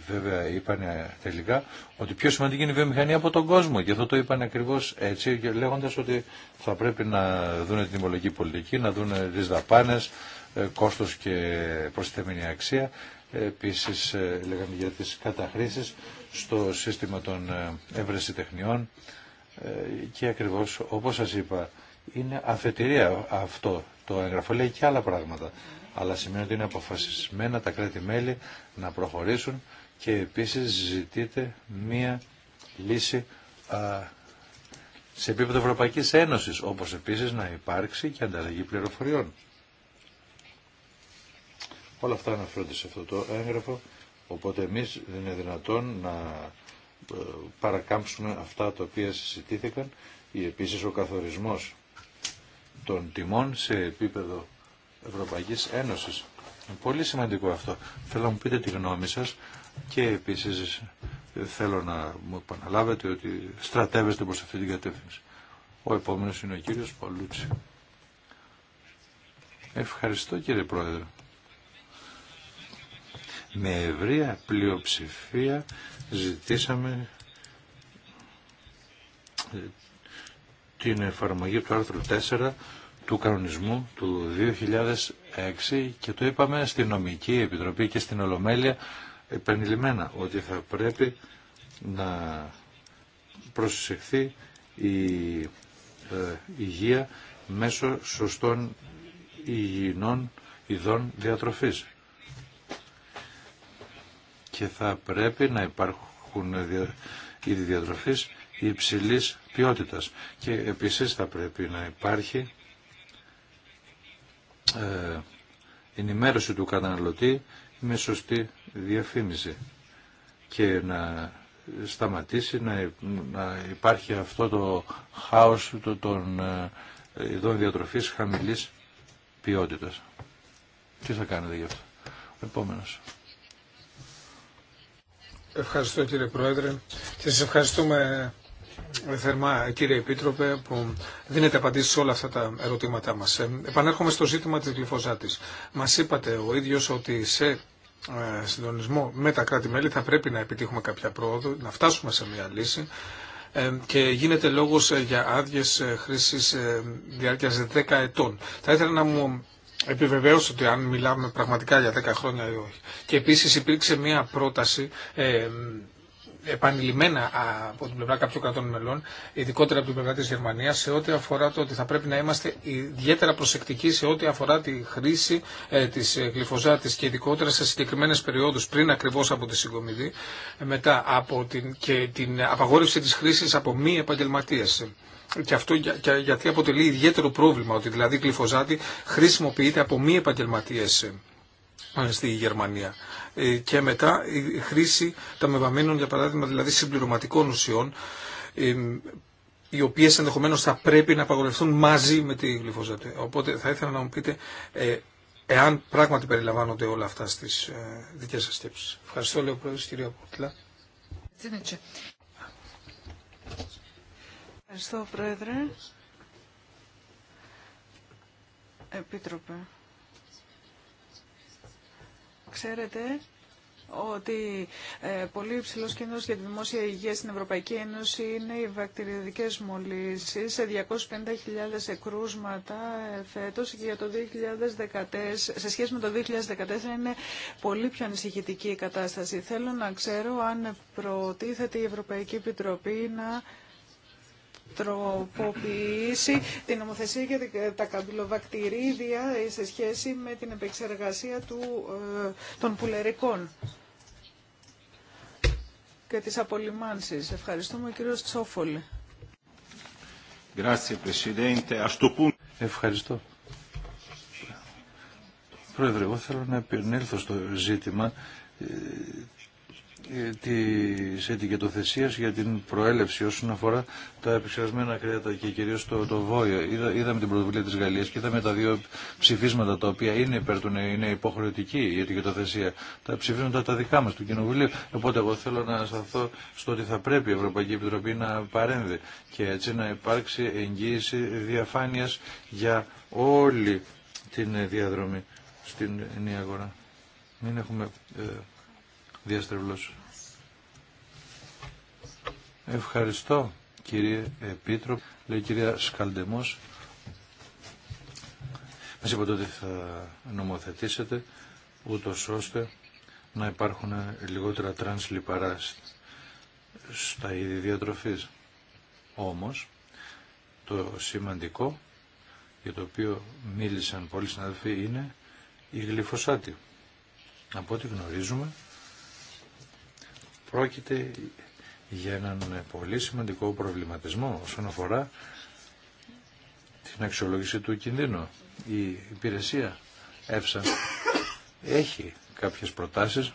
βέβαια είπαν τελικά ότι πιο σημαντική είναι η βιομηχανία από τον κόσμο και αυτό το είπαν ακριβώς έτσι λέγοντας ότι θα πρέπει να δουν την τιμολογική πολιτική, να δουν τις δαπάνες, ε, κόστος και προσθέμενη αξία. Επίσης ε, λέγαμε για τις καταχρήσεις στο σύστημα των ε, έβρεση τεχνιών και ακριβώς όπως σας είπα είναι αφετηρία αυτό το έγγραφο. Λέει και άλλα πράγματα. Αλλά σημαίνει ότι είναι αποφασισμένα τα κράτη-μέλη να προχωρήσουν και επίσης ζητείται μία λύση α, σε επίπεδο Ευρωπαϊκής Ένωσης, όπως επίσης να υπάρξει και ανταλλαγή πληροφοριών. Όλα αυτά αναφέρονται σε αυτό το έγγραφο, οπότε εμείς δεν είναι δυνατόν να ε, παρακάμψουμε αυτά τα οποία συζητήθηκαν ή επίσης ο καθορισμός των τιμών σε επίπεδο Ευρωπαϊκής Ένωσης. Είναι πολύ σημαντικό αυτό. Θέλω να μου πείτε τη γνώμη σας και επίσης θέλω να μου επαναλάβετε ότι στρατεύεστε προς αυτή την κατεύθυνση. Ο επόμενος είναι ο κύριος Πολούτσι. Ευχαριστώ κύριε Πρόεδρε με ευρεία πλειοψηφία ζητήσαμε ε, την εφαρμογή του άρθρου 4 του κανονισμού του 2006 και το είπαμε στην νομική επιτροπή και στην Ολομέλεια επανειλημμένα ότι θα πρέπει να προσεχθεί η ε, υγεία μέσω σωστών υγιεινών ειδών διατροφής και θα πρέπει να υπάρχουν είδη διατροφής υψηλής ποιότητας. Και επίσης θα πρέπει να υπάρχει ε, ενημέρωση του καταναλωτή με σωστή διαφήμιση και να σταματήσει να, υπάρχει αυτό το χάος το, των ε, ειδών διατροφής χαμηλής ποιότητας. Τι θα κάνετε γι' αυτό. επόμενος. Ευχαριστώ κύριε Πρόεδρε και σας ευχαριστούμε θερμά κύριε Επίτροπε που δίνετε απαντήσεις σε όλα αυτά τα ερωτήματά μας. Ε, επανέρχομαι στο ζήτημα της γλυφοζάτης. Μας είπατε ο ίδιος ότι σε ε, συντονισμό με τα κράτη-μέλη θα πρέπει να επιτύχουμε κάποια πρόοδο, να φτάσουμε σε μια λύση ε, και γίνεται λόγος για άδειε χρήσης διάρκειας 10 ετών. Θα ήθελα να μου επιβεβαίωσε ότι αν μιλάμε πραγματικά για 10 χρόνια ή όχι. Και επίσης υπήρξε μια πρόταση ε, επανειλημμένα από την πλευρά κάποιων κρατών μελών, ειδικότερα από την πλευρά της Γερμανίας, σε ό,τι αφορά το ότι θα πρέπει να είμαστε ιδιαίτερα προσεκτικοί σε ό,τι αφορά τη χρήση ε, της ε, γλυφοζάτης και ειδικότερα σε συγκεκριμένες περιόδους πριν ακριβώς από τη συγκομιδή, ε, μετά από την, και την απαγόρευση της χρήσης από μη επαγγελματίες και αυτό γιατί αποτελεί ιδιαίτερο πρόβλημα ότι δηλαδή η γλυφοζάτη χρησιμοποιείται από μη επαγγελματίε ε, στη Γερμανία. Ε, και μετά η χρήση τα μεβαμένων, για παράδειγμα, δηλαδή συμπληρωματικών ουσιών, ε, οι οποίες ενδεχομένω θα πρέπει να απαγορευτούν μαζί με τη γλυφοζάτη. Οπότε θα ήθελα να μου πείτε εάν πράγματι περιλαμβάνονται όλα αυτά στις δικέ σας σκέψει. Ευχαριστώ, λέω πρόεδρο, κυρία Πούτλα. Ευχαριστώ, Πρόεδρε. Επίτροπε. Ξέρετε ότι ε, πολύ υψηλό κίνδυνος για τη δημόσια υγεία στην Ευρωπαϊκή Ένωση είναι οι βακτηριοδικέ μολύσει. 250.000 εκρούσματα φέτο και για το 2014, σε σχέση με το 2014 είναι πολύ πιο ανησυχητική η κατάσταση. Θέλω να ξέρω αν προτίθεται η Ευρωπαϊκή Επιτροπή να τροποποιήσει την νομοθεσία για τα καμπυλοβακτηρίδια σε σχέση με την επεξεργασία του, ε, των πουλερικών και τις απολυμάνσεις. Ευχαριστούμε ο κύριος Τσόφολη. Ευχαριστώ. Πρόεδρε, εγώ θέλω να επενέλθω στο ζήτημα ε, ε, της ετικετοθεσίας για την προέλευση όσον αφορά τα επεξεργασμένα κρέατα και κυρίως το, το βόλιο. είδαμε την πρωτοβουλία της Γαλλίας και είδαμε τα δύο ψηφίσματα τα οποία είναι, υπέρ του, είναι υποχρεωτική η ετικετοθεσία. Τα ψηφίσματα τα δικά μας του Κοινοβουλίου. Οπότε εγώ θέλω να σταθώ στο ότι θα πρέπει η Ευρωπαϊκή Επιτροπή να παρέμβει και έτσι να υπάρξει εγγύηση διαφάνειας για όλη την διαδρομή στην νέα αγορά. Μην έχουμε ε, Ευχαριστώ κύριε Επίτροπο, λέει κυρία Σκαλντεμός. Μας είπατε ότι θα νομοθετήσετε ούτω ώστε να υπάρχουν λιγότερα τρανς λιπαρά στα είδη διατροφής. Όμως, το σημαντικό για το οποίο μίλησαν πολλοί συναδελφοί είναι η γλυφοσάτη. Από ό,τι γνωρίζουμε, πρόκειται για έναν πολύ σημαντικό προβληματισμό όσον αφορά την αξιολόγηση του κινδύνου. Η υπηρεσία ΕΦΣΑ έχει κάποιες προτάσεις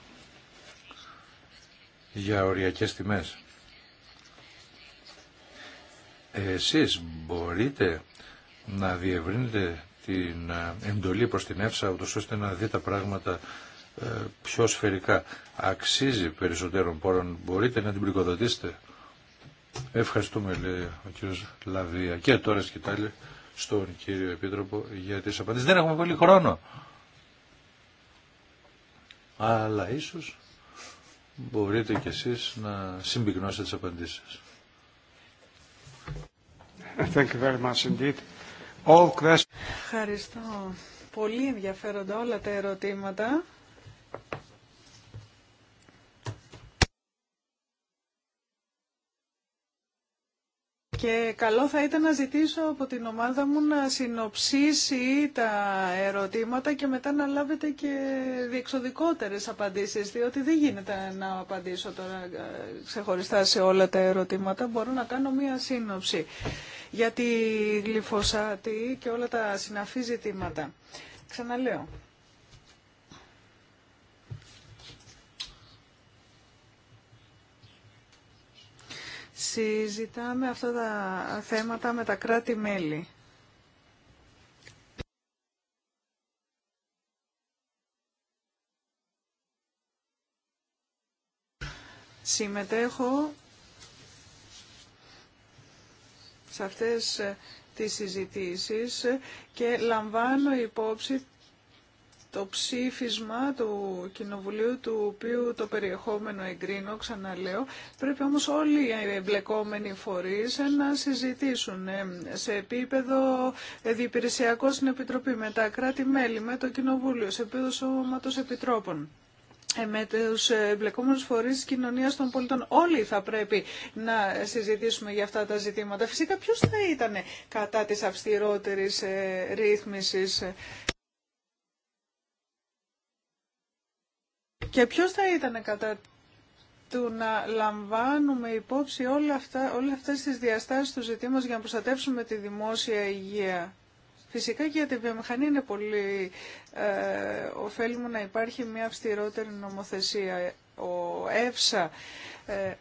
για οριακές τιμές. Εσείς μπορείτε να διευρύνετε την ε, εντολή προς την ΕΦΣΑ ούτως ώστε να δείτε τα πράγματα ε, πιο σφαιρικά. Αξίζει περισσότερων πόρων. Μπορείτε να την πληκοδοτήσετε Ευχαριστούμε, λέει ο κύριος Λαβία. Και τώρα σκητάλη στον κύριο Επίτροπο για τις απαντήσεις. Δεν έχουμε πολύ χρόνο. Αλλά ίσως μπορείτε κι εσείς να συμπυκνώσετε τις απαντήσεις Thank you very much All questions... Ευχαριστώ. Πολύ ενδιαφέροντα όλα τα ερωτήματα. Και καλό θα ήταν να ζητήσω από την ομάδα μου να συνοψίσει τα ερωτήματα και μετά να λάβετε και διεξοδικότερες απαντήσεις, διότι δεν γίνεται να απαντήσω τώρα ε, ξεχωριστά σε όλα τα ερωτήματα. Μπορώ να κάνω μία σύνοψη για τη γλυφοσάτη και όλα τα συναφή ζητήματα. Ξαναλέω. συζητάμε αυτά τα θέματα με τα κράτη-μέλη. Συμμετέχω σε αυτές τις συζητήσεις και λαμβάνω υπόψη το ψήφισμα του Κοινοβουλίου του οποίου το περιεχόμενο εγκρίνω, ξαναλέω, πρέπει όμως όλοι οι εμπλεκόμενοι φορείς να συζητήσουν ε, σε επίπεδο ε, διπηρεσιακό στην Επιτροπή, με τα κράτη-μέλη, με το Κοινοβούλιο, σε επίπεδο σώματος επιτρόπων ε, με τους εμπλεκόμενους φορείς της κοινωνίας των πολιτών. Όλοι θα πρέπει να συζητήσουμε για αυτά τα ζητήματα. Φυσικά ποιος θα ήταν κατά της αυστηρότερης ρύθμισης Και ποιος θα ήταν κατά του να λαμβάνουμε υπόψη όλα αυτά, όλα αυτές τις διαστάσεις του ζητήματος για να προστατεύσουμε τη δημόσια υγεία. Φυσικά και για τη βιομηχανία είναι πολύ ε, ωφέλιμο να υπάρχει μια αυστηρότερη νομοθεσία. Ο ΕΦΣΑ ε,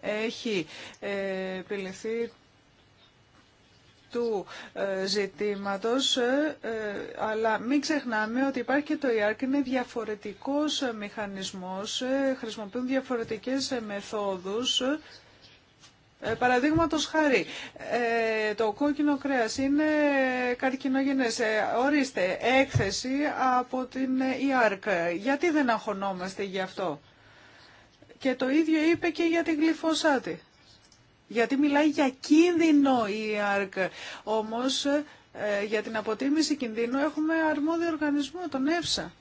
έχει ε, επιλεχθεί του ε, ζητήματος, ε, ε, αλλά μην ξεχνάμε ότι υπάρχει και το ΙΑΡΚ, είναι διαφορετικός μηχανισμός, χρησιμοποιούν διαφορετικές μεθόδους. Ε, παραδείγματος χάρη, το κόκκινο κρέας είναι καρκινογενές. ορίστε, έκθεση από την ΙΑΡΚ. Γιατί δεν αγχωνόμαστε γι' αυτό. Και το ίδιο είπε και για την γλυφοσάτη γιατί μιλάει για κίνδυνο η ΑΡΚ. Όμως ε, για την αποτίμηση κινδύνου έχουμε αρμόδιο οργανισμό, τον ΕΦΣΑ.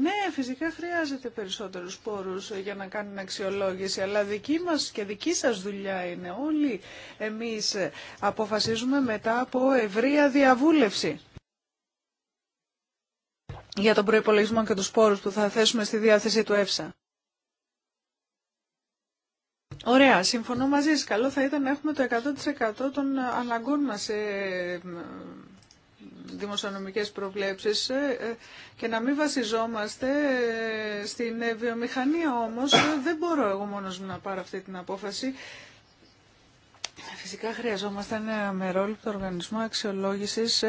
Ναι, φυσικά χρειάζεται περισσότερους πόρους ε, για να κάνουν αξιολόγηση, αλλά δική μας και δική σας δουλειά είναι. Όλοι εμείς ε, αποφασίζουμε μετά από ευρεία διαβούλευση για τον προϋπολογισμό και τους πόρους που θα θέσουμε στη διάθεση του ΕΦΣΑ. Ωραία, συμφωνώ μαζί σας. Καλό θα ήταν να έχουμε το 100% των αναγκών μας σε δημοσιονομικές προβλέψεις ε, ε, και να μην βασιζόμαστε ε, στην βιομηχανία όμως. Δεν μπορώ εγώ μόνος μου να πάρω αυτή την απόφαση. Φυσικά χρειαζόμαστε ένα μερόληπτο οργανισμό αξιολόγησης,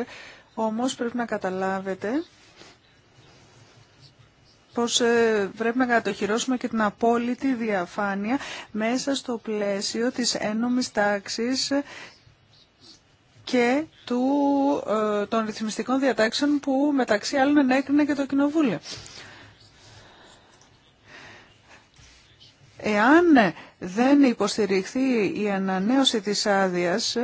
όμως πρέπει να καταλάβετε πως ε, πρέπει να κατοχυρώσουμε και την απόλυτη διαφάνεια μέσα στο πλαίσιο της ένομης τάξης και του, ε, των ρυθμιστικών διατάξεων που μεταξύ άλλων ενέκρινε και το Κοινοβούλιο. Εάν δεν υποστηριχθεί η ανανέωση της άδειας,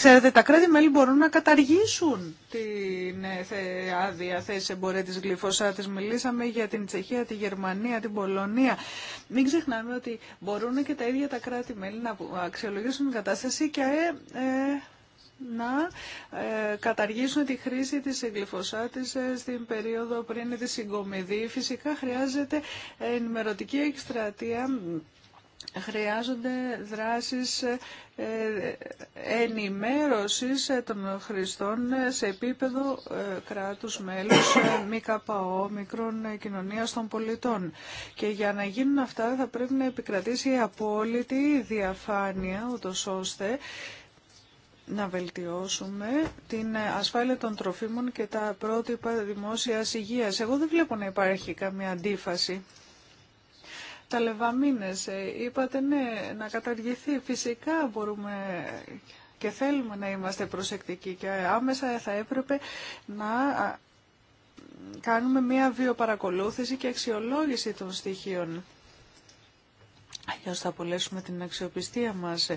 Ξέρετε, τα κράτη-μέλη μπορούν να καταργήσουν την ε, άδεια θέση εμπορία της γλυφωσάτης. Μιλήσαμε για την Τσεχία, τη Γερμανία, την Πολωνία. Μην ξεχνάμε ότι μπορούν και τα ίδια τα κράτη-μέλη να αξιολογήσουν την κατάσταση και ε, ε, να καταργήσουν τη χρήση της εγκλυφωσάτης στην περίοδο πριν τη συγκομιδή. Φυσικά χρειάζεται ενημερωτική εκστρατεία χρειάζονται δράσεις ε, ε, ενημέρωσης ε, των χρηστών σε επίπεδο κράτους μέλους, μη μικρών κοινωνίας των πολιτών. Και για να γίνουν αυτά θα πρέπει να επικρατήσει η απόλυτη διαφάνεια, ούτως ώστε να βελτιώσουμε την ασφάλεια των τροφίμων και τα πρότυπα δημόσιας υγείας. Εγώ δεν βλέπω να υπάρχει καμία αντίφαση τα λεβαμίνες. Ε, είπατε ναι, να καταργηθεί. Φυσικά μπορούμε και θέλουμε να είμαστε προσεκτικοί και άμεσα θα έπρεπε να κάνουμε μία βιοπαρακολούθηση και αξιολόγηση των στοιχείων. Αλλιώς θα απολέσουμε την αξιοπιστία μας.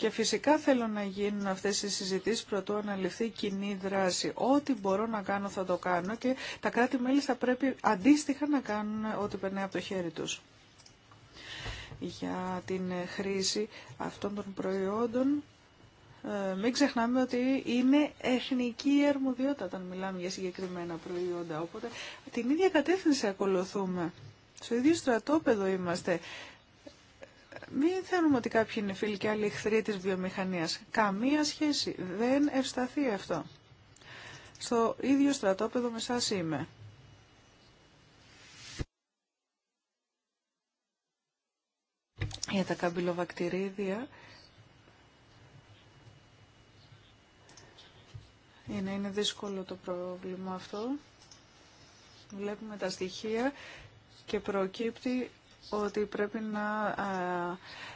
Και φυσικά θέλω να γίνουν αυτές οι συζητήσεις πρωτού αναλυφθεί κοινή δράση. Ό,τι μπορώ να κάνω θα το κάνω και τα κράτη-μέλη θα πρέπει αντίστοιχα να κάνουν ό,τι περνάει από το χέρι τους. Για την χρήση αυτών των προϊόντων ε, μην ξεχνάμε ότι είναι εθνική αρμοδιότητα όταν μιλάμε για συγκεκριμένα προϊόντα. Οπότε την ίδια κατεύθυνση ακολουθούμε. Στο ίδιο στρατόπεδο είμαστε. Μην θέλουμε ότι κάποιοι είναι φίλοι και άλλοι εχθροί της βιομηχανίας. Καμία σχέση. Δεν ευσταθεί αυτό. Στο ίδιο στρατόπεδο με σας είμαι. Για τα καμπυλοβακτηρίδια είναι, είναι δύσκολο το πρόβλημα αυτό. Βλέπουμε τα στοιχεία και προκύπτει ότι πρέπει να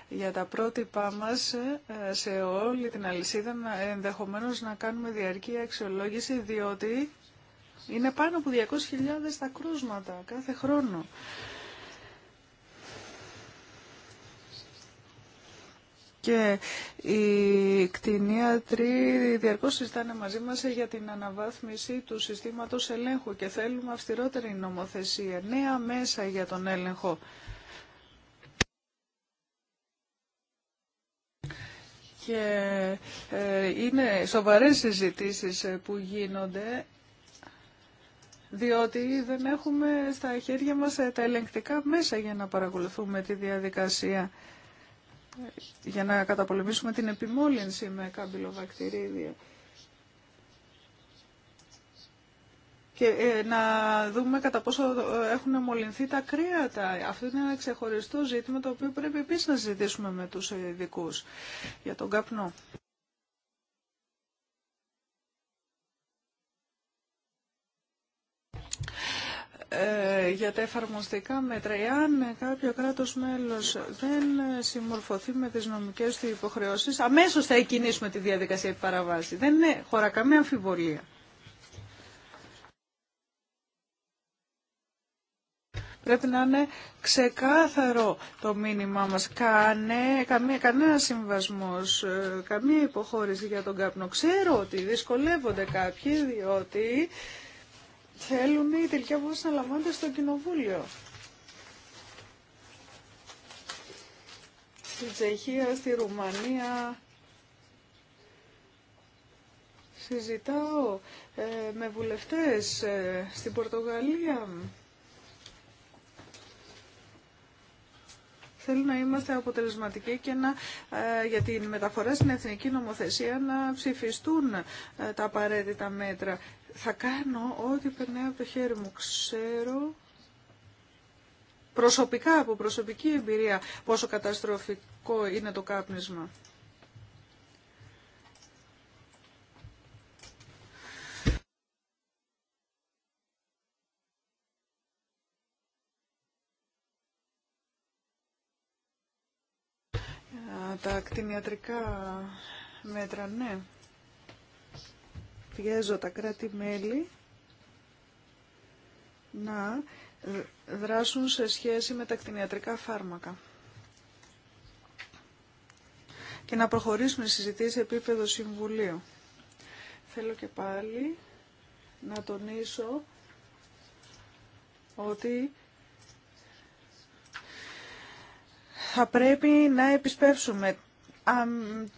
για τα πρότυπά μας ε, σε όλη την αλυσίδα να, ενδεχομένως να κάνουμε διαρκή αξιολόγηση διότι είναι πάνω από 200.000 τα κρούσματα κάθε χρόνο. Και οι κτηνίατροι διαρκώς συζητάνε μαζί μας για την αναβάθμιση του συστήματος ελέγχου και θέλουμε αυστηρότερη νομοθεσία, νέα μέσα για τον έλεγχο. και ε, είναι σοβαρές συζητήσει ε, που γίνονται διότι δεν έχουμε στα χέρια μας ε, τα ελεγκτικά μέσα για να παρακολουθούμε τη διαδικασία για να καταπολεμήσουμε την επιμόλυνση με κάμπυλοβακτηρίδια. και ε, να δούμε κατά πόσο ε, έχουν μολυνθεί τα κρέατα. Αυτό είναι ένα ξεχωριστό ζήτημα το οποίο πρέπει επίσης να ζητήσουμε με τους ειδικού για τον καπνό. Ε, για τα εφαρμοστικά μέτρα. Εάν κάποιο κράτος μέλος δεν συμμορφωθεί με τις νομικές του υποχρεώσεις, αμέσως θα εκκινήσουμε τη διαδικασία επιπαραβάση. Δεν είναι χώρα καμία αμφιβολία. Πρέπει να είναι ξεκάθαρο το μήνυμά μας. Κανέ, καμία, κανένα συμβασμός, ε, καμία υποχώρηση για τον καπνό. Ξέρω ότι δυσκολεύονται κάποιοι διότι θέλουν οι τελικά απόφαση να λαμβάνονται στο κοινοβούλιο. Στη Τσεχία, στη Ρουμανία, συζητάω ε, με βουλευτές ε, στην Πορτογαλία Θέλω να είμαστε αποτελεσματικοί και να, ε, για τη μεταφορά στην εθνική νομοθεσία να ψηφιστούν ε, τα απαραίτητα μέτρα. Θα κάνω ό,τι περνάει από το χέρι μου. Ξέρω προσωπικά, από προσωπική εμπειρία, πόσο καταστροφικό είναι το κάπνισμα. τα κτηνιατρικά μέτρα, ναι. Πιέζω τα κράτη-μέλη να δράσουν σε σχέση με τα κτηνιατρικά φάρμακα και να προχωρήσουμε συζητήσει σε επίπεδο συμβουλίου. Θέλω και πάλι να τονίσω ότι θα πρέπει να επισπεύσουμε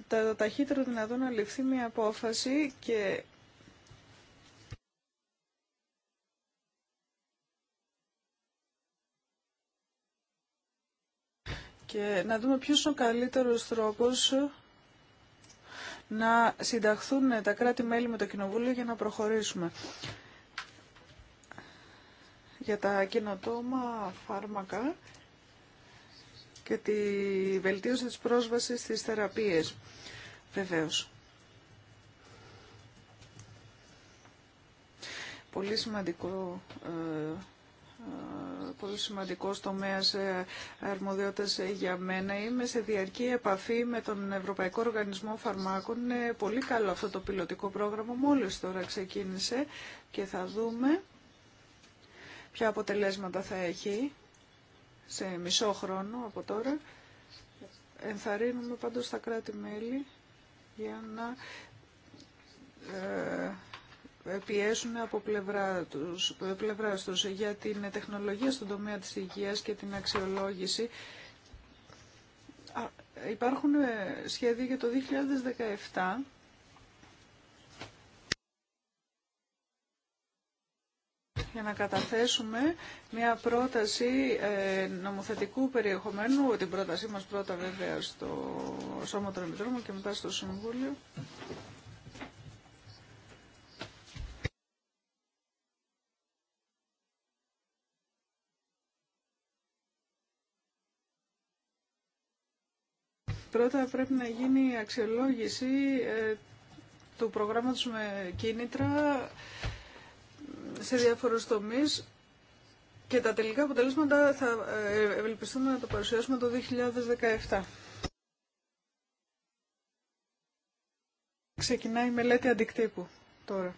το ταχύτερο δυνατό να ληφθεί μια απόφαση και και να δούμε ποιος είναι ο καλύτερος τρόπος να συνταχθούν τα κράτη-μέλη με το Κοινοβούλιο για να προχωρήσουμε. Για τα καινοτόμα φάρμακα και τη βελτίωση της πρόσβασης στις θεραπείες. Βεβαίως. Πολύ σημαντικό ε, ε πολύ σημαντικό τομέας ε, για μένα. Είμαι σε διαρκή επαφή με τον Ευρωπαϊκό Οργανισμό Φαρμάκων. Είναι πολύ καλό αυτό το πιλωτικό πρόγραμμα. Μόλις τώρα ξεκίνησε και θα δούμε ποια αποτελέσματα θα έχει σε μισό χρόνο από τώρα. Ενθαρρύνουμε πάντως τα κράτη-μέλη για να ε, πιέσουν από πλευρά τους, πλευράς τους για την τεχνολογία στον τομέα της υγείας και την αξιολόγηση. Υπάρχουν ε, σχέδια για το 2017 για να καταθέσουμε μια πρόταση ε, νομοθετικού περιεχομένου, την πρότασή μας πρώτα βέβαια στο Σώμα των Επιτρόμων και μετά στο Συμβούλιο. Πρώτα πρέπει να γίνει η αξιολόγηση ε, του προγράμματος με κίνητρα σε διάφορους τομείς και τα τελικά αποτελέσματα θα ε, ευελπιστούμε να τα παρουσιάσουμε το 2017. Ξεκινάει η μελέτη αντικτύπου τώρα.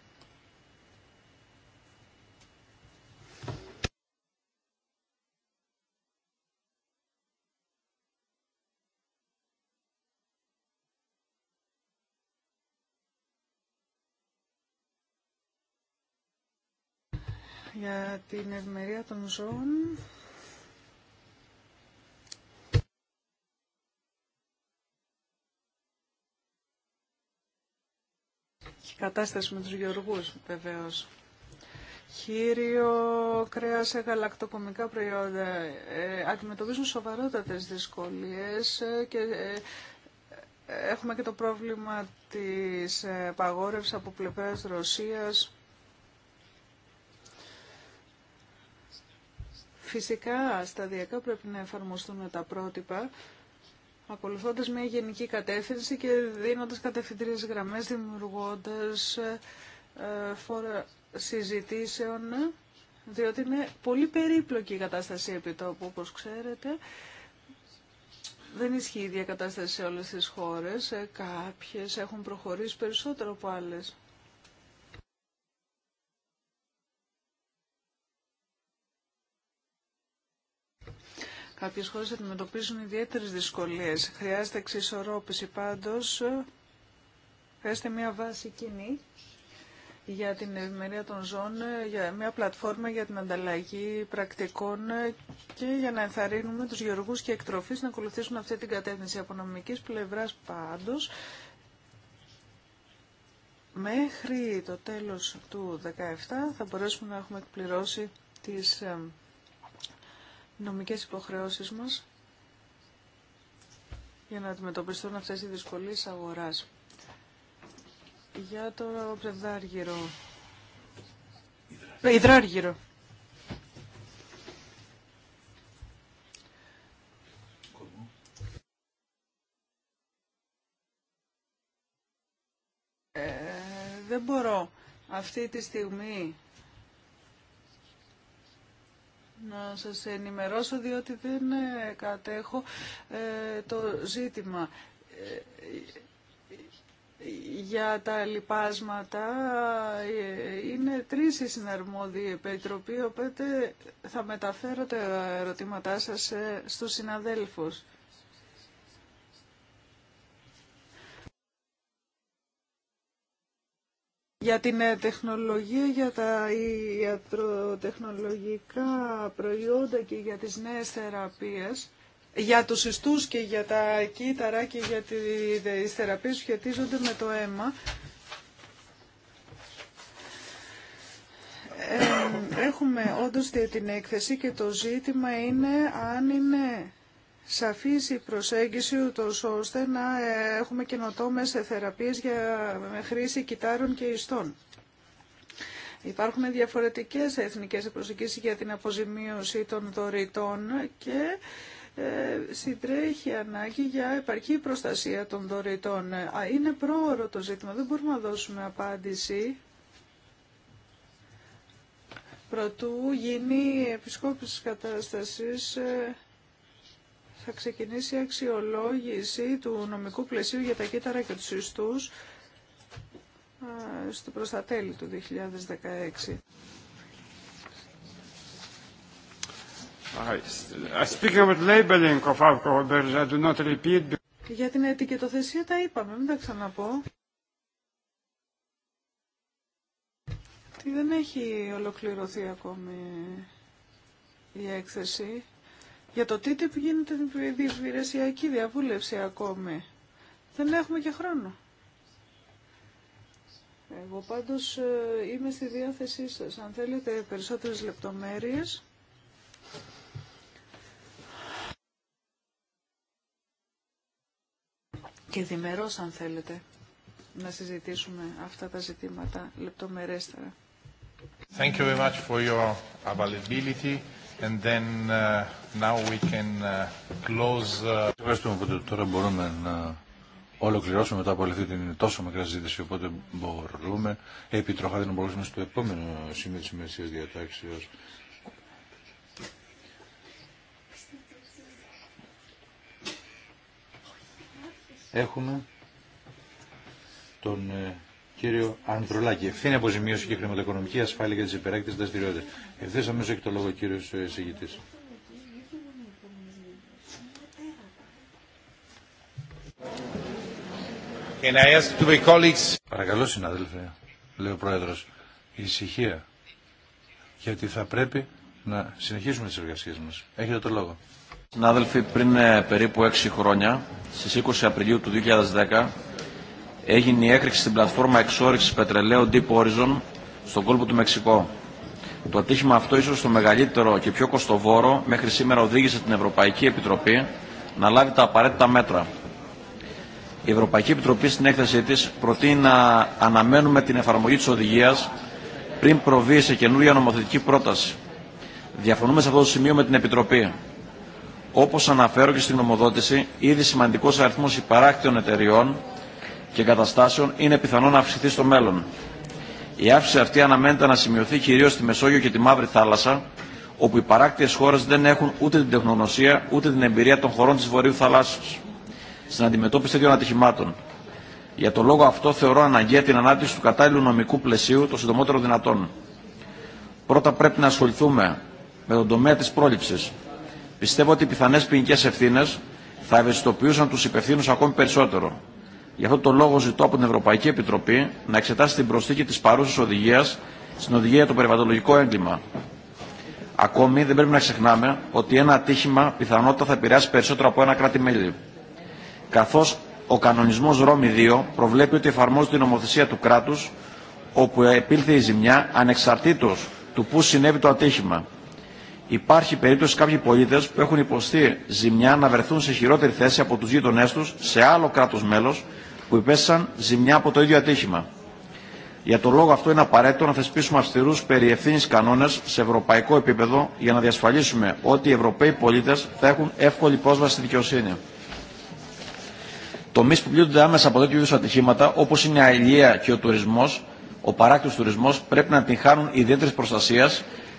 για την ευμερία των ζώων. η κατάσταση με τους γεωργούς βεβαίως. Χείριο, κρέας, ε, γαλακτοκομικά προϊόντα ε, αντιμετωπίζουν σοβαρότατες δυσκολίες ε, και ε, έχουμε και το πρόβλημα της παγόρευσης από πλευράς Ρωσίας Φυσικά, σταδιακά πρέπει να εφαρμοστούν τα πρότυπα, ακολουθώντας μια γενική κατεύθυνση και δίνοντας κατευθυντήριες γραμμές, δημιουργώντας ε, φόρα συζητήσεων, διότι είναι πολύ περίπλοκη η κατάσταση τόπου όπως ξέρετε. Δεν ισχύει η ίδια κατάσταση σε όλες τις χώρες. Ε, κάποιες έχουν προχωρήσει περισσότερο από άλλες. Κάποιες χώρες αντιμετωπίζουν ιδιαίτερες δυσκολίες. Χρειάζεται εξισορρόπηση πάντως. Χρειάζεται μια βάση κοινή για την ευημερία των ζώων, για μια πλατφόρμα για την ανταλλαγή πρακτικών και για να ενθαρρύνουμε τους γεωργούς και εκτροφείς να ακολουθήσουν αυτή την κατεύθυνση. Από νομικής πλευράς πάντως, μέχρι το τέλος του 2017 θα μπορέσουμε να έχουμε εκπληρώσει τις νομικές υποχρεώσεις μας για να αντιμετωπιστούν αυτές οι δυσκολίες αγοράς. Για το ψευδάργυρο. Ε, υδράργυρο. Ε, δεν μπορώ αυτή τη στιγμή να σας ενημερώσω διότι δεν ε, κατέχω ε, το ζήτημα. Ε, για τα λοιπάσματα είναι τρεις οι συναρμόδιοι επιτροποί, οπότε θα μεταφέρω τα ερωτήματά σας στους συναδέλφους. για την ε, τεχνολογία, για τα ιατροτεχνολογικά προϊόντα και για τις νέες θεραπείες, για τους ιστούς και για τα κύτταρα και για τις θεραπείες που σχετίζονται με το αίμα. Ε, έχουμε όντως την έκθεση και το ζήτημα είναι αν είναι σαφής η προσέγγιση ούτως ώστε να έχουμε καινοτόμες θεραπείες για χρήση κιτάρων και ιστών. Υπάρχουν διαφορετικές εθνικές προσεγγίσεις για την αποζημίωση των δωρητών και ε, συντρέχει ανάγκη για επαρκή προστασία των δωρητών. Είναι πρόωρο το ζήτημα, δεν μπορούμε να δώσουμε απάντηση προτού γίνει επισκόπηση της κατάστασης ε, θα ξεκινήσει η αξιολόγηση του νομικού πλαισίου για τα κύτταρα και τους ιστούς στο προς τα τέλη του 2016. Για την ετικετοθεσία τα είπαμε, μην τα ξαναπώ. Τι δεν έχει ολοκληρωθεί ακόμη η έκθεση. Για το που γίνεται διευθυνσιακή διαβούλευση ακόμη. Δεν έχουμε και χρόνο. Εγώ πάντως ε, είμαι στη διάθεσή σας. Αν θέλετε περισσότερες λεπτομέρειες... Και διμερός αν θέλετε να συζητήσουμε αυτά τα ζητήματα λεπτομερέστερα. Thank you very much for your And then uh, now we can uh, close. Uh... Ευχαριστούμε που τώρα μπορούμε να ολοκληρώσουμε μετά από αυτή την τόσο μακρά συζήτηση. Οπότε μπορούμε επί να μπορούμε στο επόμενο σημείο τη ημερησία διατάξεω. Έχουμε τον ε, κύριο Ανδρουλάκη. Ευθύνη αποζημίωση και χρηματοοικονομική ασφάλεια για τι υπεράκτητε δραστηριότητε. Ευθύ αμέσω έχει το λόγο ο κύριο ε, εισηγητή. Παρακαλώ συνάδελφε, λέει ο πρόεδρο, ησυχία. Γιατί θα πρέπει να συνεχίσουμε τι εργασίε μα. Έχετε το λόγο. Συνάδελφοι, πριν ε, περίπου 6 χρόνια, στι 20 Απριλίου του 2010, έγινε η έκρηξη στην πλατφόρμα εξόρυξης πετρελαίου Deep Horizon στον κόλπο του Μεξικό. Το ατύχημα αυτό, ίσως το μεγαλύτερο και πιο κοστοβόρο, μέχρι σήμερα οδήγησε την Ευρωπαϊκή Επιτροπή να λάβει τα απαραίτητα μέτρα. Η Ευρωπαϊκή Επιτροπή στην έκθεσή της προτείνει να αναμένουμε την εφαρμογή της οδηγίας πριν προβεί σε καινούργια νομοθετική πρόταση. Διαφωνούμε σε αυτό το σημείο με την Επιτροπή. Όπω αναφέρω και στην νομοδότηση, ήδη σημαντικό αριθμό υπαράκτιων εταιριών και εγκαταστάσεων είναι πιθανό να αυξηθεί στο μέλλον. Η αύξηση αυτή αναμένεται να σημειωθεί κυρίω στη Μεσόγειο και τη Μαύρη Θάλασσα, όπου οι παράκτιε χώρε δεν έχουν ούτε την τεχνογνωσία ούτε την εμπειρία των χωρών τη Βορείου Θαλάσσου στην αντιμετώπιση τέτοιων ατυχημάτων. Για τον λόγο αυτό θεωρώ αναγκαία την ανάπτυξη του κατάλληλου νομικού πλαισίου το συντομότερο δυνατόν. Πρώτα πρέπει να ασχοληθούμε με τον τομέα τη πρόληψη. Πιστεύω ότι οι πιθανέ ποινικέ ευθύνε θα ευαισθητοποιούσαν του υπευθύνου ακόμη περισσότερο. Γι' αυτό το λόγο ζητώ από την Ευρωπαϊκή Επιτροπή να εξετάσει την προσθήκη τη παρούσα οδηγία στην οδηγία για το περιβαλλοντολογικό έγκλημα. Ακόμη, δεν πρέπει να ξεχνάμε ότι ένα ατύχημα πιθανότητα θα επηρεάσει περισσότερο από ένα κράτη-μέλη. Καθώ ο κανονισμό Ρώμη 2 προβλέπει ότι εφαρμόζεται η νομοθεσία του κράτου όπου επήλθε η ζημιά ανεξαρτήτω του πού συνέβη το ατύχημα. Υπάρχει περίπτωση κάποιοι πολίτε που έχουν υποστεί ζημιά να βρεθούν σε χειρότερη θέση από του γείτονέ του σε άλλο κράτο μέλο που υπέστησαν ζημιά από το ίδιο ατύχημα. Για τον λόγο αυτό είναι απαραίτητο να θεσπίσουμε αυστηρού περί ευθύνη κανόνε σε ευρωπαϊκό επίπεδο για να διασφαλίσουμε ότι οι Ευρωπαίοι πολίτε θα έχουν εύκολη πρόσβαση στη δικαιοσύνη. Τομεί που πλήττονται άμεσα από τέτοιου είδου ατυχήματα, όπω είναι η αηλία και ο τουρισμό, ο παράκτη τουρισμό, πρέπει να την χάνουν ιδιαίτερη προστασία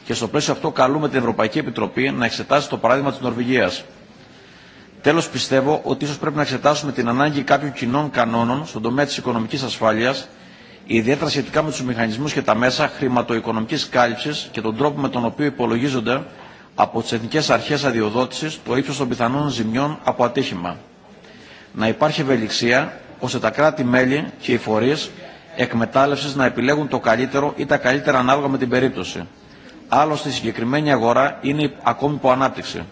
και στο πλαίσιο αυτό καλούμε την Ευρωπαϊκή Επιτροπή να εξετάσει το παράδειγμα τη Νορβηγία. Τέλο, πιστεύω ότι ίσω πρέπει να εξετάσουμε την ανάγκη κάποιων κοινών κανόνων στον τομέα τη οικονομική ασφάλεια, ιδιαίτερα σχετικά με του μηχανισμού και τα μέσα χρηματοοικονομική κάλυψη και τον τρόπο με τον οποίο υπολογίζονται από τι εθνικέ αρχέ αδειοδότηση το ύψο των πιθανών ζημιών από ατύχημα. Να υπάρχει ευελιξία ώστε τα κράτη-μέλη και οι φορεί εκμετάλλευση να επιλέγουν το καλύτερο ή τα καλύτερα ανάλογα με την περίπτωση. Άλλωστε, η συγκεκριμένη αγορά είναι ακόμη υπό ανάπτυξη.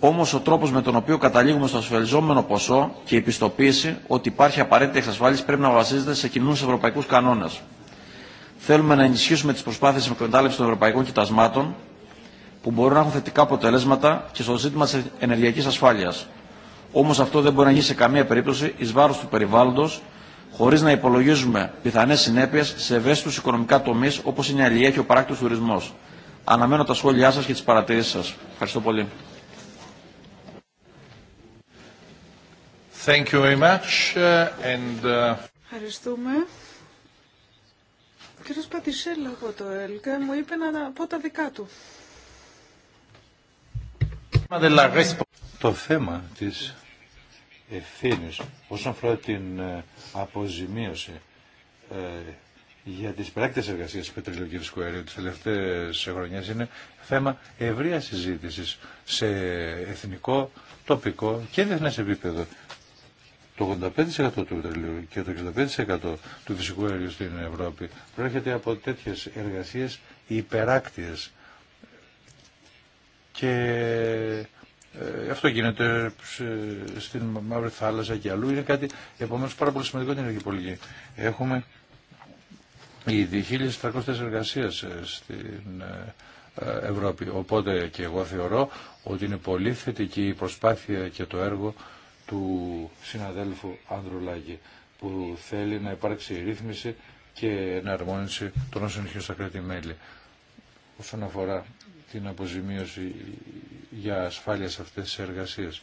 Όμω ο τρόπο με τον οποίο καταλήγουμε στο ασφαλιζόμενο ποσό και η πιστοποίηση ότι υπάρχει απαραίτητη εξασφάλιση πρέπει να βασίζεται σε κοινού ευρωπαϊκού κανόνε. Θέλουμε να ενισχύσουμε τι προσπάθειε εκμετάλλευση των ευρωπαϊκών κοιτασμάτων που μπορούν να έχουν θετικά αποτελέσματα και στο ζήτημα τη ενεργειακή ασφάλεια. Όμω αυτό δεν μπορεί να γίνει σε καμία περίπτωση ει βάρο του περιβάλλοντο, χωρί να υπολογίζουμε πιθανέ συνέπειε σε ευαίσθητου οικονομικά τομεί όπω είναι η αλληλεία και ο παράκτητο τουρισμό. Αναμένω τα σχόλιά σα και τι παρατηρήσει σα. Ευχαριστώ πολύ. Thank you very much. Uh, and... Uh, Ευχαριστούμε. Ο κύριος Πατησέλα από το ΕΛΚΑ μου είπε να πω τα δικά του. Το θέμα της ευθύνη, όσον αφορά την ε, αποζημίωση ε, για τις πράκτες εργασίας του πετρελαιοκυρικού αερίου τις τελευταίες χρονιές είναι θέμα ευρεία συζήτησης σε εθνικό, τοπικό και διεθνές επίπεδο. Το 85% του και το 65% του φυσικού αερίου στην Ευρώπη προέρχεται από τέτοιες εργασίες υπεράκτιες. Και ε, αυτό γίνεται στην Μαύρη Θάλασσα και αλλού. Είναι κάτι επομένως πάρα πολύ σημαντικό την ενεργική πολιτική. Έχουμε ήδη 1.300 εργασίες ε, στην ε, Ευρώπη. Οπότε και εγώ θεωρώ ότι είναι πολύ θετική η προσπάθεια και το έργο του συναδέλφου Άνδρου Λάγκη που θέλει να υπάρξει ρύθμιση και εναρμόνιση των όσων είχε στα κράτη-μέλη. Όσον αφορά την αποζημίωση για ασφάλεια σε αυτές τις εργασίες.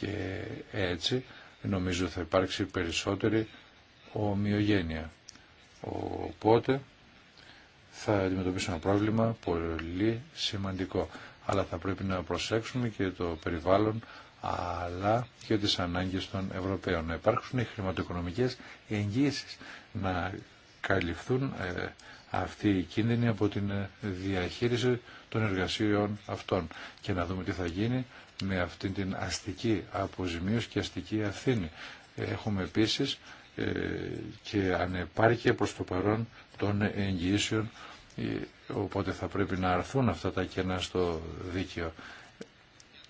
Και έτσι νομίζω θα υπάρξει περισσότερη ομοιογένεια. Οπότε θα αντιμετωπίσουμε ένα πρόβλημα πολύ σημαντικό. Αλλά θα πρέπει να προσέξουμε και το περιβάλλον αλλά και τις ανάγκες των Ευρωπαίων. Να υπάρξουν οι χρηματοοικονομικές εγγύησεις, να καλυφθούν ε, αυτοί οι κίνδυνοι από την ε, διαχείριση των εργασίων αυτών και να δούμε τι θα γίνει με αυτή την αστική αποζημίωση και αστική αθήνη Έχουμε επίσης ε, και ανεπάρκεια προς το παρόν των εγγυήσεων οπότε θα πρέπει να αρθούν αυτά τα κενά στο δίκαιο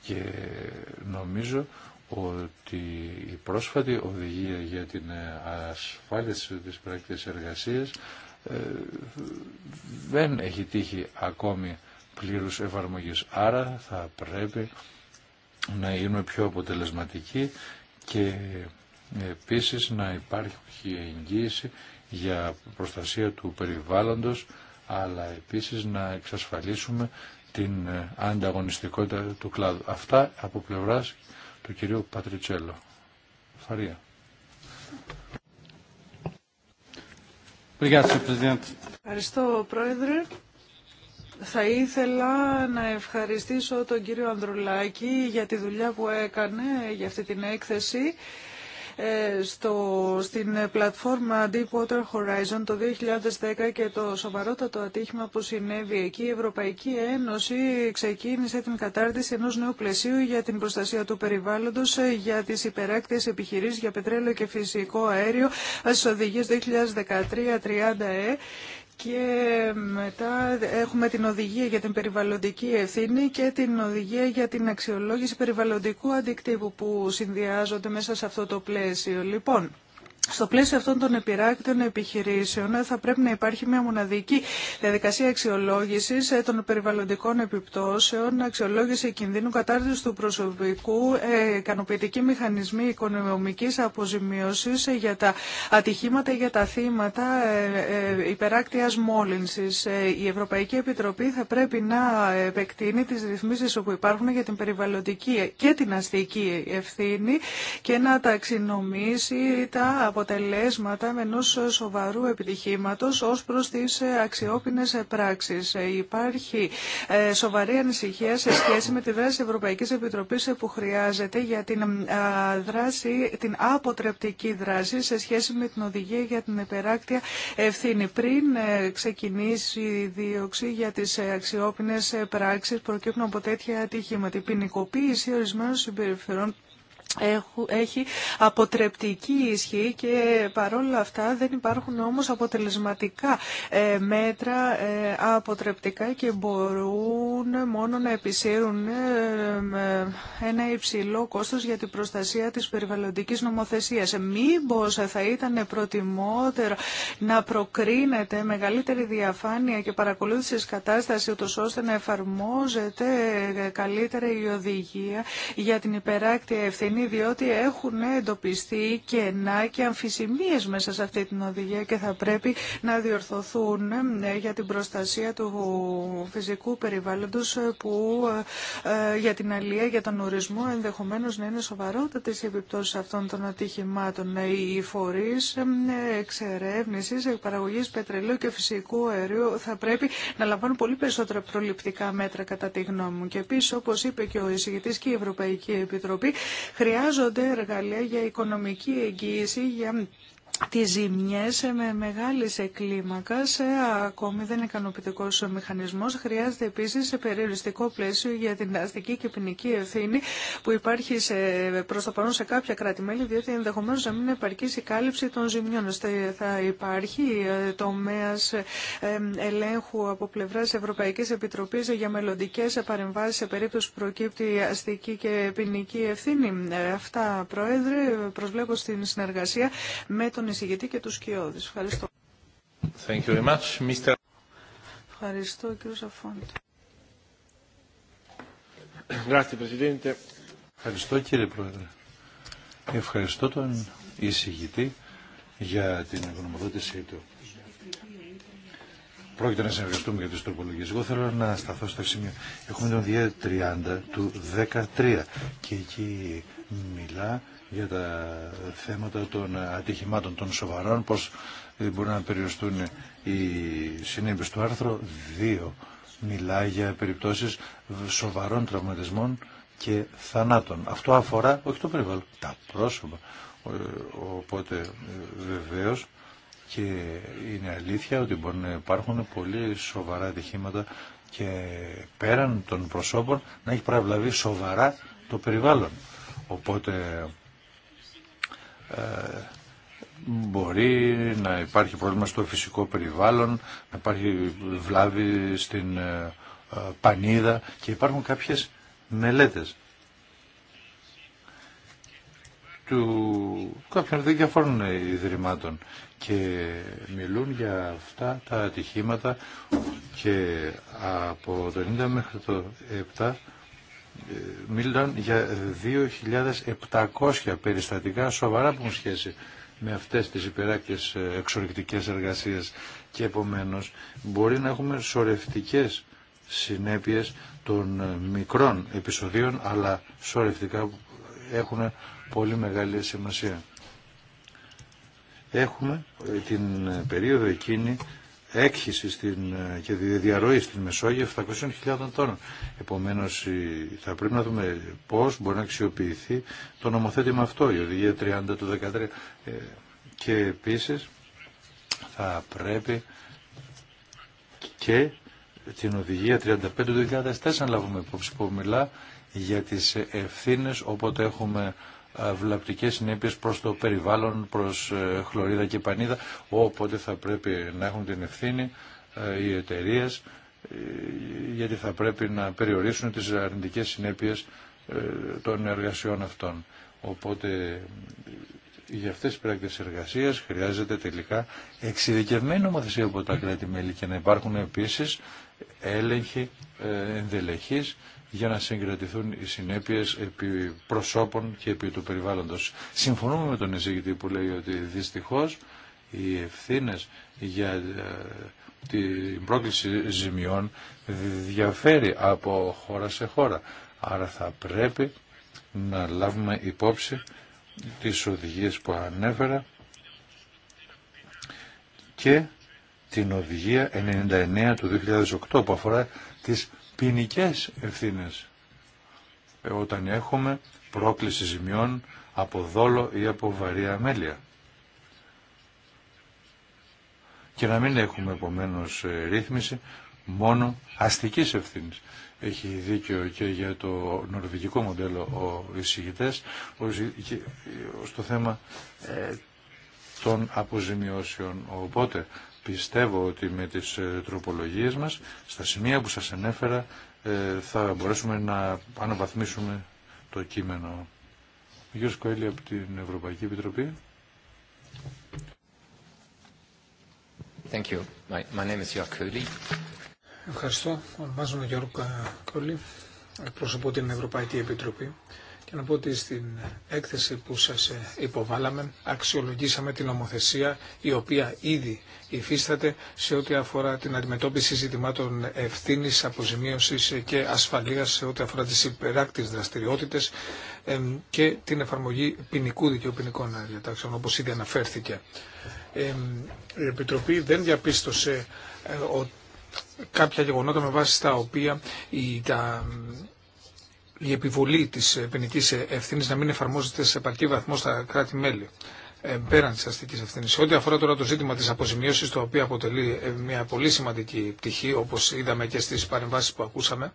και νομίζω ότι η πρόσφατη οδηγία για την ε, ασφάλεια της πρακτικής εργασίας ε, δεν έχει τύχει ακόμη πλήρους εφαρμογής. Άρα θα πρέπει να είναι πιο αποτελεσματική και επίσης να υπάρχει εγγύηση για προστασία του περιβάλλοντος αλλά επίσης να εξασφαλίσουμε την ε, ανταγωνιστικότητα του κλάδου. Αυτά από πλευράς του κυρίου Πατριτσέλο. Φαρία. Ευχαριστώ, Πρόεδρε. Θα ήθελα να ευχαριστήσω τον κύριο Ανδρουλάκη για τη δουλειά που έκανε για αυτή την έκθεση. Ε, στο, στην πλατφόρμα Deepwater Horizon το 2010 και το σοβαρότατο ατύχημα που συνέβη εκεί, η Ευρωπαϊκή Ένωση ξεκίνησε την κατάρτιση ενός νέου πλαισίου για την προστασία του περιβάλλοντος, ε, για τις υπεράκτες επιχειρήσεις για πετρέλαιο και φυσικό αέριο, ε, στις οδηγίες 2013-30 ε και μετά έχουμε την οδηγία για την περιβαλλοντική ευθύνη και την οδηγία για την αξιολόγηση περιβαλλοντικού αντικτύπου που συνδυάζονται μέσα σε αυτό το πλαίσιο. Λοιπόν, στο πλαίσιο αυτών των επιράκτων επιχειρήσεων ε, θα πρέπει να υπάρχει μια μοναδική διαδικασία αξιολόγησης ε, των περιβαλλοντικών επιπτώσεων, αξιολόγηση κινδύνου, κατάρτιση του προσωπικού, ε, ικανοποιητικοί μηχανισμοί οικονομικής αποζημίωσης για τα ατυχήματα ή για τα θύματα υπεράκτειας μόλυνσης. Η Ευρωπαϊκή Επιτροπή θα πρέπει να επεκτείνει τις ρυθμίσεις που υπάρχουν για την περιβαλλοντική και την αστική ευθύνη και να ταξινομήσει τα αποτελέσματα ενό σοβαρού επιτυχήματο ως προς τις ε, αξιόπινες ε, πράξει. Ε, υπάρχει σοβαρή ανησυχία σε σχέση με τη δράση Ευρωπαϊκή Επιτροπή που χρειάζεται για την, δράση, την αποτρεπτική δράση σε σχέση με την οδηγία για την υπεράκτεια ευθύνη. Πριν ξεκινήσει η δίωξη για τι αξιόπινες πράξεις προκύπτουν από τέτοια ατυχήματα. Η ποινικοποίηση ορισμένων συμπεριφερών έχει αποτρεπτική ισχύ και παρόλα αυτά δεν υπάρχουν όμως αποτελεσματικά ε, μέτρα ε, αποτρεπτικά και μπορούν μόνο να επισύρουν ε, ένα υψηλό κόστος για την προστασία της περιβαλλοντικής νομοθεσίας. Μήπως θα ήταν προτιμότερο να προκρίνεται μεγαλύτερη διαφάνεια και παρακολούθηση της κατάστασης ούτως ώστε να εφαρμόζεται καλύτερα η οδηγία για την υπεράκτη ευθύνη διότι έχουν εντοπιστεί κενά και αμφισημίες μέσα σε αυτή την οδηγία και θα πρέπει να διορθωθούν ε, για την προστασία του φυσικού περιβάλλοντος ε, που ε, για την αλία, για τον ορισμό ενδεχομένως να είναι σοβαρότατες οι επιπτώσεις αυτών των ατυχημάτων. Οι φορείς εξερεύνησης, παραγωγής πετρελαίου και φυσικού αερίου θα πρέπει να λαμβάνουν πολύ περισσότερα προληπτικά μέτρα κατά τη γνώμη μου. Και επίσης, όπως είπε και ο εισηγητής και η Ευρωπαϊκή Επιτροπή, Χρειάζονται εργαλεία για οικονομική εγγύηση, για τις ζημιές με μεγάλης κλίμακας, ε, ακόμη δεν είναι ικανοποιητικό ο μηχανισμός. Χρειάζεται επίσης σε περιοριστικό πλαίσιο για την αστική και ποινική ευθύνη που υπάρχει σε, προς το παρόν σε κάποια κράτη-μέλη, διότι ενδεχομένως να μην υπάρχει η κάλυψη των ζημιών. Θα υπάρχει ε, τομέας ε, ελέγχου από πλευράς Ευρωπαϊκής Επιτροπής για μελλοντικές παρεμβάσεις σε περίπτωση που προκύπτει αστική και ποινική ευθύνη. Αυτά, Πρόεδρε, προσβλέπω στην συνεργασία με τον τον εισηγητή και τους κοιόδης. Ευχαριστώ. Thank you very much, Mr. Ευχαριστώ, Ευχαριστώ, κύριε Πρόεδρε. Ευχαριστώ τον εισηγητή για την γνωμοδότησή του. Πρόκειται να συνεργαστούμε για τις τροπολογίες. Εγώ θέλω να σταθώ στο σημεία. Έχουμε τον 230 του 13 και εκεί μιλά για τα θέματα των ατυχημάτων των σοβαρών, πώς μπορούν να περιοριστούν οι συνέπειες του άρθρου δύο Μιλά για περιπτώσεις σοβαρών τραυματισμών και θανάτων. Αυτό αφορά όχι το περιβάλλον, τα πρόσωπα. Οπότε βεβαίως και είναι αλήθεια ότι μπορεί να υπάρχουν πολύ σοβαρά ατυχήματα και πέραν των προσώπων να έχει παραβλαβεί σοβαρά το περιβάλλον. Οπότε ε, μπορεί να υπάρχει πρόβλημα στο φυσικό περιβάλλον, να υπάρχει βλάβη στην ε, ε, πανίδα και υπάρχουν κάποιες μελέτες του κάποιων διαφόρων ιδρυμάτων και μιλούν για αυτά τα ατυχήματα και από το 90 μέχρι το 7 μίλταν για 2.700 περιστατικά σοβαρά που έχουν σχέση με αυτές τις υπεράκτες ε, εξορρυκτικές εργασίες και επομένως μπορεί να έχουμε σορευτικές συνέπειες των ε, μικρών επεισοδίων αλλά σορευτικά έχουν πολύ μεγάλη σημασία. Έχουμε ε, την περίοδο εκείνη έκχυση στην, ε, και διαρροή στην Μεσόγειο 700.000 τόνων. Επομένως θα πρέπει να δούμε πώς μπορεί να αξιοποιηθεί το νομοθέτημα αυτό, η οδηγία 30 του 2013. Ε, και επίσης θα πρέπει και την οδηγία 35 του 2004 να λάβουμε υπόψη που μιλά για τις ευθύνες όποτε έχουμε βλαπτικές συνέπειες προς το περιβάλλον, προς ε, χλωρίδα και πανίδα, οπότε θα πρέπει να έχουν την ευθύνη ε, οι εταιρείε ε, γιατί θα πρέπει να περιορίσουν τις αρνητικές συνέπειες των εργασιών αυτών. Οπότε για αυτές τις πράκτες εργασίας χρειάζεται τελικά εξειδικευμένη νομοθεσία από τα κράτη-μέλη και να υπάρχουν επίσης έλεγχοι ενδελεχείς για να συγκρατηθούν οι συνέπειες επί προσώπων και επί του περιβάλλοντος. Συμφωνούμε με τον εισηγητή που λέει ότι δυστυχώς οι ευθύνε για ε, την πρόκληση ζημιών διαφέρει από χώρα σε χώρα. Άρα θα πρέπει να λάβουμε υπόψη τις οδηγίες που ανέφερα και την οδηγία 99 του 2008 που αφορά τις ποινικέ ευθύνε ε, όταν έχουμε πρόκληση ζημιών από δόλο ή από βαρύ αμέλεια. Και να μην έχουμε επομένω ε, ρύθμιση μόνο αστική ευθύνη. Έχει δίκιο και για το νορβηγικό μοντέλο ο εισηγητέ ε, στο θέμα των αποζημιώσεων. Οπότε πιστεύω ότι με τις ε, τροπολογίες μας, στα σημεία που σας ενέφερα, ε, θα μπορέσουμε να αναβαθμίσουμε το κείμενο. Γιώργος Σκοέλη από την Ευρωπαϊκή Επιτροπή. Thank you. My, my name is Ευχαριστώ. Ονομάζομαι Γιώργο Κολλή. Εκπροσωπώ την Ευρωπαϊκή Επιτροπή και να πω ότι στην έκθεση που σας ε, υποβάλαμε αξιολογήσαμε την νομοθεσία η οποία ήδη υφίσταται σε ό,τι αφορά την αντιμετώπιση ζητημάτων ευθύνη, αποζημίωση ε, και ασφαλεία σε ό,τι αφορά τι υπεράκτε δραστηριότητε και την εφαρμογή ποινικού δικαίου ποινικών διατάξεων, όπω ήδη αναφέρθηκε. Η Επιτροπή δεν διαπίστωσε ε, κάποια γεγονότα με βάση τα οποία τα η επιβολή τη ποινική ευθύνη να μην εφαρμόζεται σε επαρκή βαθμό στα κράτη-μέλη ε, πέραν τη αστική ευθύνη. Ό,τι αφορά τώρα το ζήτημα τη αποζημίωση, το οποίο αποτελεί ε, μια πολύ σημαντική πτυχή, όπω είδαμε και στι παρεμβάσει που ακούσαμε,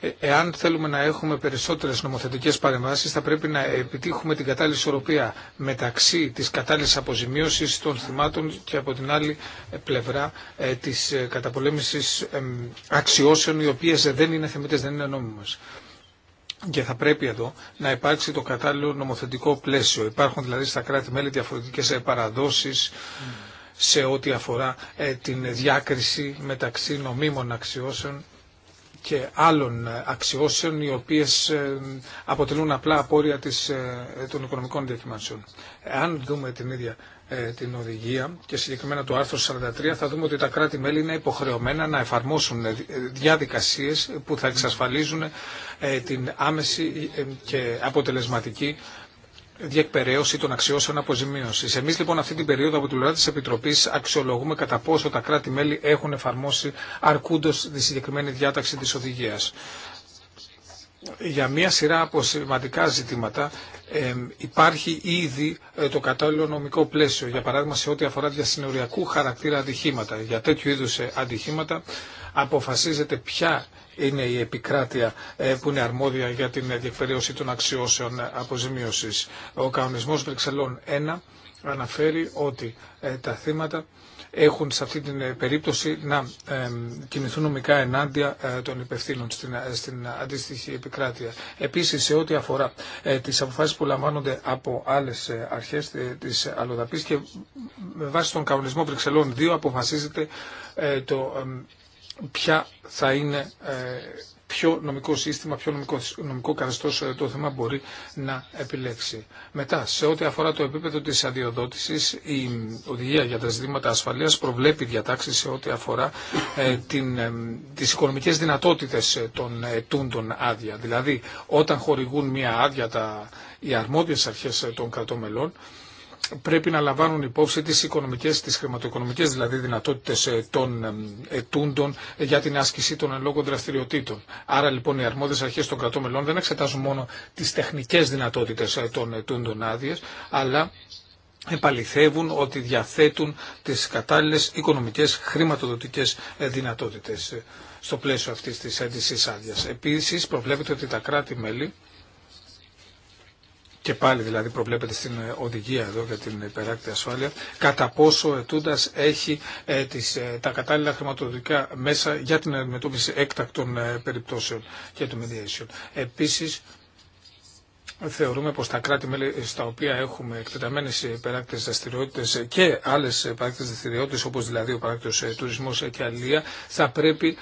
ε, εάν θέλουμε να έχουμε περισσότερες νομοθετικές παρεμβάσεις θα πρέπει να επιτύχουμε την κατάλληλη ισορροπία μεταξύ της κατάλληλης αποζημίωσης των θυμάτων και από την άλλη πλευρά ε, της ε, καταπολέμησης αξιώσεων οι οποίες δεν είναι θεμητές, δεν είναι νόμιμες. Και θα πρέπει εδώ να υπάρξει το κατάλληλο νομοθετικό πλαίσιο. Υπάρχουν δηλαδή στα κράτη-μέλη διαφορετικές παραδόσεις σε ό,τι αφορά την διάκριση μεταξύ νομίμων αξιώσεων και άλλων αξιώσεων οι οποίες ε, αποτελούν απλά απόρρια της, ε, των οικονομικών διακυμάνσεων. Αν δούμε την ίδια ε, την οδηγία και συγκεκριμένα το άρθρο 43 θα δούμε ότι τα κράτη-μέλη είναι υποχρεωμένα να εφαρμόσουν διαδικασίες που θα εξασφαλίζουν την άμεση και αποτελεσματική διεκπαιρέωση των αξιώσεων αποζημίωση. Εμεί λοιπόν αυτή την περίοδο από τη πλευρά τη Επιτροπή αξιολογούμε κατά πόσο τα κράτη-μέλη έχουν εφαρμόσει αρκούντω τη συγκεκριμένη διάταξη τη οδηγία. Για μία σειρά από σημαντικά ζητήματα υπάρχει ήδη ε, το κατάλληλο νομικό πλαίσιο. Για παράδειγμα, σε ό,τι αφορά διασυνοριακού χαρακτήρα ατυχήματα. Για τέτοιου είδου ε, ατυχήματα αποφασίζεται ποια είναι η επικράτεια ε, που είναι αρμόδια για την διεκπαιρέωση των αξιώσεων ε, αποζημίωσης. Ο κανονισμός Βρυξελών 1 αναφέρει ότι ε, τα θύματα έχουν σε αυτή την περίπτωση να κινηθούν νομικά ενάντια των υπευθύνων στην αντίστοιχη επικράτεια. Επίσης, σε ό,τι αφορά τις αποφάσεις που λαμβάνονται από άλλες αρχές της αλλοδαπής και με βάση τον κανονισμό Βρυξελών 2 αποφασίζεται το ποια θα είναι ε, ποιο νομικό σύστημα, ποιο νομικό, νομικό ε, το θέμα μπορεί να επιλέξει. Μετά, σε ό,τι αφορά το επίπεδο της αδειοδότηση, η Οδηγία για τα Ζητήματα Ασφαλείας προβλέπει διατάξεις σε ό,τι αφορά ε, την, ε, τι οικονομικέ δυνατότητε των ετούντων άδεια. Δηλαδή, όταν χορηγούν μία άδεια τα, οι αρμόδιες αρχέ των κρατών μελών, πρέπει να λαμβάνουν υπόψη τις οικονομικές, τις χρηματοοικονομικές δηλαδή δυνατότητες ε, των ετούντων για την άσκηση των ελόγων δραστηριοτήτων. Άρα λοιπόν οι αρμόδιες αρχές των κρατών μελών δεν εξετάζουν μόνο τις τεχνικές δυνατότητες ε, των ετούντων άδειες, αλλά επαληθεύουν ότι διαθέτουν τις κατάλληλες οικονομικές χρηματοδοτικές ε, δυνατότητες στο πλαίσιο αυτής της έντησης άδεια. Επίσης προβλέπεται ότι τα κράτη-μέλη και πάλι δηλαδή προβλέπεται στην ε, οδηγία εδώ για την υπεράκτη ασφάλεια, κατά πόσο ετούντα έχει ε, τις, ε, τα κατάλληλα χρηματοδοτικά μέσα για την αντιμετώπιση έκτακτων περιπτώσεων και του mediation. Επίσης, θεωρούμε πως τα κράτη-μέλη στα οποία έχουμε εκτεταμένες ε, παράκτες δραστηριότητε και άλλες ε, παράκτες δραστηριότητε, όπως δηλαδή ο παράκτος ε, τουρισμός και αλληλεία θα πρέπει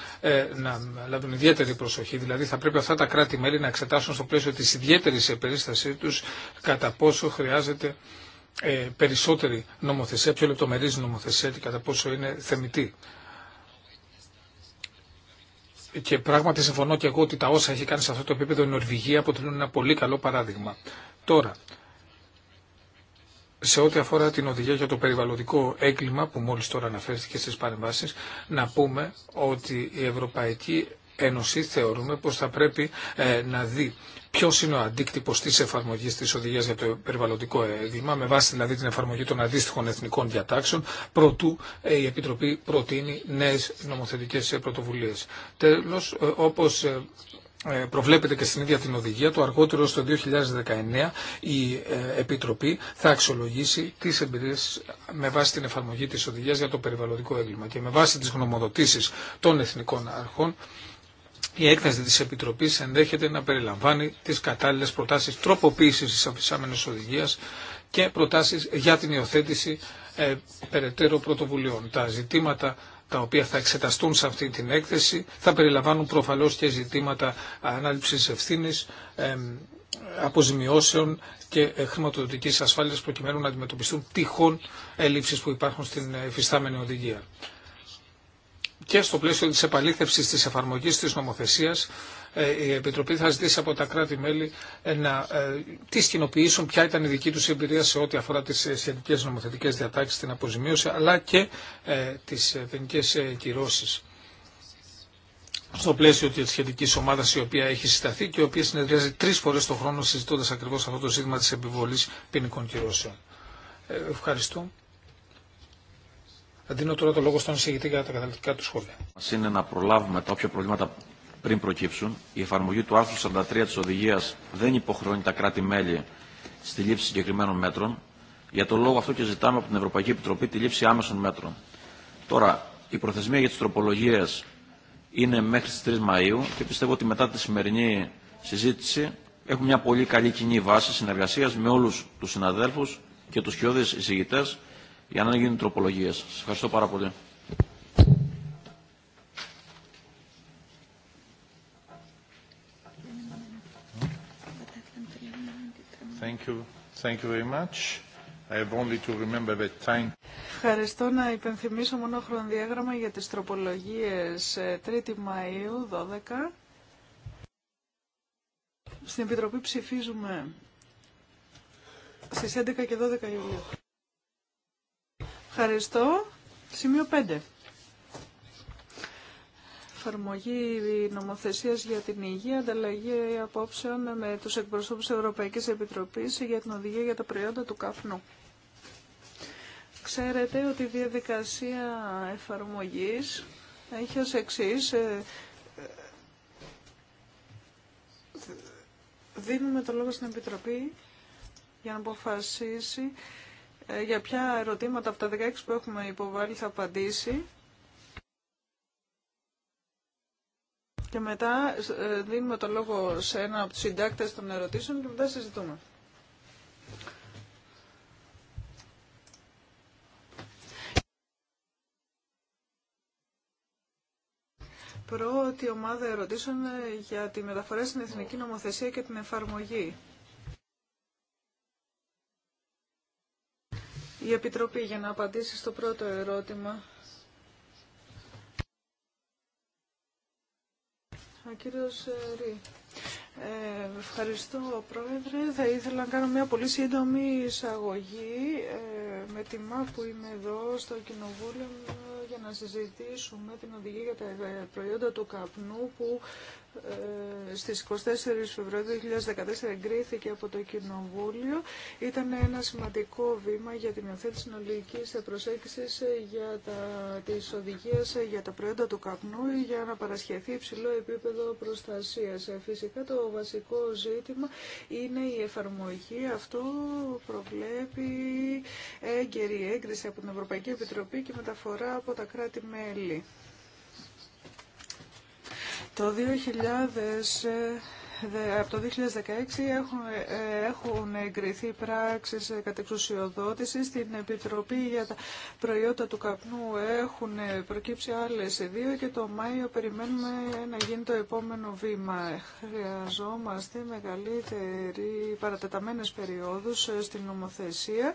να λάβουν ιδιαίτερη προσοχή. Δηλαδή θα πρέπει αυτά τα κράτη-μέλη να εξετάσουν στο πλαίσιο της ιδιαίτερης περίστασή τους κατά πόσο χρειάζεται περισσότερη νομοθεσία, πιο λεπτομερής νομοθεσία και κατά πόσο είναι θεμητή και πράγματι συμφωνώ και εγώ ότι τα όσα έχει κάνει σε αυτό το επίπεδο η Νορβηγία αποτελούν ένα πολύ καλό παράδειγμα. Τώρα, σε ό,τι αφορά την οδηγία για το περιβαλλοντικό έγκλημα που μόλις τώρα αναφέρθηκε στις παρεμβάσεις, να πούμε ότι η Ευρωπαϊκή Ένωση θεωρούμε πως θα πρέπει ε, να δει ποιο είναι ο αντίκτυπο τη εφαρμογή τη οδηγία για το περιβαλλοντικό έγκλημα, με βάση δηλαδή την εφαρμογή των αντίστοιχων εθνικών διατάξεων, προτού ε, η Επιτροπή προτείνει νέε νομοθετικέ ε, πρωτοβουλίε. Τέλο, όπω προβλέπεται και στην ίδια την οδηγία, το αργότερο στο 2019 η Επιτροπή θα αξιολογήσει τις εμπειρίες με βάση την εφαρμογή της οδηγίας για το περιβαλλοντικό έγκλημα και με βάση τις γνωμοδοτήσεις των εθνικών αρχών η έκθεση της Επιτροπής ενδέχεται να περιλαμβάνει τις κατάλληλες προτάσεις τροποποίησης της αφισάμενης οδηγίας και προτάσεις για την υιοθέτηση ε, περαιτέρω πρωτοβουλειών. Τα ζητήματα τα οποία θα εξεταστούν σε αυτή την έκθεση θα περιλαμβάνουν προφαλώς και ζητήματα ανάληψης ευθύνης, ε, αποζημιώσεων και ε, χρηματοδοτικής ασφάλειας προκειμένου να αντιμετωπιστούν τυχόν ελλείψεις που υπάρχουν στην εφιστάμενη οδηγία και στο πλαίσιο της επαλήθευσης της εφαρμογής της νομοθεσίας ε, η Επιτροπή θα ζητήσει από τα κράτη-μέλη ε, να ε, τις κοινοποιήσουν ποια ήταν η δική τους εμπειρία σε ό,τι αφορά τις σχετικές νομοθετικές διατάξεις, την αποζημίωση αλλά και τις ποινικές κυρώσεις στο πλαίσιο τη σχετική ομάδα η οποία έχει συσταθεί και η οποία συνεδριάζει τρεις φορές το χρόνο συζητώντα ακριβώ αυτό το ζήτημα τη επιβολής ποινικών κυρώσεων. Ε, ευχαριστώ. Δίνω τώρα το λόγο στον εισηγητή για τα καταληκτικά του σχόλια. Μα είναι να προλάβουμε τα όποια προβλήματα πριν προκύψουν. Η εφαρμογή του άρθρου 43 τη οδηγία δεν υποχρεώνει τα κράτη-μέλη στη λήψη συγκεκριμένων μέτρων. Για τον λόγο αυτό και ζητάμε από την Ευρωπαϊκή Επιτροπή τη λήψη άμεσων μέτρων. Τώρα, η προθεσμία για τι τροπολογίε είναι μέχρι τι 3 Μαου και πιστεύω ότι μετά τη σημερινή συζήτηση έχουμε μια πολύ καλή κοινή βάση συνεργασία με όλου του συναδέλφου και του χιώδει εισηγητέ για να γίνουν τροπολογίες. Σας ευχαριστώ πάρα πολύ. Ευχαριστώ να υπενθυμίσω μόνο χρονοδιάγραμμα για τις τροπολογίες 3η ε, Μαΐου 12. Στην Επιτροπή ψηφίζουμε στις 11 και 12 Ιουλίου. Ευχαριστώ. Σημείο 5. Εφαρμογή νομοθεσία για την υγεία, ανταλλαγή απόψεων με του εκπροσώπου τη Ευρωπαϊκή Επιτροπή για την οδηγία για τα προϊόντα του καπνού. Ξέρετε ότι η διαδικασία εφαρμογής έχει ω εξή. Ε, ε, δίνουμε το λόγο στην Επιτροπή για να αποφασίσει ε, για ποια ερωτήματα από τα 16 που έχουμε υποβάλει θα απαντήσει. Και μετά ε, δίνουμε το λόγο σε ένα από τους συντάκτες των ερωτήσεων και μετά συζητούμε. Πρώτη ομάδα ερωτήσεων ε, για τη μεταφορά στην εθνική νομοθεσία και την εφαρμογή. η Επιτροπή για να απαντήσει στο πρώτο ερώτημα. Ο κύριος ε, Ρή. Ε, ευχαριστώ, Πρόεδρε. Θα ήθελα να κάνω μια πολύ σύντομη εισαγωγή. Ε, με τιμά που είμαι εδώ στο Κοινοβούλιο ε, για να συζητήσουμε την οδηγία για τα προϊόντα του καπνού που ε, στις 24 Φεβρουαρίου 2014 εγκρίθηκε από το Κοινοβούλιο. Ήταν ένα σημαντικό βήμα για την υιοθέτηση συνολικής προσέγγισης ε, για τα, της ε, για τα προϊόντα του καπνού για να παρασχεθεί υψηλό επίπεδο προστασίας. Φυσικά το βασικό ζήτημα είναι η εφαρμογή. Αυτό προβλέπει έγκαιρη έγκριση από την Ευρωπαϊκή Επιτροπή και μεταφορά από τα κράτη-μέλη. Το 2000 ε, από το 2016 έχουν, ε, έχουν εγκριθεί πράξεις κατεξουσιοδότησης. Στην Επιτροπή για τα προϊόντα του καπνού έχουν ε, προκύψει άλλες δύο και το Μάιο περιμένουμε να γίνει το επόμενο βήμα. Χρειαζόμαστε μεγαλύτερη παρατεταμένες περιόδους στην νομοθεσία.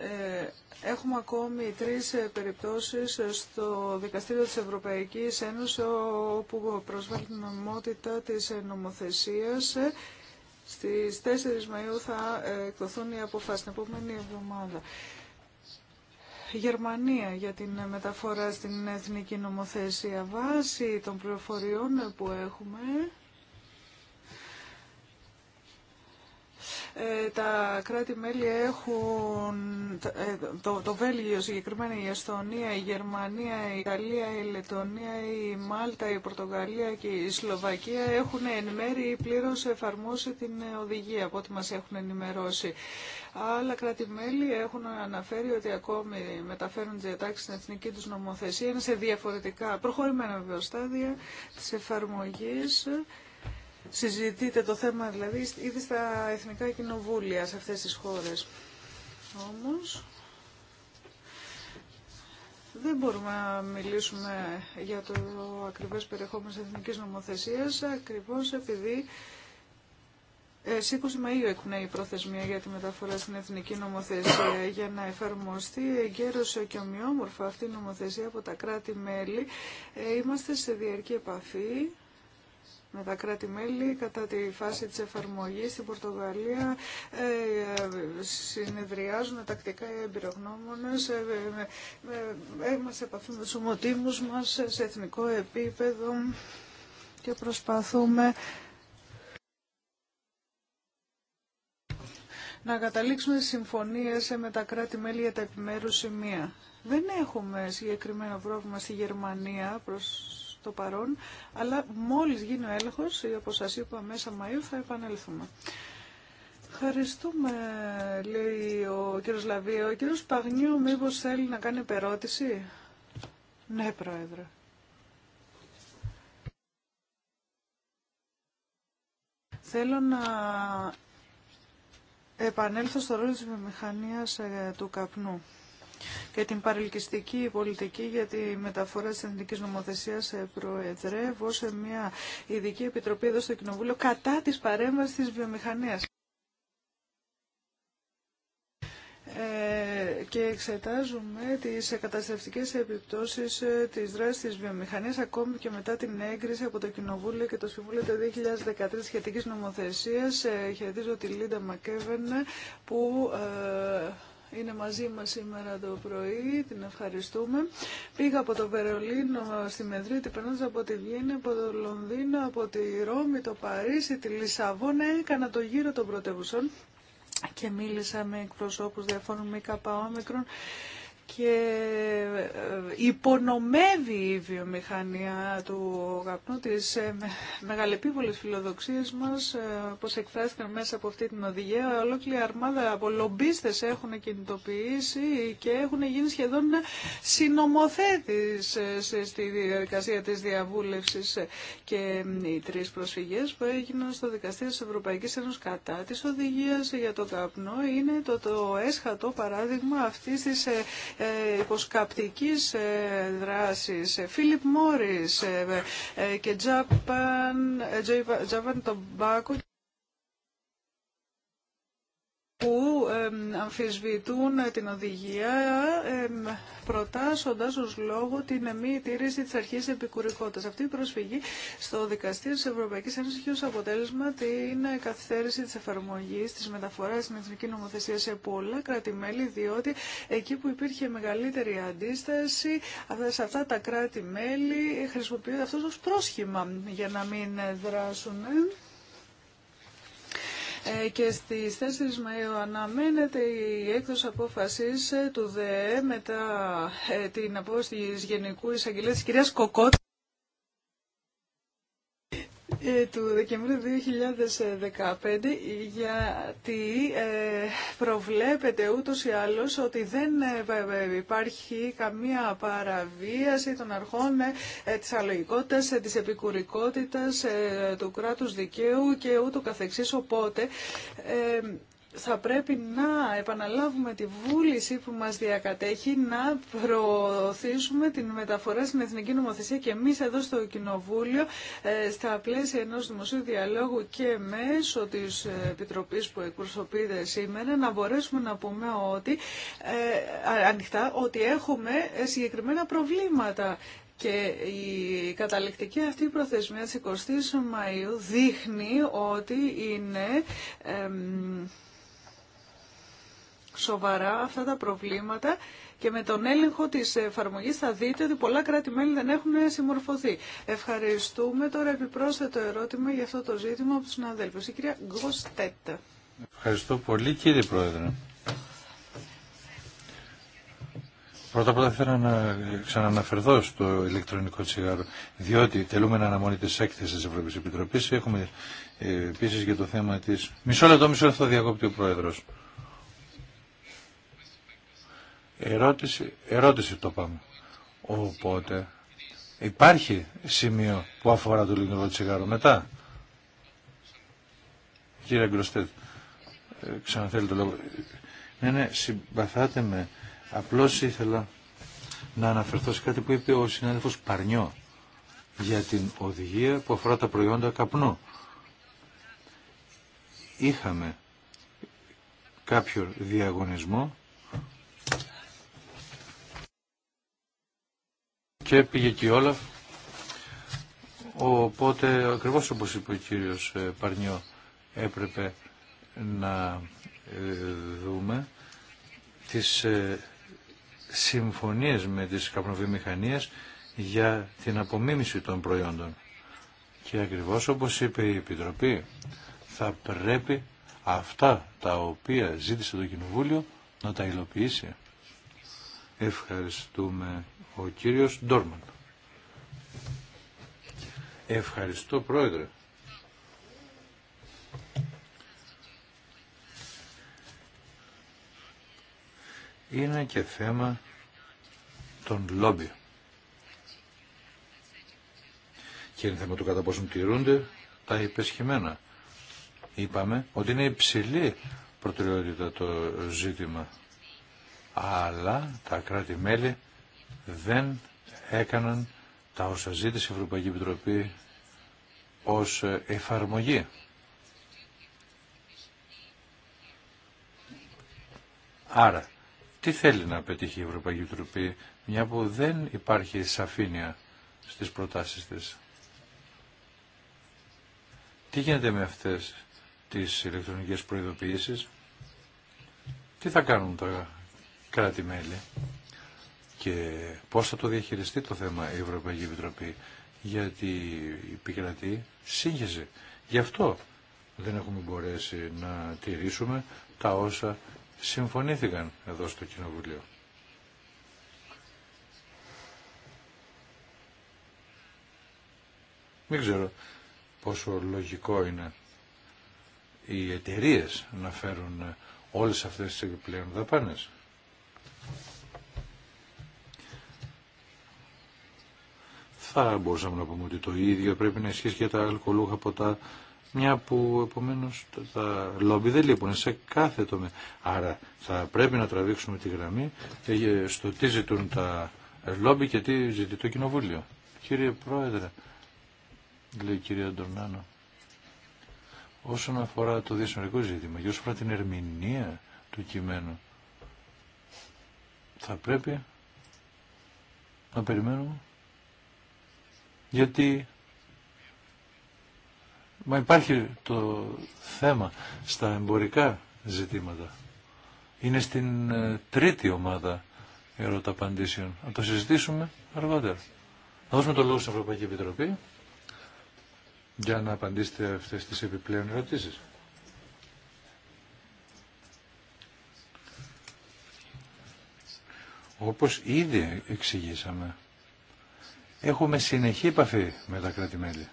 Ε, έχουμε ακόμη τρεις ε, περιπτώσεις ε, στο Δικαστήριο της Ευρωπαϊκής Ένωσης όπου προσβάλλει την νομιμότητα της νομοθεσίας. Στις 4 Μαΐου θα εκδοθούν οι αποφάσεις την επόμενη εβδομάδα. Γερμανία για την μεταφορά στην εθνική νομοθεσία βάση των πληροφοριών που έχουμε Ε, τα κράτη-μέλη έχουν, ε, το, το Βέλγιο συγκεκριμένα, η Εσθονία, η Γερμανία, η Ιταλία, η Λετωνία, η Μάλτα, η Πορτογαλία και η Σλοβακία έχουν εν ή πλήρως εφαρμόσει την οδηγία από ό,τι μας έχουν ενημερώσει. Άλλα κράτη-μέλη έχουν αναφέρει ότι ακόμη μεταφέρουν τι διατάξει στην εθνική του νομοθεσία. Είναι σε διαφορετικά προχωρημένα βέβαια στάδια τη εφαρμογή συζητείται το θέμα δηλαδή ήδη στα εθνικά κοινοβούλια σε αυτές τις χώρες. Όμως δεν μπορούμε να μιλήσουμε για το ακριβές περιεχόμενο της εθνικής νομοθεσίας ακριβώς επειδή ε, 20 Μαΐου εκπνέει η προθεσμία για τη μεταφορά στην εθνική νομοθεσία για να εφαρμοστεί εγκαίρωση και ομοιόμορφα αυτή η νομοθεσία από τα κράτη-μέλη. Ε, είμαστε σε διαρκή επαφή με τα κράτη-μέλη κατά τη φάση της εφαρμογής στην Πορτογαλία ε, συνεδριάζουν τακτικά οι εμπειρογνώμονες είμαστε ε, επαφή με τους ομοτήμους μας σε εθνικό επίπεδο και προσπαθούμε να καταλήξουμε συμφωνίες με τα κράτη-μέλη για τα επιμέρους σημεία. Δεν έχουμε συγκεκριμένο πρόβλημα στη Γερμανία το παρόν, αλλά μόλις γίνει ο έλεγχος, όπως σας είπα μέσα Μαΐου, θα επανέλθουμε. Ευχαριστούμε, λέει ο κύριος Λαβία. Ο κύριος Παγνίου μήπως θέλει να κάνει περώτηση. Ναι, Πρόεδρε. Θέλω να επανέλθω στο ρόλο της ε, του καπνού και την παρελκυστική πολιτική για τη μεταφορά τη εθνική νομοθεσία ε, προεδρεύω σε μια ειδική επιτροπή εδώ στο Κοινοβούλιο κατά της παρέμβασης της βιομηχανίας. Ε, και εξετάζουμε τις καταστρεφτικές επιπτώσεις ε, της δράσης της βιομηχανίας ακόμη και μετά την έγκριση από το Κοινοβούλιο και το Συμβούλιο του 2013 σχετικής νομοθεσίας. Χαιρετίζω τη Λίντα Μακέβεν που είναι μαζί μας σήμερα το πρωί, την ευχαριστούμε. Πήγα από το Βερολίνο στη Μεδρίτη, περνώντας από τη Βιέννη, από το Λονδίνο, από τη Ρώμη, το Παρίσι, τη Λισαβόνα, έκανα το γύρο των πρωτεύουσων και μίλησα με εκπροσώπους διαφόρων ΜΚΟ, και ε, υπονομεύει η βιομηχανία του καπνού τις ε, μεγαλεπίβολες φιλοδοξίες μας ε, πως εκφράστηκαν μέσα από αυτή την οδηγία ολόκληρη αρμάδα από λομπίστες έχουν κινητοποιήσει και έχουν γίνει σχεδόν συνομοθέτης στη διαδικασία της διαβούλευσης και οι τρεις προσφυγές που έγιναν στο δικαστήριο της Ευρωπαϊκής Ένωσης κατά της οδηγίας για το καπνό είναι το, το έσχατο παράδειγμα αυτής της ε, υποσκαπτικής ε, δράσης. Ε, Φίλιπ Μόρις και Japan, Japan Tobacco που αμφισβητούν την οδηγία προτάσσοντας ως λόγο την μη τήρηση της αρχής επικουρικότητας. Αυτή η προσφυγή στο Δικαστήριο της Ευρωπαϊκής Ένωσης έχει ως αποτέλεσμα την καθυστέρηση της εφαρμογής της μεταφοράς στην Εθνική Νομοθεσία σε πολλά κράτη-μέλη, διότι εκεί που υπήρχε μεγαλύτερη αντίσταση σε αυτά τα κράτη-μέλη ε, χρησιμοποιούνται αυτό ως πρόσχημα για να μην ε, δράσουν. Ε, και στις 4 Μαΐου αναμένεται η έκδοση απόφασης του ΔΕ μετά ε, την απόφαση της Γενικού Εισαγγελίας της κυρίας Κοκότ ε, του Δεκεμβρίου 2015 γιατί ε, προβλέπεται ούτως ή άλλως ότι δεν ε, υπάρχει καμία παραβίαση των αρχών της αλογικότητας, της επικουρικότητας, του κράτους δικαίου και ούτω καθεξής. Οπότε θα πρέπει να επαναλάβουμε τη βούληση που μας διακατέχει να προωθήσουμε την μεταφορά στην Εθνική Νομοθεσία και εμείς εδώ στο Κοινοβούλιο ε, στα πλαίσια ενός δημοσίου διαλόγου και μέσω της Επιτροπής που εκπροσωπείται σήμερα να μπορέσουμε να πούμε ότι ε, ανοιχτά ότι έχουμε συγκεκριμένα προβλήματα και η καταληκτική αυτή προθεσμία της 20 Μαΐου δείχνει ότι είναι σοβαρά αυτά τα προβλήματα και με τον έλεγχο της εφαρμογής θα δείτε ότι πολλά κράτη-μέλη δεν έχουν συμμορφωθεί. Ευχαριστούμε. Τώρα επιπρόσθετο ερώτημα για αυτό το ζήτημα από τους συναδέλφους. Η κυρία Γκοστέτα. Ευχαριστώ πολύ κύριε Πρόεδρε. Πρώτα όλα θέλω να ξαναναφερθώ στο ηλεκτρονικό τσιγάρο, διότι τελούμε να αναμονή τη έκθεση τη Ευρωπαϊκή Επιτροπή. Έχουμε ε, επίση για το θέμα τη. Μισό λεπτό, μισό λεπτό διακόπτει ο Πρόεδρο ερώτηση, ερώτηση το πάμε. Οπότε υπάρχει σημείο που αφορά το λιγνωρό τσιγάρο μετά. Κύριε Γκροστέτ, ε, ξαναθέλει το λόγο. Ναι, ναι, συμπαθάτε με. Απλώς ήθελα να αναφερθώ σε κάτι που είπε ο συνάδελφος Παρνιό για την οδηγία που αφορά τα προϊόντα καπνού. Είχαμε κάποιο διαγωνισμό και πήγε και η Οπότε, ακριβώς όπως είπε ο κύριος ε, Παρνιό, έπρεπε να ε, δούμε τις ε, συμφωνίες με τις καπνοβιομηχανίες για την απομίμηση των προϊόντων. Και ακριβώς όπως είπε η Επιτροπή, θα πρέπει αυτά τα οποία ζήτησε το Κοινοβούλιο να τα υλοποιήσει. Ευχαριστούμε ο κύριος Ντόρμαν. Ευχαριστώ πρόεδρε. Είναι και θέμα των λόμπι. Και είναι θέμα του κατά πόσον τηρούνται τα υπεσχημένα. Είπαμε ότι είναι υψηλή προτεραιότητα το ζήτημα αλλά τα κράτη-μέλη δεν έκαναν τα όσα ζήτησε η Ευρωπαϊκή Επιτροπή ως εφαρμογή. Άρα, τι θέλει να πετύχει η Ευρωπαϊκή Επιτροπή, μια που δεν υπάρχει σαφήνεια στις προτάσεις της. Τι γίνεται με αυτές τις ηλεκτρονικές προειδοποιήσεις, τι θα κάνουν τα κράτη-μέλη και πώς θα το διαχειριστεί το θέμα η Ευρωπαϊκή Επιτροπή γιατί επικρατεί σύγχυση. Γι' αυτό δεν έχουμε μπορέσει να τηρήσουμε τα όσα συμφωνήθηκαν εδώ στο Κοινοβουλίο. Μην ξέρω πόσο λογικό είναι οι εταιρείε να φέρουν όλες αυτές τις επιπλέον δαπάνες. Θα μπορούσαμε να πούμε ότι το ίδιο πρέπει να ισχύσει για τα αλκοολούχα ποτά, μια που επομένω τα λόμπι δεν λείπουν σε κάθε τομέα. Άρα θα πρέπει να τραβήξουμε τη γραμμή ε, ε, στο τι ζητούν τα λόμπι και τι ζητεί το κοινοβούλιο. Κύριε Πρόεδρε, λέει η κυρία Ντορνάνο, όσον αφορά το διασυνορικό ζήτημα και όσον αφορά την ερμηνεία του κειμένου, θα πρέπει να περιμένουμε γιατί μα υπάρχει το θέμα στα εμπορικά ζητήματα. Είναι στην ε, τρίτη ομάδα ερωταπαντήσεων. Να το συζητήσουμε αργότερα. Να δώσουμε το λόγο στην Ευρωπαϊκή Επιτροπή για να απαντήσετε αυτές τις επιπλέον ερωτήσεις. Όπως ήδη εξηγήσαμε, έχουμε συνεχή επαφή με τα κράτη-μέλη.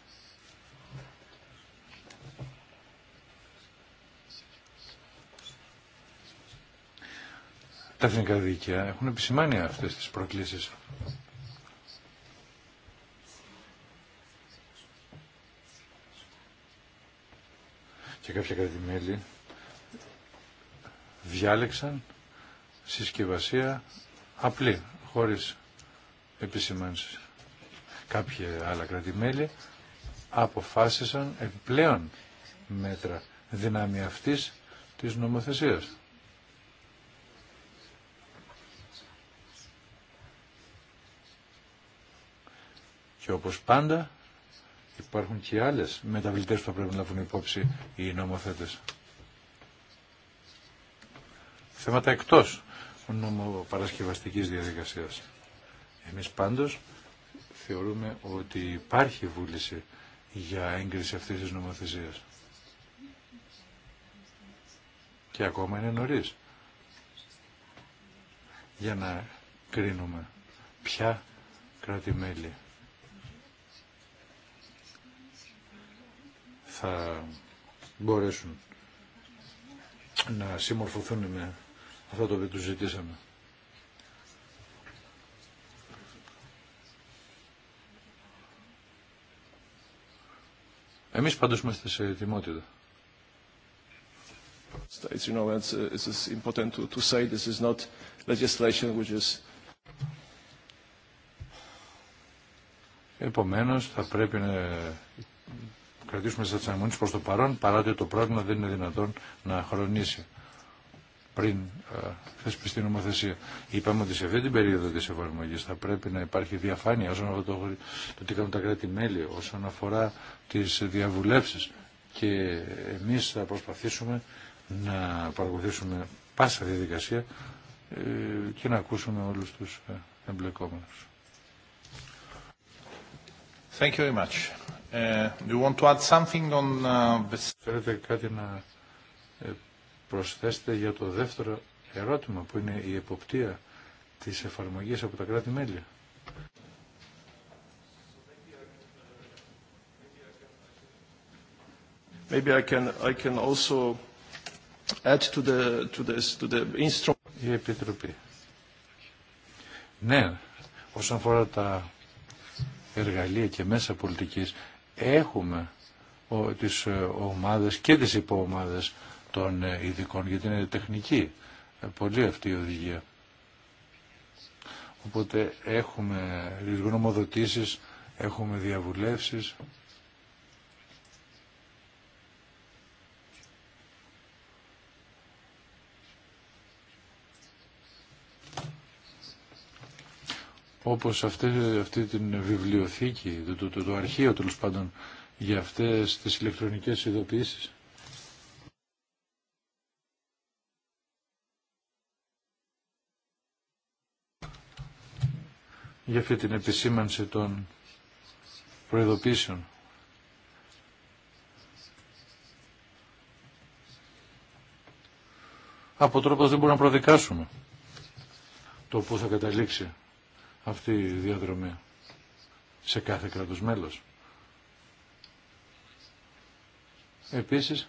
Τα εθνικά δίκαια έχουν επισημάνει αυτές τις προκλήσεις. Και κάποια κράτη-μέλη διάλεξαν συσκευασία απλή, χωρίς επισημάνσεις. Κάποια άλλα κρατημέλη αποφάσισαν επιπλέον μέτρα δυνάμει αυτής της νομοθεσίας. Και όπως πάντα υπάρχουν και άλλες μεταβλητές που θα πρέπει να λάβουν υπόψη οι νομοθέτες. Θέματα εκτός παρασκευαστικής διαδικασίας. Εμείς πάντως θεωρούμε ότι υπάρχει βούληση για έγκριση αυτής της νομοθεσίας. Και ακόμα είναι νωρίς για να κρίνουμε ποια κράτη-μέλη θα μπορέσουν να συμμορφωθούν με αυτό το οποίο του ζητήσαμε. Εμείς πάντως είμαστε σε ετοιμότητα. States, you know, it's, uh, important to, say this is not legislation which is... Επομένως, θα πρέπει να κρατήσουμε στις αναμονές προς το παρόν, παρά ότι το πρόβλημα δεν είναι δυνατόν να χρονίσει πριν ε, θεσπιστεί νομοθεσία. Είπαμε ότι σε αυτή την περίοδο τη εφαρμογή. θα πρέπει να υπάρχει διαφάνεια όσον αφορά το, το τι κάνουν τα κράτη-μέλη, όσον αφορά τις διαβουλεύσεις. Και εμείς θα προσπαθήσουμε να παρακολουθήσουμε πάσα διαδικασία ε, και να ακούσουμε όλους τους ε, εμπλεκόμενους. Thank you very much. Uh, want to add something on Θέλετε κάτι να προσθέσετε για το δεύτερο ερώτημα που είναι η εποπτεία της εφαρμογής από τα κράτη-μέλη. Maybe I Η Επιτροπή. Ναι, όσον αφορά τα εργαλεία και μέσα πολιτικής, έχουμε τις ε, ομάδες και τις υποομάδες των ειδικών, γιατί είναι τεχνική ε, πολύ αυτή η οδηγία. Οπότε έχουμε γνωμοδοτήσεις, έχουμε διαβουλεύσεις. Όπως αυτή, αυτή την βιβλιοθήκη, το, το, το, αρχείο τέλο πάντων για αυτές τις ηλεκτρονικές ειδοποιήσεις. για αυτή την επισήμανση των προειδοποίησεων. Από τρόπο δεν μπορούμε να προδικάσουμε το που θα καταλήξει αυτή η διαδρομή σε κάθε κράτος μέλος. Επίσης,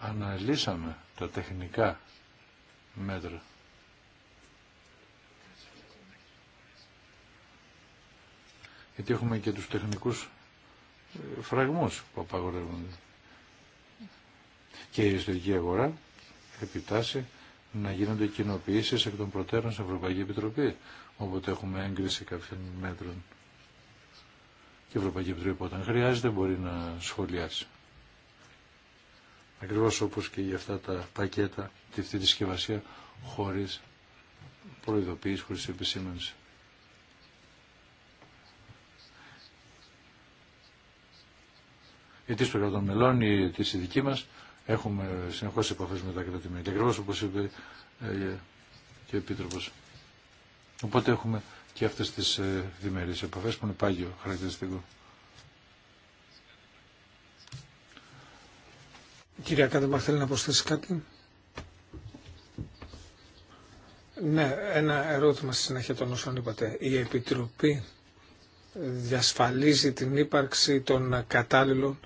αναλύσαμε τα τεχνικά μέτρα γιατί έχουμε και τους τεχνικούς ε, φραγμούς που απαγορεύονται. Και η ιστορική αγορά επιτάσσει να γίνονται κοινοποιήσεις εκ των προτέρων στην Ευρωπαϊκή Επιτροπή, όποτε έχουμε έγκριση κάποιων μέτρων. Και η Ευρωπαϊκή Επιτροπή όταν χρειάζεται μπορεί να σχολιάσει. Ακριβώς όπως και για αυτά τα πακέτα, τη αυτή τη συσκευασία, χωρίς προειδοποίηση, χωρίς επισήμανση. αιτήσει των κρατών μελών, η αιτήση δική μα. Έχουμε συνεχώ επαφέ με τα κρατημέρια. Και ακριβώ όπω είπε ε, και ο Επίτροπο. Οπότε έχουμε και αυτέ τι ε, διμερεί επαφέ που είναι πάγιο χαρακτηριστικό. Κυρία Κάντεμπαχ, θέλει να προσθέσει κάτι. Ναι, ένα ερώτημα στη συνέχεια των όσων είπατε. Η Επιτροπή διασφαλίζει την ύπαρξη των κατάλληλων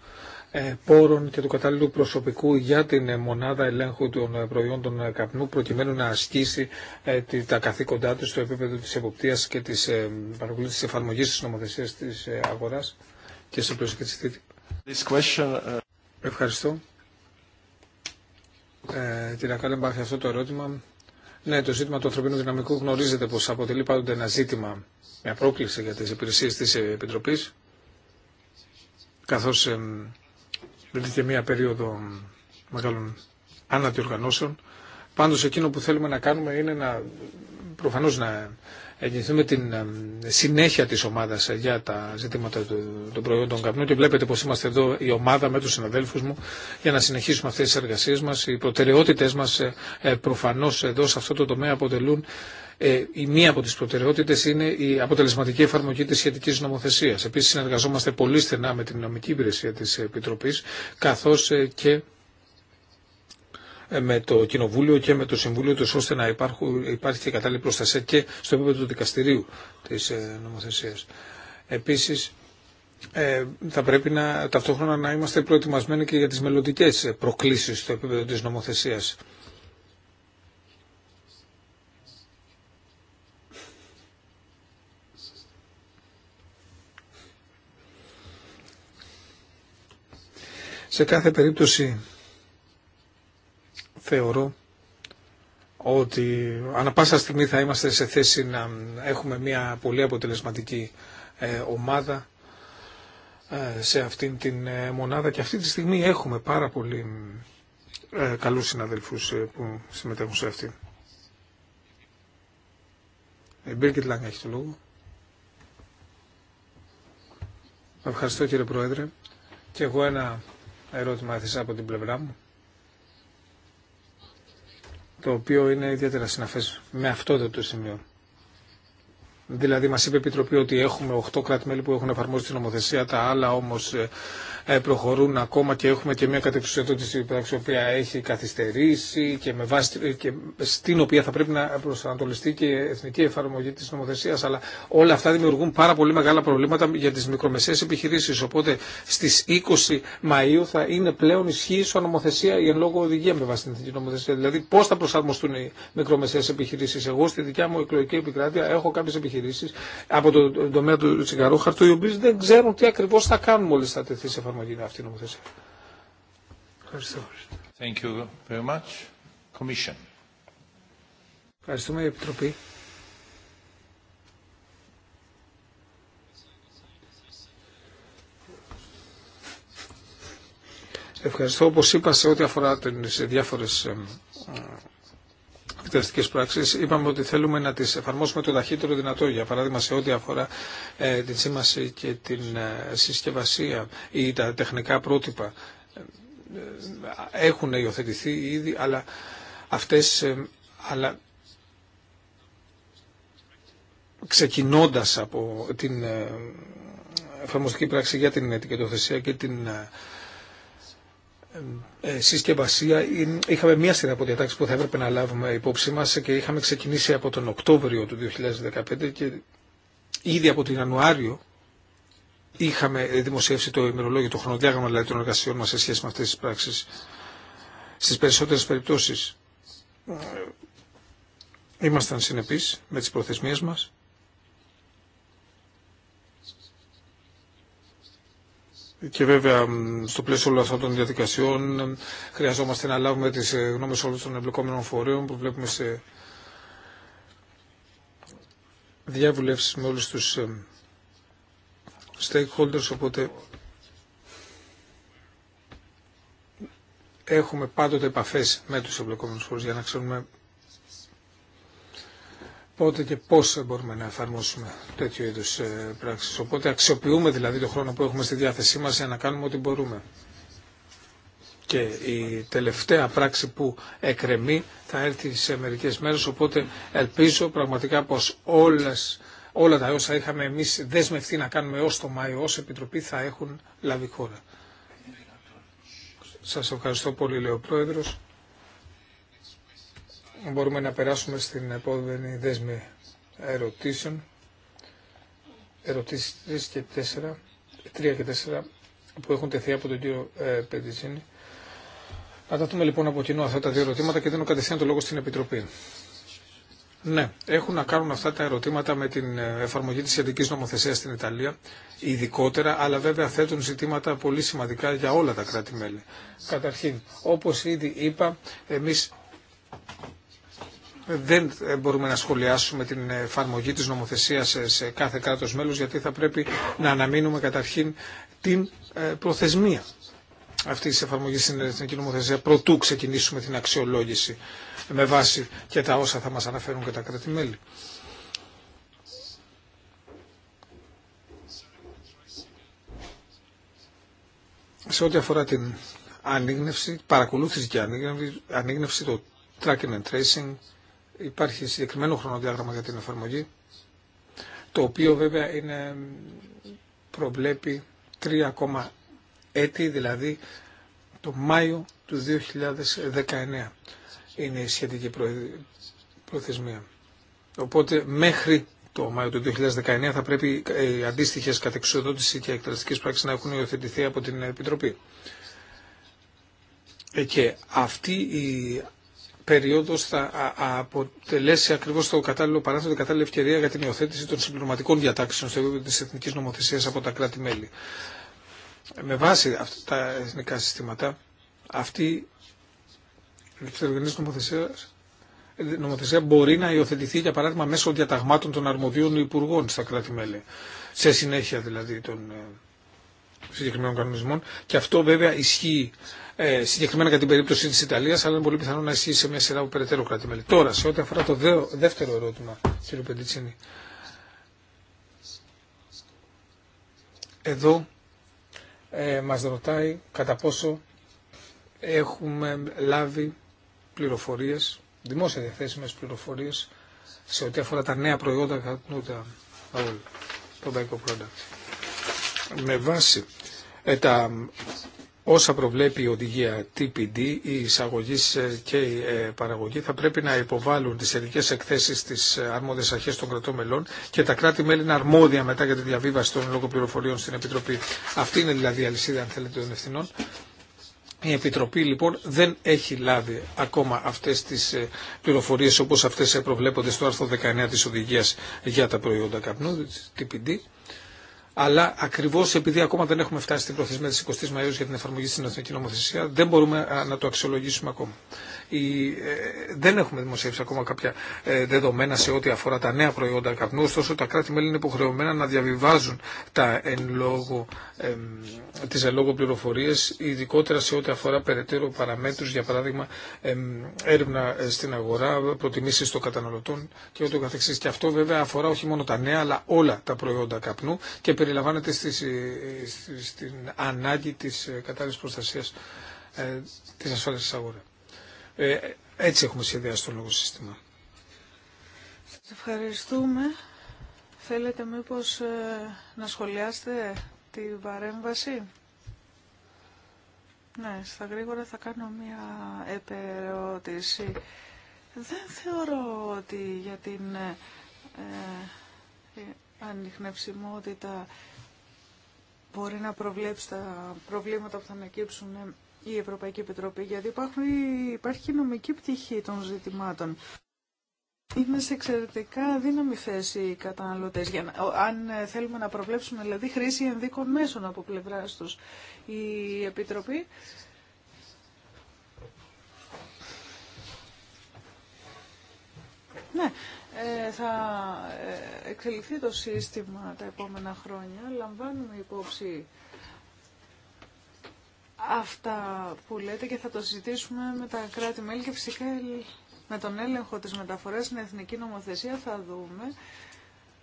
ε, πόρων και του κατάλληλου προσωπικού για την ε, μονάδα ελέγχου των ε, προϊόντων καπνού προκειμένου να ασκήσει τα καθήκοντά του στο επίπεδο της εποπτείας και της παρακολούθησης της εφαρμογής της νομοθεσίας της αγοράς και στο πλαίσιο της θήτη. Uh, Ευχαριστώ. Ε, κύριε Ακάλεμπα, αυτό το ερώτημα. Ναι, το ζήτημα του ανθρωπίνου δυναμικού γνωρίζετε πως αποτελεί πάντοτε ένα ζήτημα μια πρόκληση για τις υπηρεσίες της Επιτροπής καθώς βρίσκεται και μια περίοδο μεγάλων αναδιοργανώσεων. Πάντως εκείνο που θέλουμε να κάνουμε είναι να προφανώς να εγγυηθούμε την συνέχεια της ομάδας για τα ζητήματα των προϊόντων καπνού και βλέπετε πως είμαστε εδώ η ομάδα με τους συναδέλφους μου για να συνεχίσουμε αυτές τις εργασίες μας. Οι προτεραιότητες μας ε, ε, προφανώς εδώ σε αυτό το τομέα αποτελούν ε, η μία από τι προτεραιότητε είναι η αποτελεσματική εφαρμογή τη σχετική νομοθεσία. Επίση συνεργαζόμαστε πολύ στενά με την νομική υπηρεσία της Επιτροπής καθώς ε, και ε, με το Κοινοβούλιο και με το Συμβούλιο τους ώστε να υπάρχουν, υπάρχει και κατάλληλη προστασία και στο επίπεδο του δικαστηρίου της νομοθεσίας. Επίσης, θα πρέπει να, ταυτόχρονα να είμαστε προετοιμασμένοι και για τις μελλοντικέ προκλήσεις στο επίπεδο της νομοθεσίας. Σε κάθε περίπτωση θεωρώ ότι ανα πάσα στιγμή θα είμαστε σε θέση να έχουμε μια πολύ αποτελεσματική ε, ομάδα ε, σε αυτήν την ε, μονάδα και αυτή τη στιγμή έχουμε πάρα πολύ καλούς συναδελφούς που συμμετέχουν σε αυτήν. Η Μπίρκετ έχει το λόγο. Ευχαριστώ κύριε Πρόεδρε. Και εγώ ένα ερώτημα έθεσα από την πλευρά μου το οποίο είναι ιδιαίτερα συναφές με αυτό το σημείο. Δηλαδή μας είπε η Επιτροπή ότι έχουμε 8 κράτη-μέλη που έχουν εφαρμόσει την νομοθεσία, τα άλλα όμως ε, ε, προχωρούν ακόμα και έχουμε και μια κατεξουσιατότηση πράξη η οποία έχει καθυστερήσει και, με βάση, ε, και στην οποία θα πρέπει να προσανατολιστεί και η εθνική εφαρμογή της νομοθεσίας αλλά όλα αυτά δημιουργούν πάρα πολύ μεγάλα προβλήματα για τις μικρομεσαίες επιχειρήσεις οπότε στις 20 Μαΐου θα είναι πλέον ισχύει η νομοθεσία η εν λόγω οδηγία με βάση την εθνική νομοθεσία δηλαδή πώς θα προσαρμοστούν οι μικρομεσαίες επιχειρήσεις εγώ στη δικιά μου εκλογική επικράτεια έχω κάποιες επιχειρήσεις από το τομέα του τσιγαρού χαρτού οι οποίε δεν ξέρουν τι ακριβώς θα κάνουν μόλις θα τεθεί σε εφαρμογή γίνει αυτή η νομοθεσία. Ευχαριστώ. Thank you very much. Commission. Ευχαριστούμε η Επιτροπή. Ευχαριστώ. Όπως είπα σε ό,τι αφορά τις διάφορες πράξεις είπαμε ότι θέλουμε να τι εφαρμόσουμε το ταχύτερο δυνατό. Για παράδειγμα σε ό,τι αφορά ε, την σήμαση και την ε, συσκευασία ή τα τεχνικά πρότυπα ε, ε, έχουν υιοθετηθεί ήδη, αλλά αυτές, αλλά ξεκινώντας από την εφαρμοστική πράξη για την ετικετοθεσία και την ε, ε, συσκευασία είχαμε μία σειρά από διατάξει που θα έπρεπε να λάβουμε υπόψη μας και είχαμε ξεκινήσει από τον Οκτώβριο του 2015 και ήδη από τον Ιανουάριο είχαμε δημοσιεύσει το ημερολόγιο, το χρονοδιάγραμμα δηλαδή των εργασιών μα σε σχέση με αυτέ τι πράξεις. Στις περισσότερες περιπτώσεις ε, ήμασταν συνεπείς με τις προθεσμίες μας Και βέβαια στο πλαίσιο όλων αυτών των διαδικασιών χρειαζόμαστε να λάβουμε τι ε, γνώμε όλων των εμπλεκόμενων φορέων που βλέπουμε σε διαβουλεύσει με όλου του ε, stakeholders, οπότε έχουμε πάντοτε επαφέ με του εμπλεκόμενου φορέ για να ξέρουμε πότε και πώ μπορούμε να εφαρμόσουμε τέτοιου είδου ε, πράξεις. Οπότε αξιοποιούμε δηλαδή τον χρόνο που έχουμε στη διάθεσή μας για να κάνουμε ό,τι μπορούμε. Και η τελευταία πράξη που εκρεμεί θα έρθει σε μερικές μέρες, οπότε ελπίζω πραγματικά πως όλες, όλα τα όσα είχαμε εμείς δεσμευτεί να κάνουμε ω το Μάιο ως Επιτροπή θα έχουν λάβει χώρα. Σας ευχαριστώ πολύ, λέει ο Πρόεδρος μπορούμε να περάσουμε στην επόμενη δέσμη ερωτήσεων. Ερωτήσεις 3 και 4, 3 και 4 που έχουν τεθεί από τον κύριο ε, Καταθούμε τα δούμε λοιπόν από κοινό αυτά τα δύο ερωτήματα και δίνω κατευθείαν το λόγο στην Επιτροπή. Ναι, έχουν να κάνουν αυτά τα ερωτήματα με την ε, εφαρμογή της ειδικής νομοθεσίας στην Ιταλία, ειδικότερα, αλλά βέβαια θέτουν ζητήματα πολύ σημαντικά για όλα τα κράτη-μέλη. Καταρχήν, όπως ήδη είπα, εμείς δεν ε, μπορούμε να σχολιάσουμε την εφαρμογή της νομοθεσίας σε κάθε κράτος μέλος γιατί θα πρέπει να αναμείνουμε καταρχήν την ε, προθεσμία αυτή τη εφαρμογή στην Εθνική Νομοθεσία προτού ξεκινήσουμε την αξιολόγηση με βάση και τα όσα θα μας αναφέρουν και τα κράτη-μέλη. Σε ό,τι αφορά την ανείγνευση, παρακολούθηση και ανείγνευση, το tracking and tracing, υπάρχει συγκεκριμένο χρονοδιάγραμμα για την εφαρμογή, το οποίο βέβαια είναι, προβλέπει τρία ακόμα έτη, δηλαδή το Μάιο του 2019 είναι η σχετική προθεσμία. Οπότε μέχρι το Μάιο του 2019 θα πρέπει ε, οι αντίστοιχες κατεξοδότηση και εκτελεστικής πράξεις να έχουν υιοθετηθεί από την Επιτροπή. Ε, και αυτή η περίοδος θα αποτελέσει ακριβώς το κατάλληλο παράθυρο, την κατάλληλη ευκαιρία για την υιοθέτηση των συμπληρωματικών διατάξεων στο επίπεδο της εθνικής νομοθεσίας από τα κράτη-μέλη. Με βάση αυτά τα εθνικά συστήματα, αυτή η δευτερογενής νομοθεσία, νομοθεσία μπορεί να υιοθετηθεί, για παράδειγμα, μέσω διαταγμάτων των αρμοδίων υπουργών στα κράτη-μέλη. Σε συνέχεια δηλαδή των ε, συγκεκριμένων κανονισμών. Και αυτό βέβαια ισχύει ε, συγκεκριμένα για την περίπτωση τη Ιταλία, αλλά είναι πολύ πιθανό να ισχύει σε μια σειρά από περαιτέρω κράτη-μέλη. Τώρα, σε ό,τι αφορά το δεύτερο ερώτημα, κύριε Πεντιτσίνη, εδώ ε, μας ρωτάει κατά πόσο έχουμε λάβει πληροφορίες, δημόσια διαθέσιμες πληροφορίες σε ό,τι αφορά τα νέα προϊόντα κατά τα όλα, το Product. Με βάση ε, τα όσα προβλέπει η οδηγία TPD, η εισαγωγή και η ε, παραγωγή θα πρέπει να υποβάλουν τι ειδικέ εκθέσει στι ε, αρμόδιε αρχέ των κρατών μελών και τα κράτη-μέλη είναι αρμόδια μετά για τη διαβίβαση των λόγων πληροφοριών στην Επιτροπή. Αυτή είναι δηλαδή η αλυσίδα, αν θέλετε, των ευθυνών. Η Επιτροπή λοιπόν δεν έχει λάβει ακόμα αυτέ τι ε, πληροφορίε, όπω αυτέ προβλέπονται στο άρθρο 19 τη οδηγία για τα προϊόντα καπνού, τη TPD αλλά ακριβώ επειδή ακόμα δεν έχουμε φτάσει στην προθεσμία τη 20η Μαου για την εφαρμογή στην Εθνική Νομοθεσία, δεν μπορούμε ε, να το αξιολογήσουμε ακόμα. Ε, δεν έχουμε δημοσιεύσει ακόμα κάποια ε, δεδομένα σε ό,τι αφορά τα νέα προϊόντα καπνού, ωστόσο τα κράτη-μέλη είναι υποχρεωμένα να διαβιβάζουν τα εν λόγω, τις εν λόγω πληροφορίες, ειδικότερα σε ό,τι αφορά περαιτέρω παραμέτρους, για παράδειγμα ε, έρευνα στην αγορά, προτιμήσεις των καταναλωτών και ό,τι καθεξής. Και αυτό βέβαια αφορά όχι μόνο τα νέα, αλλά όλα τα προϊόντα καπνού και περιλαμβάνεται στις, ε, στις, στην ανάγκη της κατάλληλης προστασίας ε, της τη της ε, έτσι έχουμε σχεδιάσει το λόγο σύστημα. Σας ευχαριστούμε. Θέλετε μήπως ε, να σχολιάσετε τη παρέμβαση. Ναι, στα γρήγορα θα κάνω μία επερώτηση. Δεν θεωρώ ότι για την ε, ε ανιχνευσιμότητα μπορεί να προβλέψει τα προβλήματα που θα ανακύψουν η Ευρωπαϊκή Επιτροπή, γιατί υπάρχουν, υπάρχει νομική πτυχή των ζητημάτων. Είναι σε εξαιρετικά δύναμη θέση οι καταναλωτές, για να, αν ε, θέλουμε να προβλέψουμε δηλαδή χρήση ενδίκων μέσων από πλευρά τους. Η Επιτροπή Ναι, ε, θα ε, εξελιχθεί το σύστημα τα επόμενα χρόνια. Λαμβάνουμε υπόψη αυτά που λέτε και θα το συζητήσουμε με τα κράτη-μέλη και φυσικά με τον έλεγχο της μεταφοράς στην εθνική νομοθεσία θα δούμε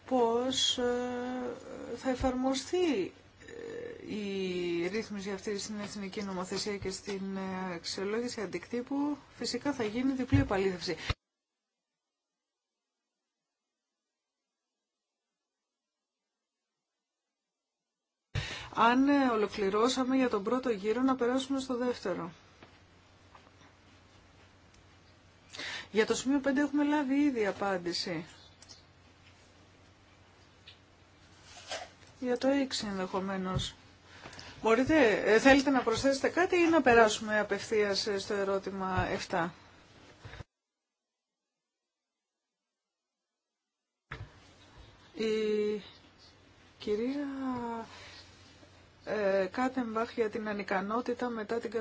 πώς ε, θα εφαρμοστεί ε, η ρύθμιση αυτή στην εθνική νομοθεσία και στην ε, αξιολόγηση αντικτύπου φυσικά θα γίνει διπλή επαλήθευση. αν ε, ολοκληρώσαμε για τον πρώτο γύρο να περάσουμε στο δεύτερο. Για το σημείο 5 έχουμε λάβει ήδη απάντηση. Για το 6 ενδεχομένω. Μπορείτε, ε, θέλετε να προσθέσετε κάτι ή να περάσουμε απευθείας ε, στο ερώτημα 7. Η κυρία ε, Κάτεμπαχ για την ανικανότητα μετά την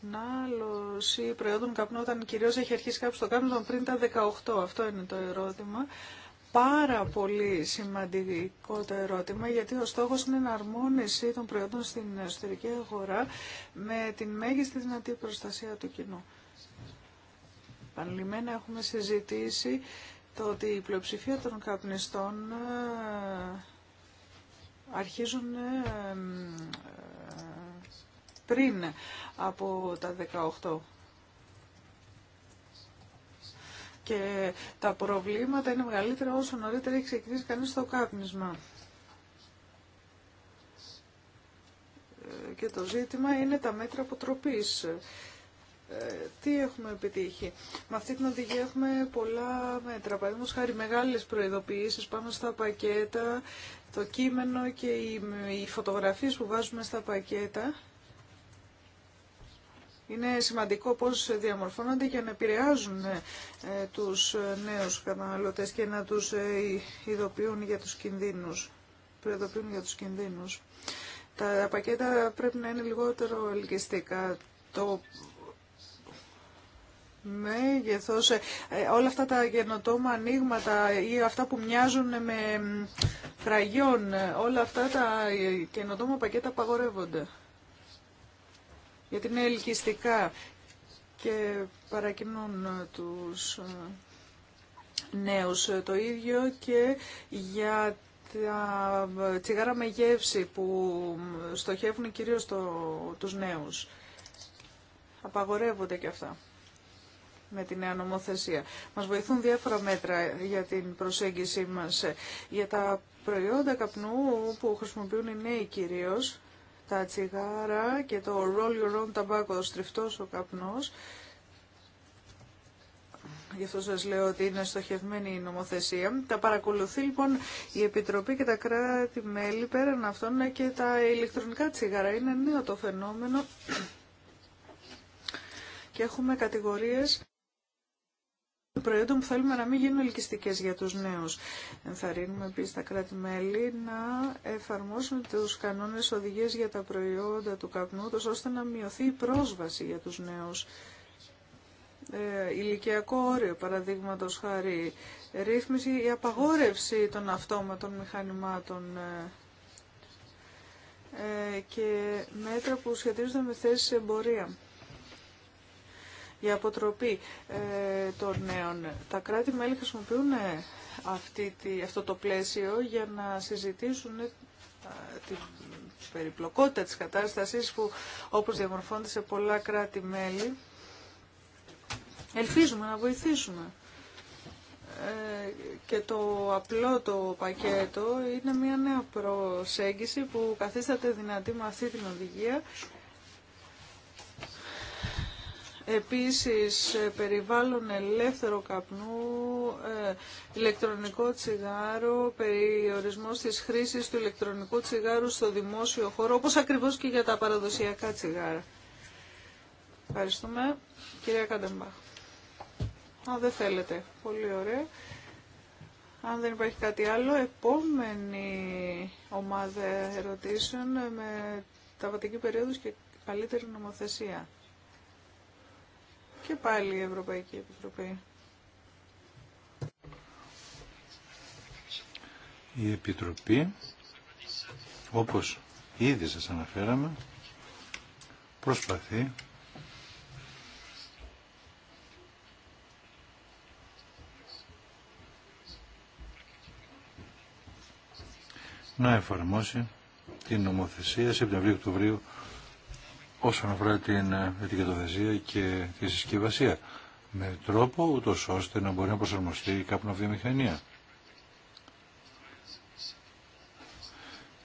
κατανάλωση προϊόντων καπνού όταν κυρίως έχει αρχίσει κάποιος το κάπνισμα πριν τα 18. Αυτό είναι το ερώτημα. Πάρα πολύ σημαντικό το ερώτημα γιατί ο στόχος είναι εναρμόνιση των προϊόντων στην εσωτερική αγορά με την μέγιστη δυνατή προστασία του κοινού. Πανελειμμένα έχουμε συζητήσει το ότι η πλειοψηφία των καπνιστών ε, αρχίζουν ε, πριν από τα 18. Και τα προβλήματα είναι μεγαλύτερα όσο νωρίτερα έχει ξεκινήσει κανείς το κάπνισμα. Ε, και το ζήτημα είναι τα μέτρα αποτροπής. Ε, τι έχουμε επιτύχει. Με αυτή την οδηγία έχουμε πολλά μέτρα. Παραδείγματο χάρη μεγάλες προειδοποιήσεις πάνω στα πακέτα, το κείμενο και οι φωτογραφίες που βάζουμε στα πακέτα. Είναι σημαντικό πώς διαμορφώνονται για να επηρεάζουν ε, τους νέους καταναλωτές και να τους ε, ειδοποιούν για τους κινδύνους. Προειδοποιούν για τους κινδύνους. Τα πακέτα πρέπει να είναι λιγότερο ελκυστικά. Το μέγεθος, ναι, ε, ε, όλα αυτά τα γενοτόμα ανοίγματα ή αυτά που μοιάζουν με φραγιόν, ε, όλα αυτά τα καινοτόμα πακέτα απαγορεύονται. Γιατί είναι ελκυστικά και παρακινούν τους νέους το ίδιο και για τα τσιγάρα με γεύση που στοχεύουν κυρίως το, τους νέους. Απαγορεύονται και αυτά με την νέα νομοθεσία. Μας βοηθούν διάφορα μέτρα για την προσέγγιση μας. Για τα προϊόντα καπνού που χρησιμοποιούν οι νέοι κυρίως, τα τσιγάρα και το roll your own tobacco, ο στριφτός ο καπνός, Γι' αυτό σας λέω ότι είναι στοχευμένη η νομοθεσία. Τα παρακολουθεί λοιπόν η Επιτροπή και τα κράτη-μέλη πέραν αυτών και τα ηλεκτρονικά τσιγάρα. Είναι νέο το φαινόμενο και έχουμε κατηγορίες προϊόντων που θέλουμε να μην γίνουν ελκυστικέ για τους νέους. Ενθαρρύνουμε επίσης τα κράτη-μέλη να εφαρμόσουν τους κανόνες οδηγίες για τα προϊόντα του καπνού, ώστε να μειωθεί η πρόσβαση για τους νέους. Ε, ηλικιακό όριο, παραδείγματο χάρη, ρύθμιση ή απαγόρευση των αυτόματων μηχανημάτων ε, ε, και μέτρα που σχετίζονται με θέσεις εμπορία για αποτροπή ε, των νέων. Τα κράτη-μέλη χρησιμοποιούν ε, αυτό το πλαίσιο για να συζητήσουν ε, την περιπλοκότητα της κατάστασης που όπως διαμορφώνεται σε πολλά κράτη-μέλη. Ελπίζουμε να βοηθήσουμε. Και το απλό το πακέτο είναι μια νέα προσέγγιση που καθίσταται δυνατή με αυτή την οδηγία Επίσης, ε, περιβάλλον ελεύθερο καπνού, ε, ηλεκτρονικό τσιγάρο, περιορισμός της χρήσης του ηλεκτρονικού τσιγάρου στο δημόσιο χώρο, όπως ακριβώς και για τα παραδοσιακά τσιγάρα. Ευχαριστούμε. Κυρία Καντεμπάχ. Αν δεν θέλετε. Πολύ ωραία. Αν δεν υπάρχει κάτι άλλο, επόμενη ομάδα ερωτήσεων με βατική περίοδος και καλύτερη νομοθεσία. Και πάλι η Ευρωπαϊκή Επιτροπή. Η Επιτροπή, όπως ήδη σας αναφέραμε, προσπαθεί να εφαρμόσει την νομοθεσια σε του Σεπτεμβρίου-Οκτωβρίου όσον αφορά την ετικετοθεσία και τη συσκευασία με τρόπο ούτω ώστε να μπορεί να προσαρμοστεί η καπνοβιομηχανία.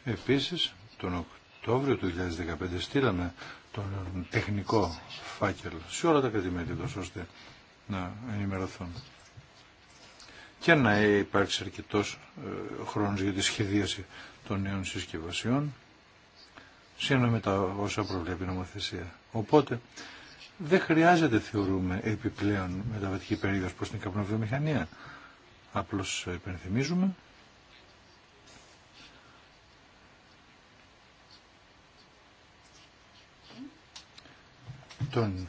Επίσης, τον Οκτώβριο του 2015 στείλαμε τον τεχνικό φάκελο σε όλα τα τους ώστε να ενημερωθούν. Και να υπάρξει αρκετός ε, χρόνος για τη σχεδίαση των νέων συσκευασιών σύνομα με τα όσα προβλέπει η νομοθεσία. Οπότε δεν χρειάζεται, θεωρούμε, επιπλέον μεταβατική περίοδος προς την καπνοβιομηχανία. Απλώς υπενθυμίζουμε τον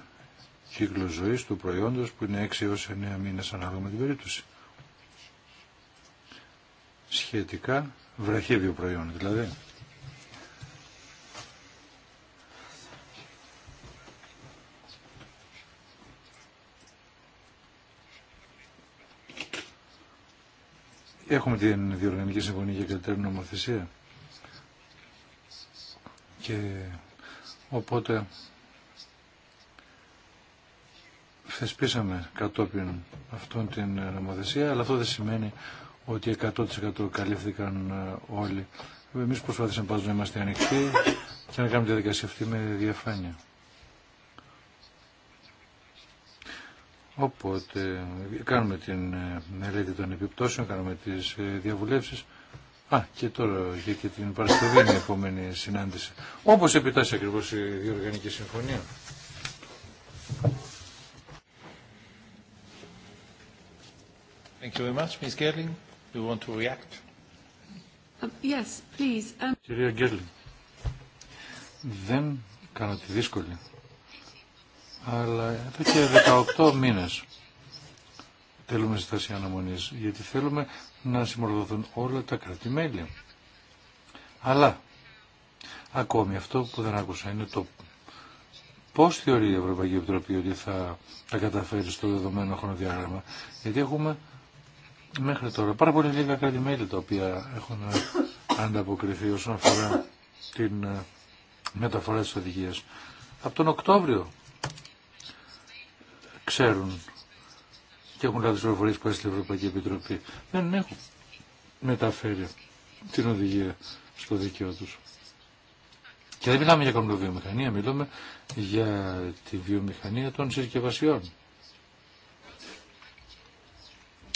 κύκλο ζωής του προϊόντος που είναι 6 έως 9 μήνες ανάλογα με την περίπτωση. Σχετικά ο προϊόν δηλαδή. Έχουμε την Διοργανική Συμφωνία για καλύτερη Νομοθεσία. Και οπότε θεσπίσαμε κατόπιν αυτόν την νομοθεσία, αλλά αυτό δεν σημαίνει ότι 100% καλύφθηκαν ε, όλοι. Εμείς προσπαθήσαμε πάντως να είμαστε ανοιχτοί και να κάνουμε τη διαδικασία αυτή με διαφάνεια. Οπότε κάνουμε την ε, μελέτη των επιπτώσεων, κάνουμε τις ε, διαβουλεύσεις. Α, και τώρα για και την Παρασκευή είναι η επόμενη συνάντηση. Όπως επιτάσσει ακριβώς η Διοργανική Συμφωνία. Κυρία Γκέρλιν, δεν κάνω τη δύσκολη αλλά εδώ και 18 μήνες θέλουμε στάση αναμονής, γιατί θέλουμε να συμμορφωθούν όλα τα κρατημέλια. Αλλά, ακόμη αυτό που δεν άκουσα είναι το πώς θεωρεί η Ευρωπαϊκή Επιτροπή ότι θα τα καταφέρει στο δεδομένο χρονοδιάγραμμα, γιατί έχουμε μέχρι τώρα πάρα πολύ λίγα κρατημέλια τα οποία έχουν ανταποκριθεί όσον αφορά την ε, μεταφορά της οδηγία, Από τον Οκτώβριο ξέρουν και έχουν λάβει τι πληροφορίε που στην Ευρωπαϊκή Επιτροπή. Δεν έχουν μεταφέρει την οδηγία στο δίκαιο του. Και δεν μιλάμε για βιομηχανία, μιλάμε για τη βιομηχανία των συσκευασιών.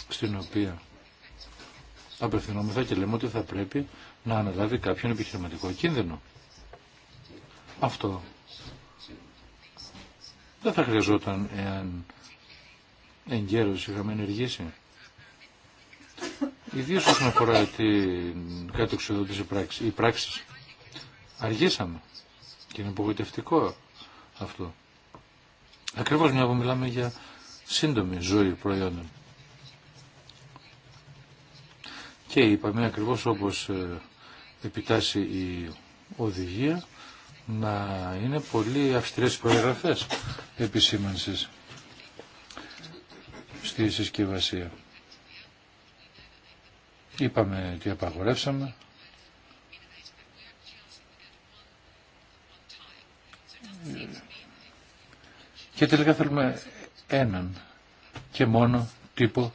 Στην οποία απευθυνόμεθα και λέμε ότι θα πρέπει να αναλάβει κάποιον επιχειρηματικό κίνδυνο. Αυτό δεν θα χρειαζόταν εάν γέρος είχαμε ενεργήσει. Ιδίως όσον αφορά την εξοδότηση πράξη, οι πράξεις. Αργήσαμε και είναι απογοητευτικό αυτό. Ακριβώς μια που μιλάμε για σύντομη ζωή προϊόντων. Και είπαμε ακριβώς όπως ε, επιτάσσει η οδηγία να είναι πολύ αυστηρές οι προεγραφές επισήμανσης στη συσκευασία. Είπαμε τι απαγορεύσαμε. Και τελικά θέλουμε έναν και μόνο τύπο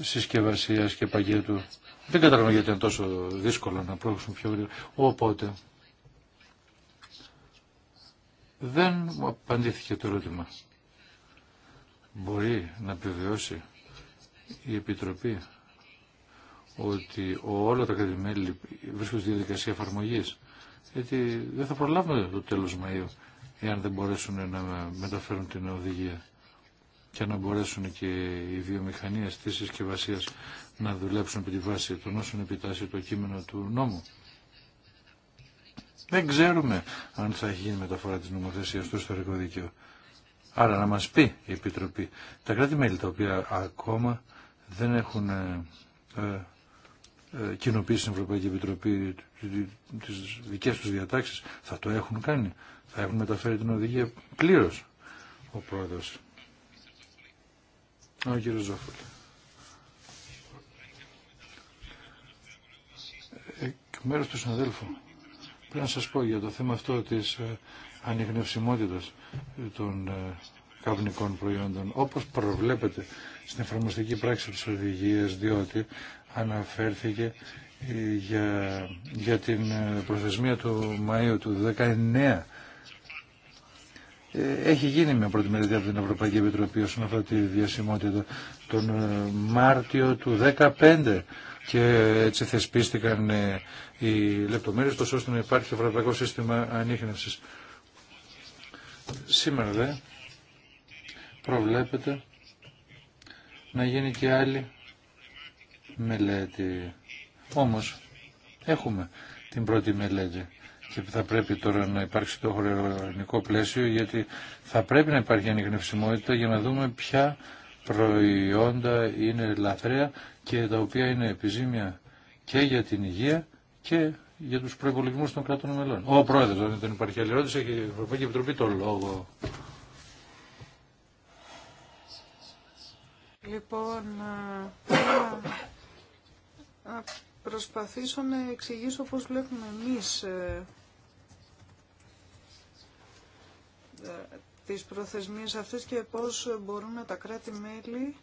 συσκευασίας και πακέτου. Δεν καταλαβαίνω γιατί είναι τόσο δύσκολο να πρόκειται πιο γρήγορα. Οπότε δεν μου απαντήθηκε το ερώτημα. Μπορεί να επιβεβαιώσει η Επιτροπή ότι όλα τα κατημέλη βρίσκονται στη διαδικασία εφαρμογή. Γιατί δεν θα προλάβουμε το τέλος Μαΐου εάν δεν μπορέσουν να μεταφέρουν την οδηγία και να μπορέσουν και οι βιομηχανίες της συσκευασία να δουλέψουν επί τη βάση των όσων επιτάσσει το κείμενο του νόμου. Δεν ξέρουμε αν θα έχει γίνει μεταφορά τη νομοθεσία του ιστορικό δίκαιο. Άρα να μας πει η Επιτροπή τα κράτη-μέλη τα οποία ακόμα δεν έχουν ε, ε, ε κοινοποιήσει στην Ευρωπαϊκή Επιτροπή τις δικές τους διατάξεις θα το έχουν κάνει, θα έχουν μεταφέρει την οδηγία πλήρως ο πρόεδρος. Ο κύριος Ζόφουλ. Εκ μέρους του συναδέλφου να σας πω για το θέμα αυτό της ε, ανιγνευσιμότητας ε, των ε, καπνικών προϊόντων, όπως προβλέπετε στην εφαρμοστική πράξη της οδηγίας, διότι αναφέρθηκε για, για την προθεσμία του Μαΐου του 19 έχει γίνει μια πρώτη μελέτη από την Ευρωπαϊκή Επιτροπή όσον αφορά τη διασημότητα τον Μάρτιο του 2015 και έτσι θεσπίστηκαν ε, οι λεπτομέρειες τόσο ώστε να υπάρχει το ευρωπαϊκό σύστημα ανείχνευσης. Σήμερα δε προβλέπεται να γίνει και άλλη μελέτη. Όμως έχουμε την πρώτη μελέτη και θα πρέπει τώρα να υπάρξει το χρονικό πλαίσιο γιατί θα πρέπει να υπάρχει ανιχνευσιμότητα για να δούμε ποια προϊόντα είναι λαθρέα και τα οποία είναι επιζήμια και για την υγεία και για τους προϋπολογισμούς των κράτων μελών. Ο Πρόεδρος, αν δεν υπάρχει άλλη ερώτηση, έχει η Ευρωπαϊκή Επιτροπή το λόγο. Λοιπόν, θα προσπαθήσω να εξηγήσω πώς βλέπουμε εμείς ε, τις προθεσμίες αυτές και πώς μπορούν τα κράτη-μέλη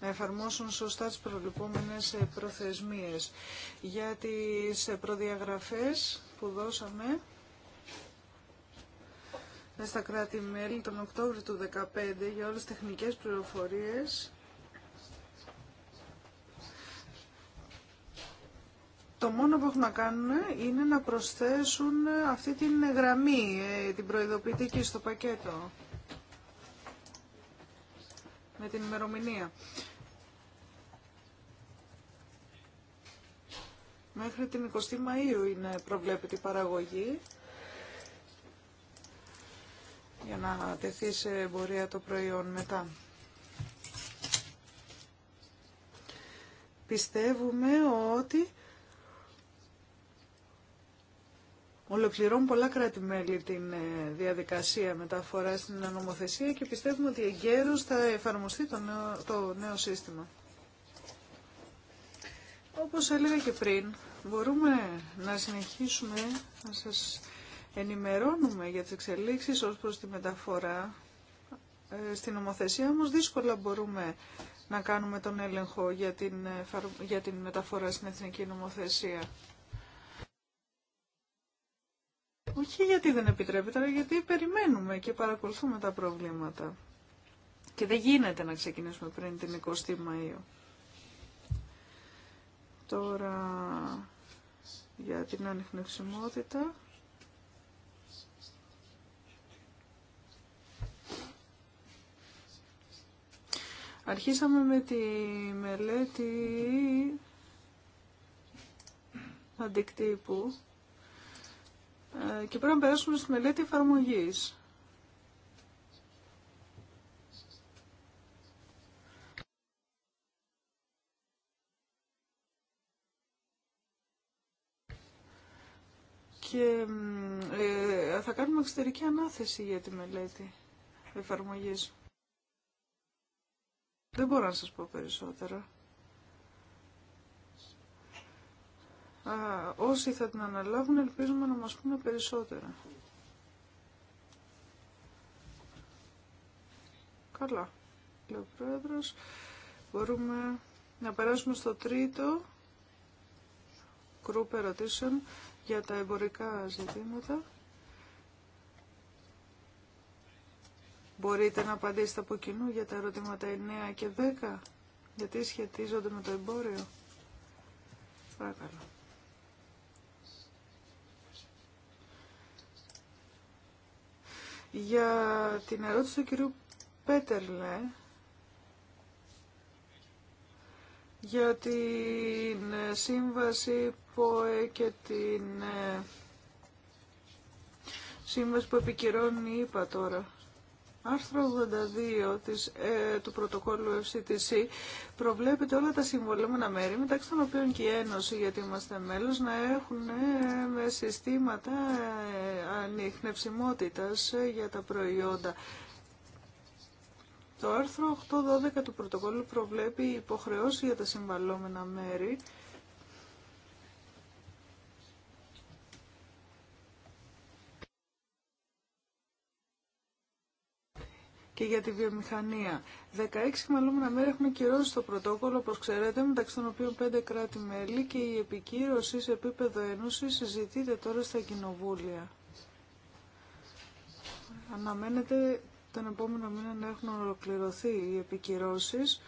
να εφαρμόσουν σωστά τις προβλεπόμενες προθεσμίες. Για τις προδιαγραφές που δώσαμε στα κράτη-μέλη τον Οκτώβριο του 2015 για όλες τις τεχνικές πληροφορίες Το μόνο που έχουν να κάνουν είναι να προσθέσουν αυτή την γραμμή, ε, την προειδοποιητική στο πακέτο. Με την ημερομηνία. Μέχρι την 20η Μαΐου είναι προβλέπεται η παραγωγή για να τεθεί σε εμπορία το προϊόν μετά. Πιστεύουμε ότι Ολοκληρώνουν πολλά κράτη-μέλη την ε, διαδικασία μεταφορά στην νομοθεσία και πιστεύουμε ότι εγκαίρω θα εφαρμοστεί το νέο, σύστημα. Όπως έλεγα και πριν, μπορούμε να συνεχίσουμε να σας ενημερώνουμε για τις εξελίξεις ως προς τη μεταφορά. Ε, στην νομοθεσία Όμω δύσκολα μπορούμε να κάνουμε τον έλεγχο για την, ε, για την μεταφορά στην εθνική νομοθεσία. Όχι γιατί δεν επιτρέπεται, αλλά γιατί περιμένουμε και παρακολουθούμε τα προβλήματα. Και δεν γίνεται να ξεκινήσουμε πριν την 20η Μαΐου. Τώρα για την ανιχνευσιμότητα. Αρχίσαμε με τη μελέτη αντικτύπου ε, και πρέπει να περάσουμε στη μελέτη εφαρμογής. Και ε, θα κάνουμε εξωτερική ανάθεση για τη μελέτη εφαρμογής. Δεν μπορώ να σας πω περισσότερα. όσοι θα την αναλάβουν ελπίζουμε να μας πούνε περισσότερα. Καλά, Λέω ο Πρόεδρος. Μπορούμε να περάσουμε στο τρίτο Κρούπε ερωτήσεων για τα εμπορικά ζητήματα. Μπορείτε να απαντήσετε από κοινού για τα ερωτήματα 9 και 10, γιατί σχετίζονται με το εμπόριο. Παρακαλώ. Για την ερώτηση του κυρίου Πέτερλε για την ε, σύμβαση ΠΟΕ και ε, σύμβαση που επικυρώνει είπα τώρα. Άρθρο 82 της, ε, του πρωτοκόλλου FCTC προβλέπεται όλα τα συμβολέμενα μέρη, μεταξύ των οποίων και η Ένωση, γιατί είμαστε μέλος, να έχουν ε, συστήματα ε, ανιχνευσιμότητας ε, για τα προϊόντα. Το άρθρο 812 του πρωτοκόλλου προβλέπει υποχρεώσει για τα συμβαλόμενα μέρη και για τη βιομηχανία. 16 μελούμενα μέρη έχουμε κυρώσει το πρωτόκολλο, όπω ξέρετε, μεταξύ των οποίων 5 κράτη-μέλη και η επικύρωση σε επίπεδο ένωση συζητείται τώρα στα κοινοβούλια. Αναμένεται τον επόμενο μήνα να έχουν ολοκληρωθεί οι επικυρώσει.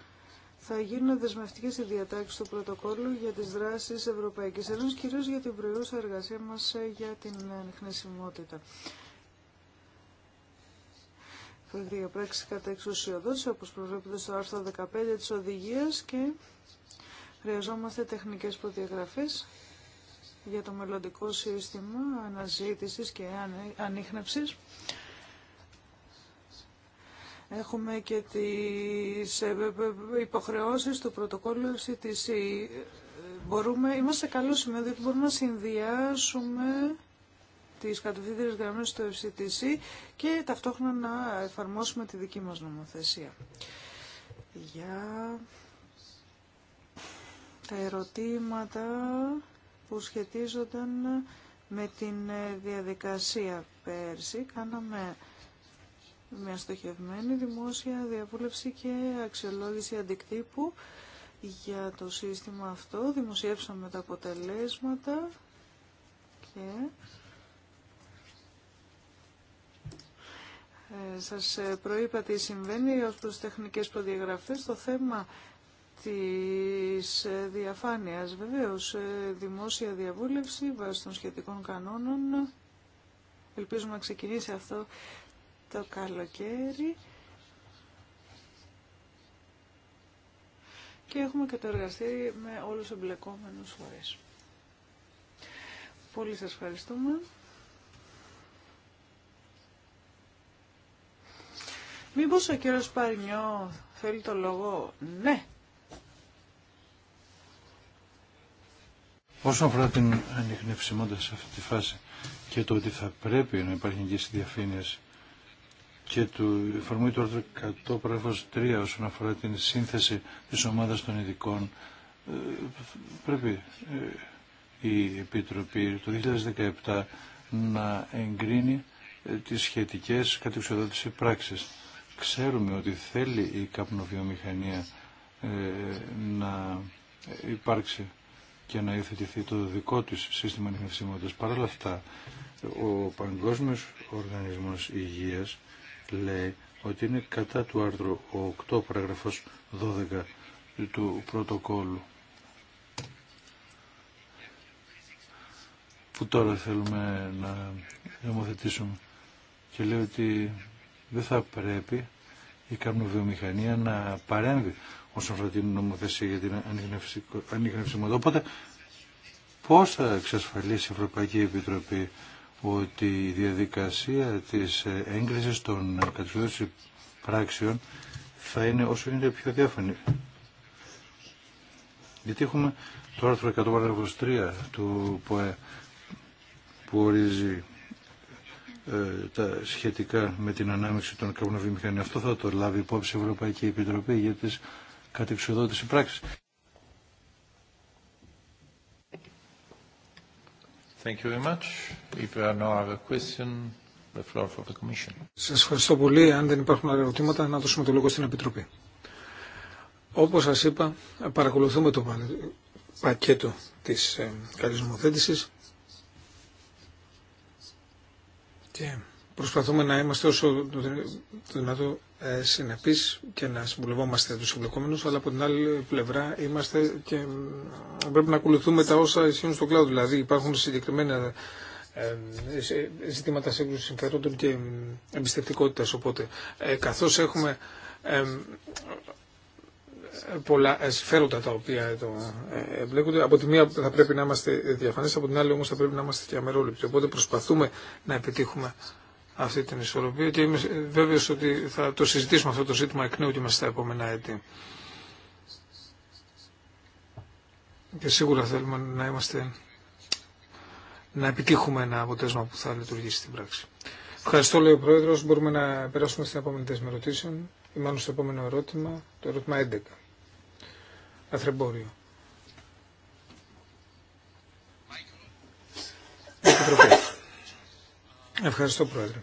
θα γίνουν δεσμευτικέ οι διατάξει του πρωτοκόλλου για τι δράσει Ευρωπαϊκή Ένωση, κυρίω για την προϊόντα εργασία μα ε, για την ανιχνεσιμότητα για πράξη κατά εξουσιοδότηση, όπως προβλέπεται στο άρθρο 15 της οδηγίας και χρειαζόμαστε τεχνικές προδιαγραφές για το μελλοντικό σύστημα αναζήτησης και ανείχνευσης. Έχουμε και τις ε, ε, ε, υποχρεώσεις του πρωτοκόλλου της μπορούμε, είμαστε σε καλό σημείο, διότι μπορούμε να συνδυάσουμε τις κατευθύντερες γραμμές του FCTC και ταυτόχρονα να εφαρμόσουμε τη δική μας νομοθεσία. Για τα ερωτήματα που σχετίζονταν με την ε, διαδικασία πέρσι, κάναμε μια στοχευμένη δημόσια διαβούλευση και αξιολόγηση αντικτύπου για το σύστημα αυτό. Δημοσιεύσαμε τα αποτελέσματα και Ε, σας ε, προείπα τι συμβαίνει από προς τεχνικές προδιαγραφές. Το θέμα της ε, διαφάνειας βεβαίως δημόσια διαβούλευση βάσει των σχετικών κανόνων. Ελπίζουμε να ξεκινήσει αυτό το καλοκαίρι. Και έχουμε και το εργαστήρι με όλους εμπλεκόμενους φορές. Πολύ σας ευχαριστούμε. Μήπως ο κύριος Παρνιό θέλει το λόγο. Ναι. Όσον αφορά την ανιχνευσιμότητα σε αυτή τη φάση και το ότι θα πρέπει να υπάρχει εγγύηση διαφήνειας και του εφαρμογή του άρθρου 100 3 όσον αφορά την σύνθεση της ομάδας των ειδικών ε, πρέπει ε, η Επιτροπή το 2017 να εγκρίνει ε, τις σχετικές κατεξοδότηση πράξεις. Ξέρουμε ότι θέλει η καπνοβιομηχανία ε, να υπάρξει και να υιοθετηθεί το δικό της σύστημα ανιχνευσιμότητας. Παρ' όλα αυτά, ο Παγκόσμιος Οργανισμός Υγείας λέει ότι είναι κατά του άρθρου 8 παραγραφός 12 του πρωτοκόλου. Που τώρα θέλουμε να νομοθετήσουμε και λέει ότι δεν θα πρέπει η καρνοβιομηχανία να παρέμβει όσον αφορά την νομοθεσία για την ανιχνευσιμότητα. Οπότε πώς θα εξασφαλίσει η Ευρωπαϊκή Επιτροπή ότι η διαδικασία της έγκρισης των κατηγοριών πράξεων θα είναι όσο είναι πιο διάφανη. Γιατί έχουμε το άρθρο 123 του ΠΟΕ που ορίζει ε, τα σχετικά με την ανάμειξη των καπνοβιομηχανίων. Αυτό θα το λάβει υπόψη η Ευρωπαϊκή Επιτροπή για τις κατεξοδότηση πράξεις. Thank you very much. If there are no other the floor for the Commission. Σας ευχαριστώ πολύ. Αν δεν υπάρχουν άλλα ερωτήματα, να δώσουμε το λόγο στην Επιτροπή. Όπως σας είπα, παρακολουθούμε το πακέτο της ε, καλής νομοθέτησης Και προσπαθούμε να είμαστε όσο το δυνατό ε, συνεπεί και να συμβουλευόμαστε τους εμπλεκόμενου, αλλά από την άλλη πλευρά είμαστε και ε, πρέπει να ακολουθούμε τα όσα ισχύουν στο κλάδο. Δηλαδή υπάρχουν συγκεκριμένα ε, ζητήματα συγκρουση συμφερόντων και εμπιστευτικότητα, Οπότε, καθώς έχουμε πολλά σφαίροτα τα οποία εδώ εμπλέκονται. Από τη μία θα πρέπει να είμαστε διαφανείς, από την άλλη όμω θα πρέπει να είμαστε και αμερόληπτοι. Οπότε προσπαθούμε να επιτύχουμε αυτή την ισορροπία και είμαι βέβαιος ότι θα το συζητήσουμε αυτό το ζήτημα εκ νέου και μέσα στα επόμενα έτη. Και σίγουρα θέλουμε να είμαστε να επιτύχουμε ένα αποτέλεσμα που θα λειτουργήσει στην πράξη. Ευχαριστώ, λέει ο Πρόεδρος. Μπορούμε να περάσουμε στην επόμενη θέση ή μάλλον στο επόμενο ερώτημα, το ερώτημα 11. Λαθρεμπόριο. Επιτροπή. Ευχαριστώ Πρόεδρε.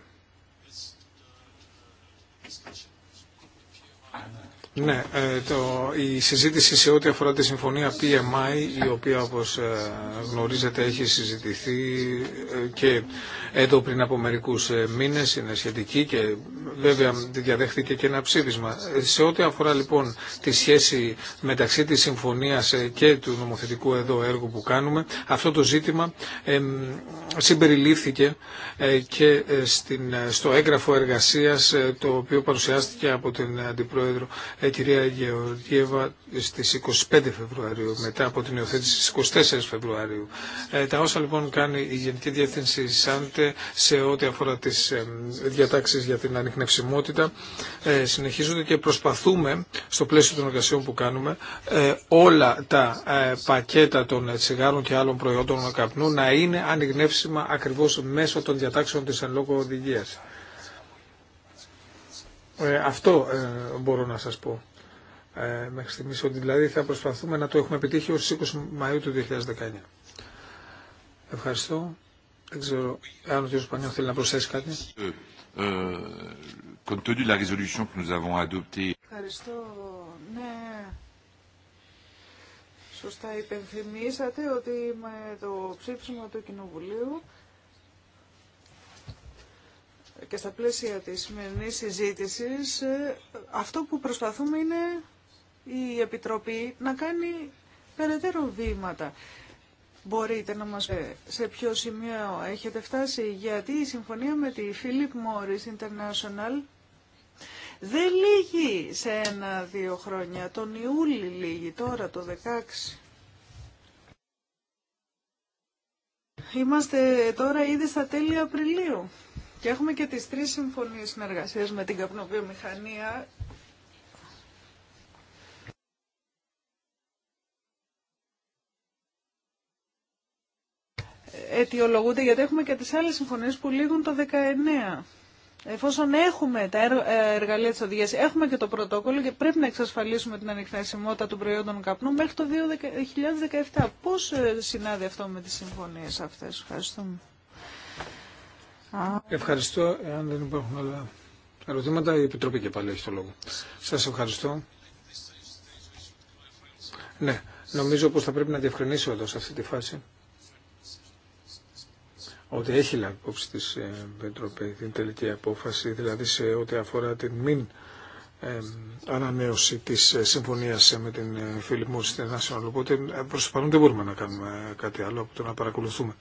Ναι, ε, το, η συζήτηση σε ό,τι αφορά τη συμφωνία PMI, η οποία όπως ε, γνωρίζετε έχει συζητηθεί ε, και εδώ πριν από μερικούς μήνες, είναι σχετική και βέβαια διαδέχθηκε και ένα ψήφισμα. Σε ό,τι αφορά λοιπόν τη σχέση μεταξύ της συμφωνίας και του νομοθετικού εδώ έργου που κάνουμε, αυτό το ζήτημα συμπεριλήφθηκε και στο έγγραφο εργασίας το οποίο παρουσιάστηκε από την Αντιπρόεδρο κυρία Γεωργίευα στις 25 Φεβρουαρίου μετά από την υιοθέτηση στις 24 Φεβρουαρίου. Ε, τα όσα λοιπόν κάνει η Γενική Διεύθυνση ΣΑΝΤΕ σε ό,τι αφορά τις ε, διατάξεις για την ανιχνευσιμότητα ε, συνεχίζονται και προσπαθούμε στο πλαίσιο των εργασιών που κάνουμε όλα τα πακέτα των τσιγάρων και άλλων προϊόντων καπνού να είναι ανοιχνεύσιμα ακριβώς μέσω των διατάξεων της εν λόγω οδηγίας. Ε, αυτό ε, μπορώ να σας πω ε, μέχρι στιγμής, ότι δηλαδή θα προσπαθούμε να το έχουμε επιτύχει ως 20 Μαΐου του 2019. Ευχαριστώ. Δεν ξέρω αν ο κ. Πανιό θέλει να προσθέσει κάτι. Ευχαριστώ. Ναι. Σωστά υπενθυμίσατε ότι με το ψήφισμα του Κοινοβουλίου και στα πλαίσια της σημερινή συζήτησης ε, αυτό που προσπαθούμε είναι η Επιτροπή να κάνει περαιτέρω βήματα. Μπορείτε να μας πείτε σε ποιο σημείο έχετε φτάσει, γιατί η συμφωνία με τη Philip Morris International δεν λύγει σε ένα-δύο χρόνια. Τον Ιούλη λύγει τώρα, το 16. Είμαστε τώρα ήδη στα τέλη Απριλίου. Και έχουμε και τις τρεις συμφωνίες συνεργασίας με την καπνοβιομηχανία αιτιολογούνται γιατί έχουμε και τις άλλες συμφωνίες που λήγουν το 19. Εφόσον έχουμε τα ε, εργαλεία της οδηγίας, έχουμε και το πρωτόκολλο και πρέπει να εξασφαλίσουμε την ανεκθεσιμότητα των προϊόντων καπνού μέχρι το 2017. Πώς ε, συνάδει αυτό με τις συμφωνίες αυτές. Ευχαριστούμε. Ευχαριστώ. Εάν δεν υπάρχουν άλλα ερωτήματα, η Επιτροπή και πάλι έχει το λόγο. Σα ευχαριστώ. Ναι, νομίζω πω θα πρέπει να διευκρινίσω εδώ σε αυτή τη φάση ότι έχει λάβει υπόψη τη ε, Επιτροπή την τελική απόφαση, δηλαδή σε ό,τι αφορά την μην ε, ανανέωση της ε, συμφωνία με την Φίλιπ ε, στην International. Οπότε προς το παρόν δεν μπορούμε να κάνουμε κάτι άλλο από το να παρακολουθούμε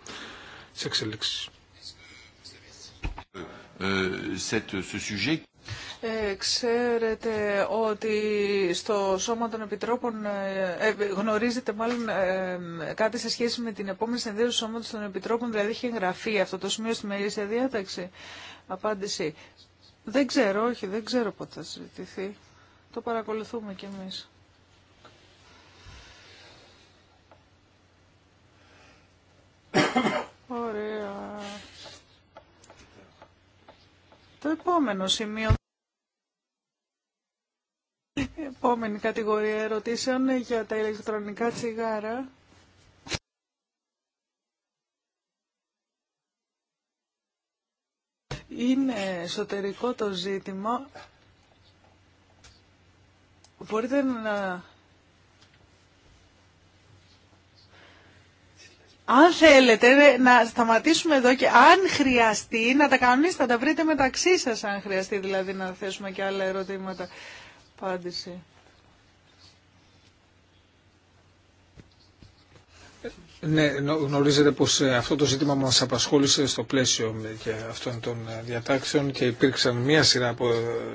τι εξελίξει. Euh, ε, ξέρετε ότι στο Σώμα των Επιτρόπων ε, ε, γνωρίζετε μάλλον κάτι σε σχέση με την επόμενη συνεδρία του Σώματος των Επιτρόπων, δηλαδή έχει εγγραφεί αυτό το σημείο στη μερίσια διάταξη. Απάντηση. Δεν ξέρω, όχι, δεν ξέρω πότε θα συζητηθεί. Το παρακολουθούμε κι εμείς. Ωραία. Το επόμενο σημείο. Επόμενη κατηγορία ερωτήσεων για τα ηλεκτρονικά τσιγάρα. Είναι εσωτερικό το ζήτημα. Μπορείτε να αν θέλετε ε, να σταματήσουμε εδώ και αν χρειαστεί να τα κανονίσετε, να τα βρείτε μεταξύ σας αν χρειαστεί δηλαδή να θέσουμε και άλλα ερωτήματα. Πάντηση. Ναι, γνωρίζετε πως ε, αυτό το ζήτημα μας απασχόλησε στο πλαίσιο και αυτών των ε, διατάξεων και υπήρξαν μία σειρά από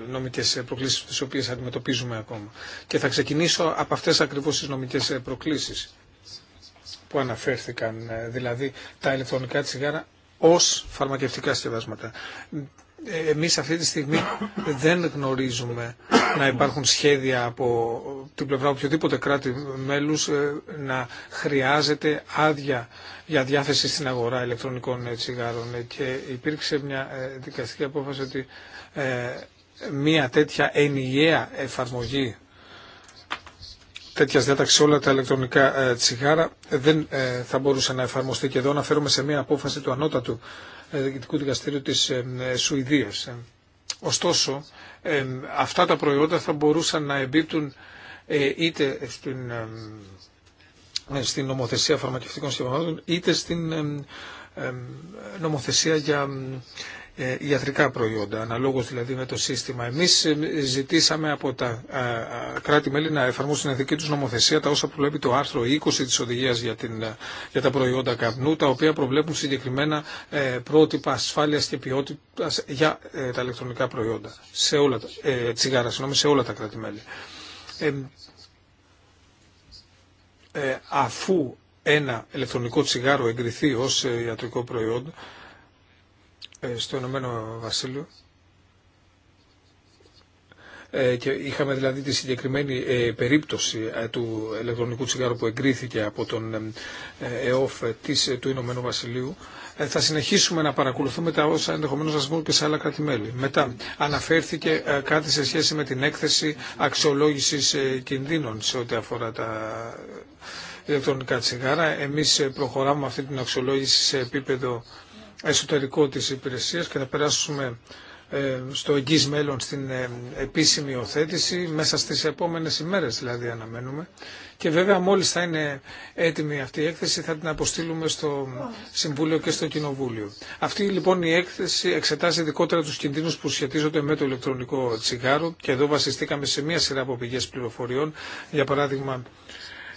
νομικές προκλήσεις τις οποίες αντιμετωπίζουμε ακόμα. Και θα ξεκινήσω από αυτές ακριβώς τις νομικές προκλήσεις που αναφέρθηκαν, ε, δηλαδή τα ηλεκτρονικά τσιγάρα ως φαρμακευτικά συσκευάσματα. Ε, εμείς αυτή τη στιγμή δεν γνωρίζουμε να υπάρχουν σχέδια από την πλευρά οποιοδήποτε κράτη μέλους ε, να χρειάζεται άδεια για διάθεση στην αγορά ηλεκτρονικών τσιγάρων και υπήρξε μια δικαστική απόφαση ότι μια τέτοια ενιαία εφαρμογή τέτοια διάταξη όλα τα ηλεκτρονικά ε, τσιγάρα δεν ε, θα μπορούσαν να εφαρμοστεί και εδώ αναφέρομαι σε μια απόφαση του ανώτατου ε, διοικητικού δικαστήριου της Σουηδίας. Ωστόσο, αυτά τα προϊόντα θα μπορούσαν να εμπίπτουν είτε στην, στην νομοθεσία φαρμακευτικών συσκευασμάτων είτε στην νομοθεσία για ε, ιατρικά προϊόντα, αναλόγως δηλαδή με το σύστημα. Εμείς ε, ζητήσαμε από τα ε, κράτη-μέλη να εφαρμόσουν την δική τους νομοθεσία τα όσα προβλέπει το άρθρο 20 της οδηγίας για, για τα προϊόντα καπνού, τα οποία προβλέπουν συγκεκριμένα πρότυπα ασφάλειας και ποιότητας για τα ηλεκτρονικά προϊόντα, σε όλα τα, ε, τσιγάρα, συγγνώμη, σε όλα τα κράτη-μέλη. αφού ένα ηλεκτρονικό τσιγάρο εγκριθεί ως ιατρικό προϊόν, ε, στο Ηνωμένο Βασίλειο ε, και είχαμε δηλαδή τη συγκεκριμένη ε, περίπτωση του ηλεκτρονικού τσιγάρου που εγκρίθηκε από τον ΕΟΦ της, του Ηνωμένου Βασιλείου θα συνεχίσουμε να παρακολουθούμε τα όσα ενδεχομένω να συμβούν και σε άλλα κράτη-μέλη. Μετά, αναφέρθηκε κάτι σε σχέση με την έκθεση αξιολόγηση κινδύνων σε ό,τι αφορά τα ηλεκτρονικά τσιγάρα. Εμεί προχωράμε αυτή την αξιολόγηση σε επίπεδο εσωτερικό της υπηρεσίας και θα περάσουμε ε, στο εγγύς μέλλον στην ε, επίσημη οθέτηση μέσα στις επόμενες ημέρες δηλαδή αναμένουμε και βέβαια μόλις θα είναι έτοιμη αυτή η έκθεση θα την αποστείλουμε στο Συμβούλιο και στο Κοινοβούλιο. Αυτή λοιπόν η έκθεση εξετάζει ειδικότερα τους κινδύνους που σχετίζονται με το ηλεκτρονικό τσιγάρο και εδώ βασιστήκαμε σε μια σειρά από πηγές πληροφοριών για παράδειγμα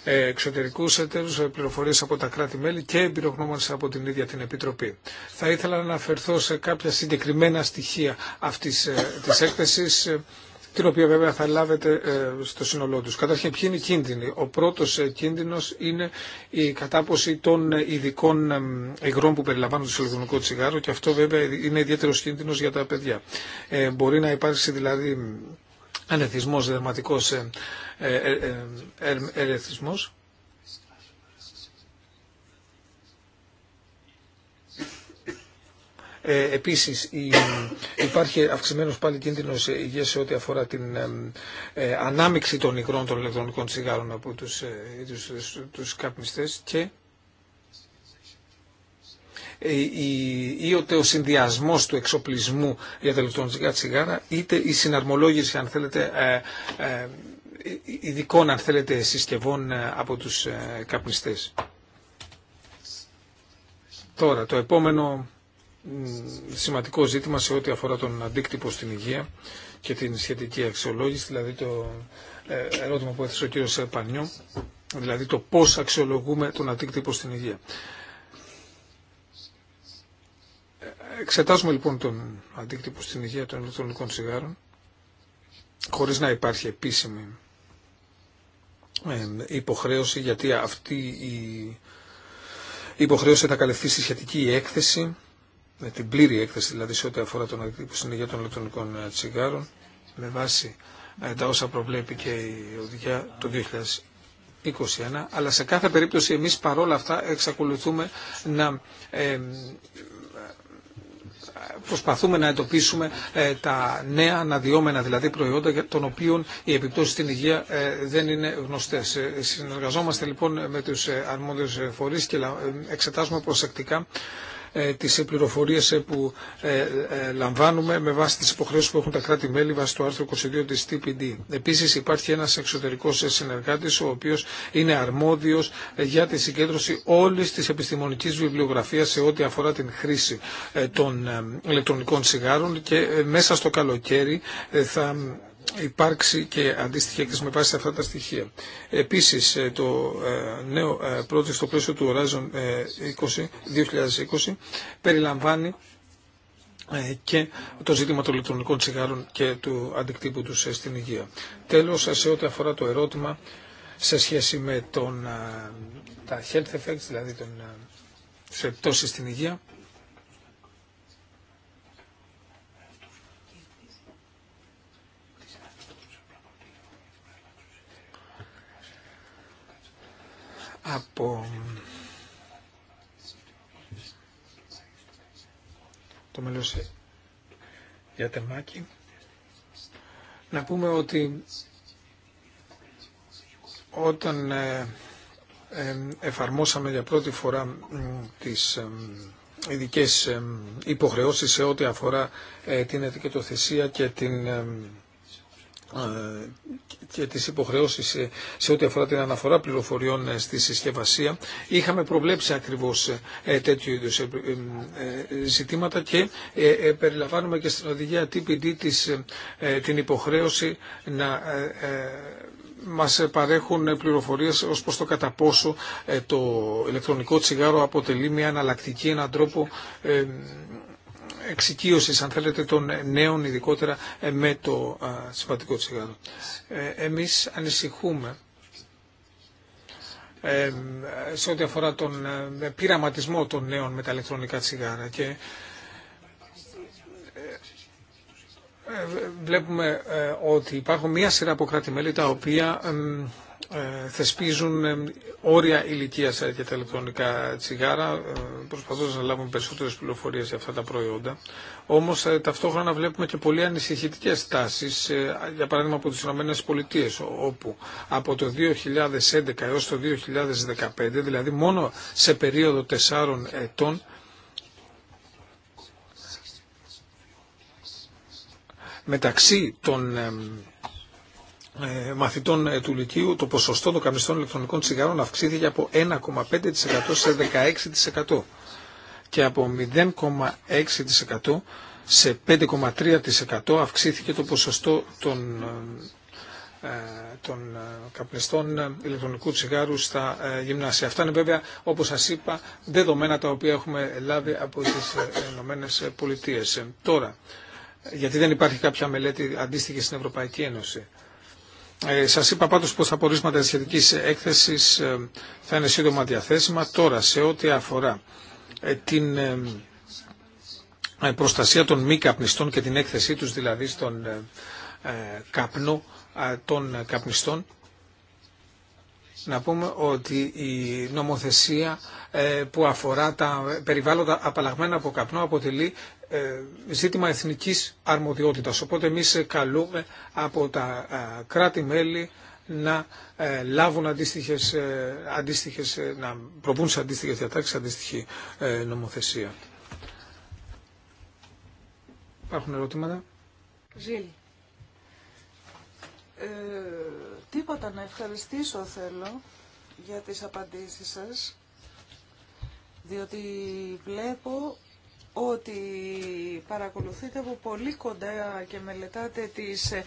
ε, εξωτερικούς εταίρους, ε, πληροφορίες από τα κράτη-μέλη και εμπειρογνώμονες από την ίδια την Επιτροπή. Θα ήθελα να αναφερθώ σε κάποια συγκεκριμένα στοιχεία αυτής ε, της έκθεσης την οποία βέβαια θα λάβετε στο σύνολό τους. Καταρχήν, ποιοι είναι οι κίνδυνοι. Ο πρώτος κίνδυνος είναι η κατάποση των ειδικών υγρών που περιλαμβάνουν το συλλογικό τσιγάρο και αυτό βέβαια είναι ιδιαίτερο κίνδυνος για τα παιδιά. Ε, μπορεί να υπάρξει δηλαδή ανεθισμός δερματικός ε, ε, ε, ε, ερεθισμός. επίσης υπάρχει αυξημένος πάλι κίνδυνος υγείας σε ό,τι αφορά την ανάμειξη των υγρών των ηλεκτρονικών τσιγάρων από τους, τους, τους καπνιστές και είτε ο συνδυασμός του εξοπλισμού για τα ηλεκτρονικά τσιγάρα είτε η συναρμολόγηση αν θέλετε ε, ε, ειδικών αν θέλετε συσκευών ε, από τους καπνιστές. Τώρα το επόμενο σημαντικό ζήτημα σε ό,τι αφορά τον αντίκτυπο στην υγεία και την σχετική αξιολόγηση, δηλαδή το ερώτημα που έθεσε ο κύριος Πανιό, δηλαδή το πώς αξιολογούμε τον αντίκτυπο στην υγεία. Εξετάζουμε λοιπόν τον αντίκτυπο στην υγεία των ηλεκτρονικών τσιγάρων χωρίς να υπάρχει επίσημη υποχρέωση γιατί αυτή η υποχρέωση θα καλυφθεί στη σχετική έκθεση με την πλήρη έκθεση δηλαδή σε ό,τι αφορά τον αντίκτυπο στην υγεία των ηλεκτρονικών ε, τσιγάρων με βάση ε, τα όσα προβλέπει και η οδηγία το 2021 αλλά σε κάθε περίπτωση εμείς παρόλα αυτά εξακολουθούμε να προσπαθούμε να εντοπίσουμε ε, τα νέα αναδυόμενα δηλαδή προϊόντα για των οποίων οι επιπτώσεις στην υγεία ε, δεν είναι γνωστές. Ε, συνεργαζόμαστε λοιπόν με τους αρμόδιους φορείς και εξετάζουμε προσεκτικά ε, τις πληροφορίες ε, που ε, λαμβάνουμε με βάση τις υποχρεώσεις που έχουν τα κράτη-μέλη βάσει το άρθρο 22 της TPD. Επίσης υπάρχει ένας εξωτερικός συνεργάτης ο οποίος είναι αρμόδιος για τη συγκέντρωση όλης της επιστημονικής βιβλιογραφίας σε ό,τι αφορά την χρήση των ηλεκτρονικών σιγάρων και μέσα στο καλοκαίρι θα υπάρξει και αντίστοιχη έκθεση με βάση αυτά τα στοιχεία. Επίσης, ε, το ε, νέο ε, project στο πλαίσιο του Horizon 2020 περιλαμβάνει και το ζήτημα των ηλεκτρονικών τσιγάρων και του αντικτύπου τους στην υγεία. Τέλος, σε ό,τι αφορά το ερώτημα σε σχέση με τον, τα health effects, δηλαδή τον, επιπτώσει στην υγεία, από το μέλος τεμάκι να πούμε ότι όταν ε, ε, εφαρμόσαμε για πρώτη φορά τις ε, ειδικέ υποχρεώσεις σε ό,τι αφορά την ετικετοθεσία και την και τις υποχρεώσεις σε ό,τι αφορά την αναφορά πληροφοριών ε, στη συσκευασία είχαμε προβλέψει ακριβώς ε, ε, τέτοιου είδους ζητήματα και περιλαμβάνουμε και στην οδηγία TPD της, την υποχρέωση να μας παρέχουν πληροφορίες ως προς το κατά πόσο το ηλεκτρονικό τσιγάρο αποτελεί μια αναλλακτική, έναν τρόπο εξοικείωση, αν θέλετε, των νέων, ειδικότερα ε, με το συμβατικό τσιγάρο. Ε, εμείς ανησυχούμε ε, σε ό,τι αφορά τον πειραματισμό των νέων με τα ηλεκτρονικά τσιγάρα και βλέπουμε ότι υπάρχουν μία σειρά από κράτη-μέλη τα οποία ε, θεσπίζουν ε, όρια ηλικία για τα ηλεκτρονικά τσιγάρα, ε, προσπαθώντα να λάβουν περισσότερε πληροφορίε για αυτά τα προϊόντα. Όμω ταυτόχρονα βλέπουμε και πολύ ανησυχητικέ τάσει, για παράδειγμα από τι ΗΠΑ, όπου από το 2011 έω το 2015, δηλαδή μόνο σε περίοδο 4 ετών, μεταξύ των ε, μαθητών ε, του Λυκείου το ποσοστό των καπνιστών ηλεκτρονικών τσιγάρων αυξήθηκε από 1,5% σε 16% και από 0,6% σε 5,3% αυξήθηκε το ποσοστό των, ε, των καπνιστών ηλεκτρονικού τσιγάρου στα γυμνάσια. Αυτά είναι βέβαια, όπως σας είπα, δεδομένα τα οποία έχουμε λάβει από τις ΗΠΑ Τώρα, γιατί δεν υπάρχει κάποια μελέτη αντίστοιχη στην Ευρωπαϊκή Ένωση. Ε, σας είπα πάντως πως τα πορίσματα της σχετικής έκθεσης ε, θα είναι σύντομα διαθέσιμα. Τώρα, σε ό,τι αφορά ε, την ε, προστασία των μη καπνιστών και την έκθεσή τους, δηλαδή στον καπνό των καπνιστών, να πούμε ότι η νομοθεσία που αφορά τα περιβάλλοντα απαλλαγμένα από καπνό αποτελεί ε, ζήτημα εθνικής αρμοδιότητας. Οπότε εμείς καλούμε από τα ε, κράτη-μέλη να ε, λάβουν αντίστοιχες, αντίστοιχες, να προβούν σε αντίστοιχες διατάξεις, αντίστοιχη νομοθεσία. Υπάρχουν ερωτήματα. Ζήλ. Ε, τίποτα να ευχαριστήσω θέλω για τις απαντήσεις σας, διότι βλέπω ότι παρακολουθείτε από πολύ κοντά και μελετάτε τις ε,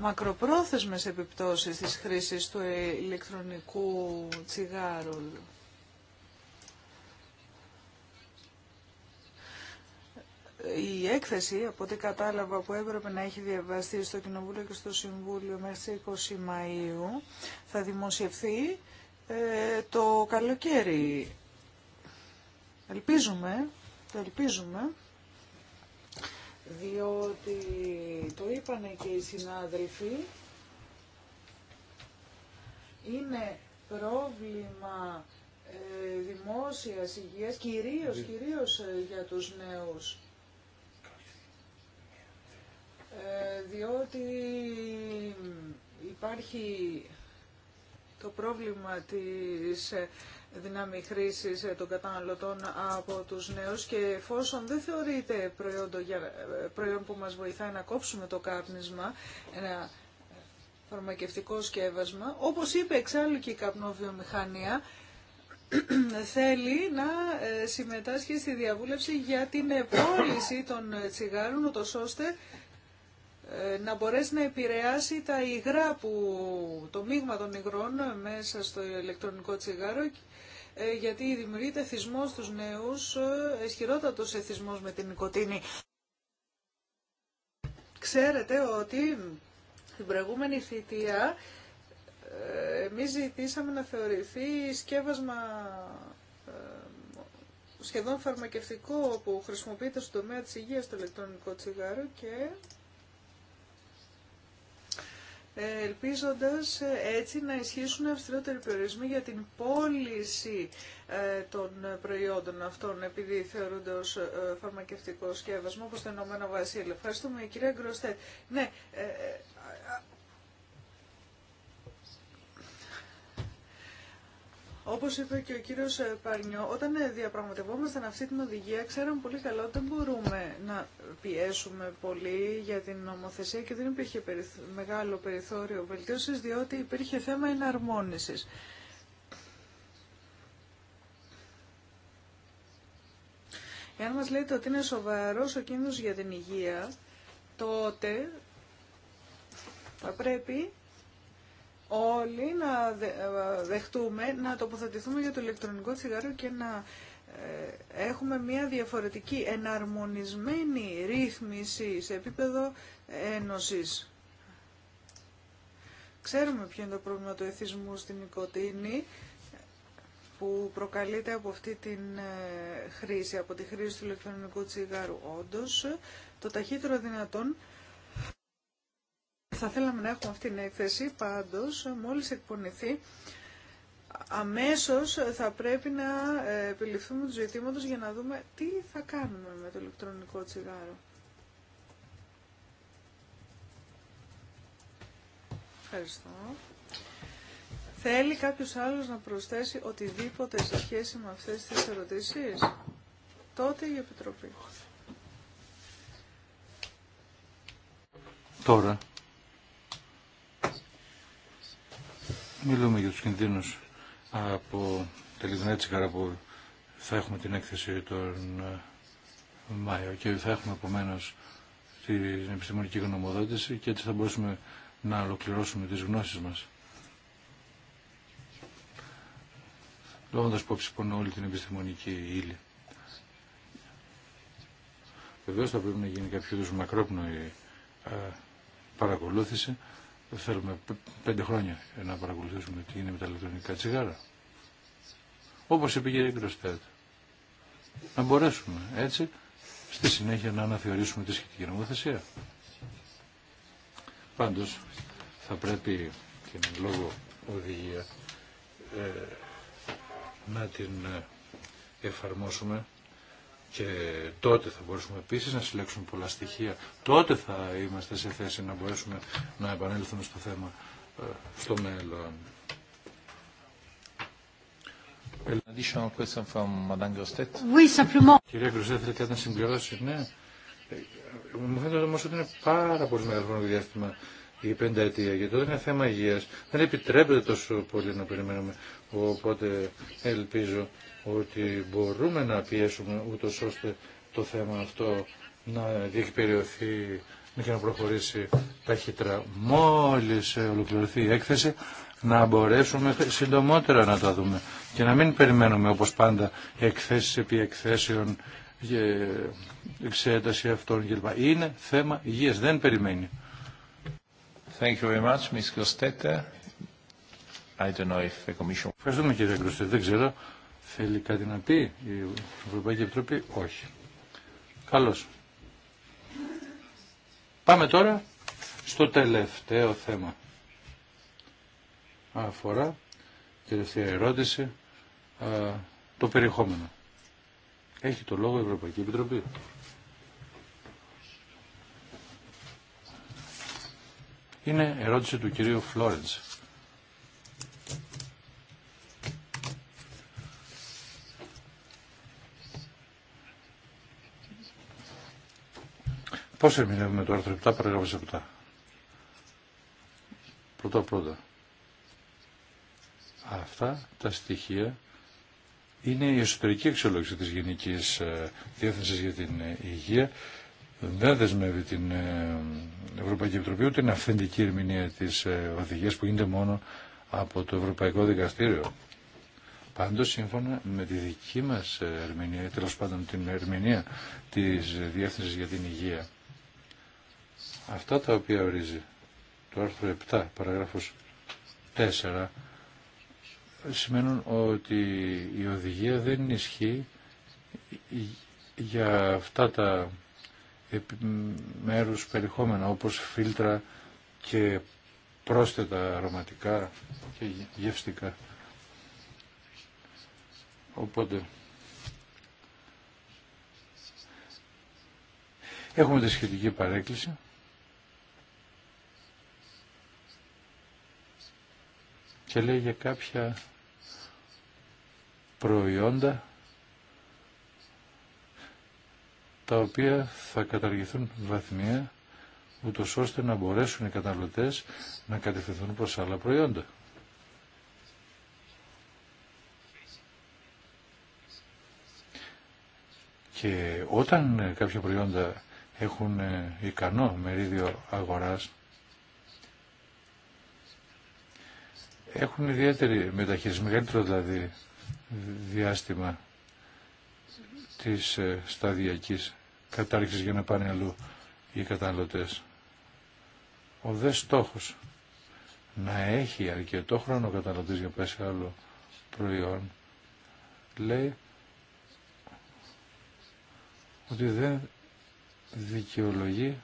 μακροπρόθεσμες επιπτώσεις της χρήσης του ηλεκτρονικού τσιγάρου. η έκθεση, από ό,τι κατάλαβα, που έπρεπε να έχει διαβαστεί στο Κοινοβούλιο και στο Συμβούλιο μέχρι τις 20 Μαΐου, θα δημοσιευθεί ε, το καλοκαίρι. Ελπίζουμε το ελπίζουμε, διότι το είπανε και οι συνάδελφοι, είναι πρόβλημα ε, δημόσιας υγείας, κυρίως, ναι. κυρίως ε, για τους νέους. Ε, διότι υπάρχει το πρόβλημα της ε, δυνάμει χρήση ε, των καταναλωτών από τους νέου και εφόσον δεν θεωρείται προϊόντο ε, προϊόν που μας βοηθάει να κόψουμε το κάπνισμα, ένα ε, φαρμακευτικό σκεύασμα, όπως είπε εξάλλου και η καπνοβιομηχανία, θέλει να συμμετάσχει στη διαβούλευση για την πώληση των τσιγάρων, ώστε ε, να μπορέσει να επηρεάσει τα υγρά που το μείγμα των υγρών μέσα στο ηλεκτρονικό τσιγάρο ε, γιατί δημιουργείται θυσμός στους νέους, ε, ισχυρότατος θυσμός με την νοικοτήνη. Ξέρετε ότι την προηγούμενη θητεία εμείς ζητήσαμε να θεωρηθεί σκεύασμα σχεδόν φαρμακευτικό που χρησιμοποιείται στο τομέα της υγείας το ηλεκτρονικό τσιγάρο και ελπίζοντας ε, έτσι να ισχύσουν αυστηρότεροι περιορισμοί για την πώληση ε, των προϊόντων αυτών, επειδή θεωρούνται ως ε, φαρμακευτικό σκεύασμα, όπως το Ηνωμένο Βασίλειο. Ευχαριστούμε, κυρία Γκροστέ. Ναι, Όπως είπε και ο κύριος ε, Παρνιό, όταν ε, διαπραγματευόμασταν αυτή την οδηγία, ξέραμε πολύ καλά ότι δεν μπορούμε να πιέσουμε πολύ για την νομοθεσία και δεν υπήρχε μεγάλο περιθώριο βελτίωση διότι υπήρχε θέμα εναρμόνιση. Εάν μας λέτε ότι είναι σοβαρός ο κίνδυνος για την υγεία, τότε θα πρέπει όλοι να ε, δεχτούμε να τοποθετηθούμε για το ηλεκτρονικό τσιγάρο και να ε, έχουμε μια διαφορετική εναρμονισμένη ρύθμιση σε επίπεδο ένωσης. Ξέρουμε ποιο είναι το πρόβλημα του εθισμού στην νοικοτήνη που προκαλείται από αυτή την ε, χρήση, από τη χρήση του ηλεκτρονικού τσιγάρου. Όντως, το ταχύτερο δυνατόν θα θέλαμε να έχουμε αυτή την έκθεση, πάντως μόλις εκπονηθεί αμέσως θα πρέπει να ε, επιληφθούμε του ζητήματος για να δούμε τι θα κάνουμε με το ηλεκτρονικό τσιγάρο. Ευχαριστώ. Θέλει κάποιος άλλος να προσθέσει οτιδήποτε σε σχέση με αυτές τις ερωτήσεις. Τότε η Επιτροπή. Τώρα Μιλούμε για τους κινδύνους από τα λιγνά τσιγάρα που θα έχουμε την έκθεση τον ε, Μάιο και θα έχουμε επομένω την επιστημονική γνωμοδότηση και έτσι θα μπορέσουμε να ολοκληρώσουμε τις γνώσεις μας. Λόγοντας που πονού όλη την επιστημονική ύλη. Βεβαίως θα πρέπει να γίνει κάποιο είδους μακρόπνοη ε, παρακολούθηση θέλουμε πέντε χρόνια να παρακολουθήσουμε τι γίνεται με τα ηλεκτρονικά τσιγάρα. Όπως είπε και η Να μπορέσουμε έτσι στη συνέχεια να αναθεωρήσουμε τη σχετική νομοθεσία. Πάντως θα πρέπει και με λόγο οδηγία ε, να την ε, εφαρμόσουμε και τότε θα μπορέσουμε επίση να συλλέξουμε πολλά στοιχεία. Τότε θα είμαστε σε θέση να μπορέσουμε να επανέλθουμε στο θέμα ε, στο μέλλον. Κυρία Γκροστέ, θέλετε κάτι να συμπληρώσει, ναι. Ε, μου φαίνεται όμω ότι είναι πάρα πολύ μεγάλο χρόνο διάστημα η πενταετία, γιατί τότε είναι θέμα υγεία. Δεν επιτρέπεται τόσο πολύ να περιμένουμε. Οπότε ελπίζω ότι μπορούμε να πιέσουμε ούτω ώστε το θέμα αυτό να διεκπαιριωθεί και να προχωρήσει ταχύτερα. Μόλις ε, ολοκληρωθεί η έκθεση να μπορέσουμε συντομότερα να τα δούμε και να μην περιμένουμε όπως πάντα εκθέσεις επί εκθέσεων και εξέταση αυτών κλπ. Είναι θέμα υγείας, δεν περιμένει. Thank you very much, Ms. I don't know if the commission... Ευχαριστούμε κύριε Δεν ξέρω Θέλει κάτι να πει η Ευρωπαϊκή Επιτροπή. Όχι. Καλώς. Πάμε τώρα στο τελευταίο θέμα. Αφορά, τελευταία ερώτηση, το περιεχόμενο. Έχει το λόγο η Ευρωπαϊκή Επιτροπή. Είναι ερώτηση του κυρίου Φλόρεντς. Πώ ερμηνεύουμε το άρθρο 7, παραγράφο 7. Πρώτα πρώτα. Αυτά τα στοιχεία είναι η εσωτερική αξιολόγηση της Γενικής ε, Διεύθυνσης για την ε, Υγεία. Δεν δεσμεύει την ε, Ευρωπαϊκή Επιτροπή ούτε είναι αυθεντική ερμηνεία της οδηγίας που γίνεται μόνο από το Ευρωπαϊκό Δικαστήριο. Πάντως, σύμφωνα με τη δική μας ερμηνεία, τέλο πάντων την ερμηνεία της Διεύθυνσης για την Υγεία, αυτά τα οποία ορίζει το άρθρο 7 παραγράφος 4 σημαίνουν ότι η οδηγία δεν ισχύει για αυτά τα μέρους περιχώμενα όπως φίλτρα και πρόσθετα αρωματικά και γευστικά. Οπότε έχουμε τη σχετική παρέκκληση και λέει για κάποια προϊόντα τα οποία θα καταργηθούν βαθμία ούτως ώστε να μπορέσουν οι καταναλωτές να κατευθυνθούν προς άλλα προϊόντα. Και όταν κάποια προϊόντα έχουν ικανό μερίδιο αγοράς, έχουν ιδιαίτερη μεταχείριση, μεγαλύτερο δηλαδή διάστημα της ε, σταδιακής κατάρριξης για να πάνε αλλού οι καταναλωτές. Ο δε στόχος να έχει αρκετό χρόνο ο καταναλωτής για πέσει άλλο προϊόν λέει ότι δεν δικαιολογεί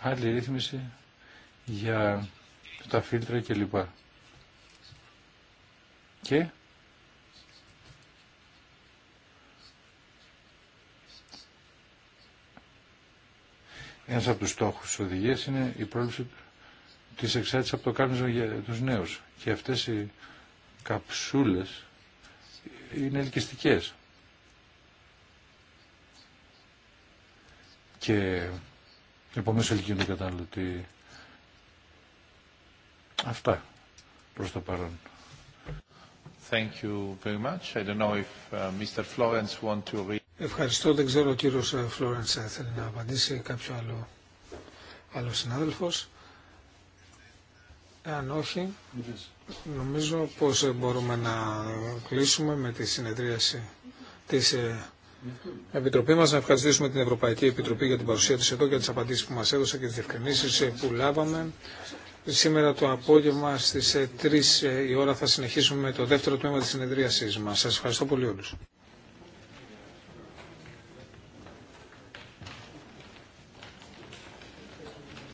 άλλη ρύθμιση για τα φίλτρα κλπ και ένας από τους στόχους της είναι η πρόληψη της εξάρτησης από το κάπνισμα για τους νέους και αυτές οι καψούλες είναι ελκυστικές και επομένως ελκύουν κατάλληλοι ότι αυτά προς το παρόν. Ευχαριστώ. Δεν ξέρω ο κύριος ε, Φλόρενς ε, θέλει να απαντήσει κάποιο άλλο, άλλο συνάδελφος. Εάν όχι, νομίζω πως ε, μπορούμε να κλείσουμε με τη συνεδρίαση της Επιτροπή μας. Να ευχαριστήσουμε την Ευρωπαϊκή Επιτροπή για την παρουσία της εδώ και τις απαντήσεις που μας έδωσε και τις διευκρινήσεις που λάβαμε. Σήμερα το απόγευμα στις 3 ε, ε, η ώρα θα συνεχίσουμε με το δεύτερο τμήμα της συνεδρίασής μας. Σας ευχαριστώ πολύ όλους.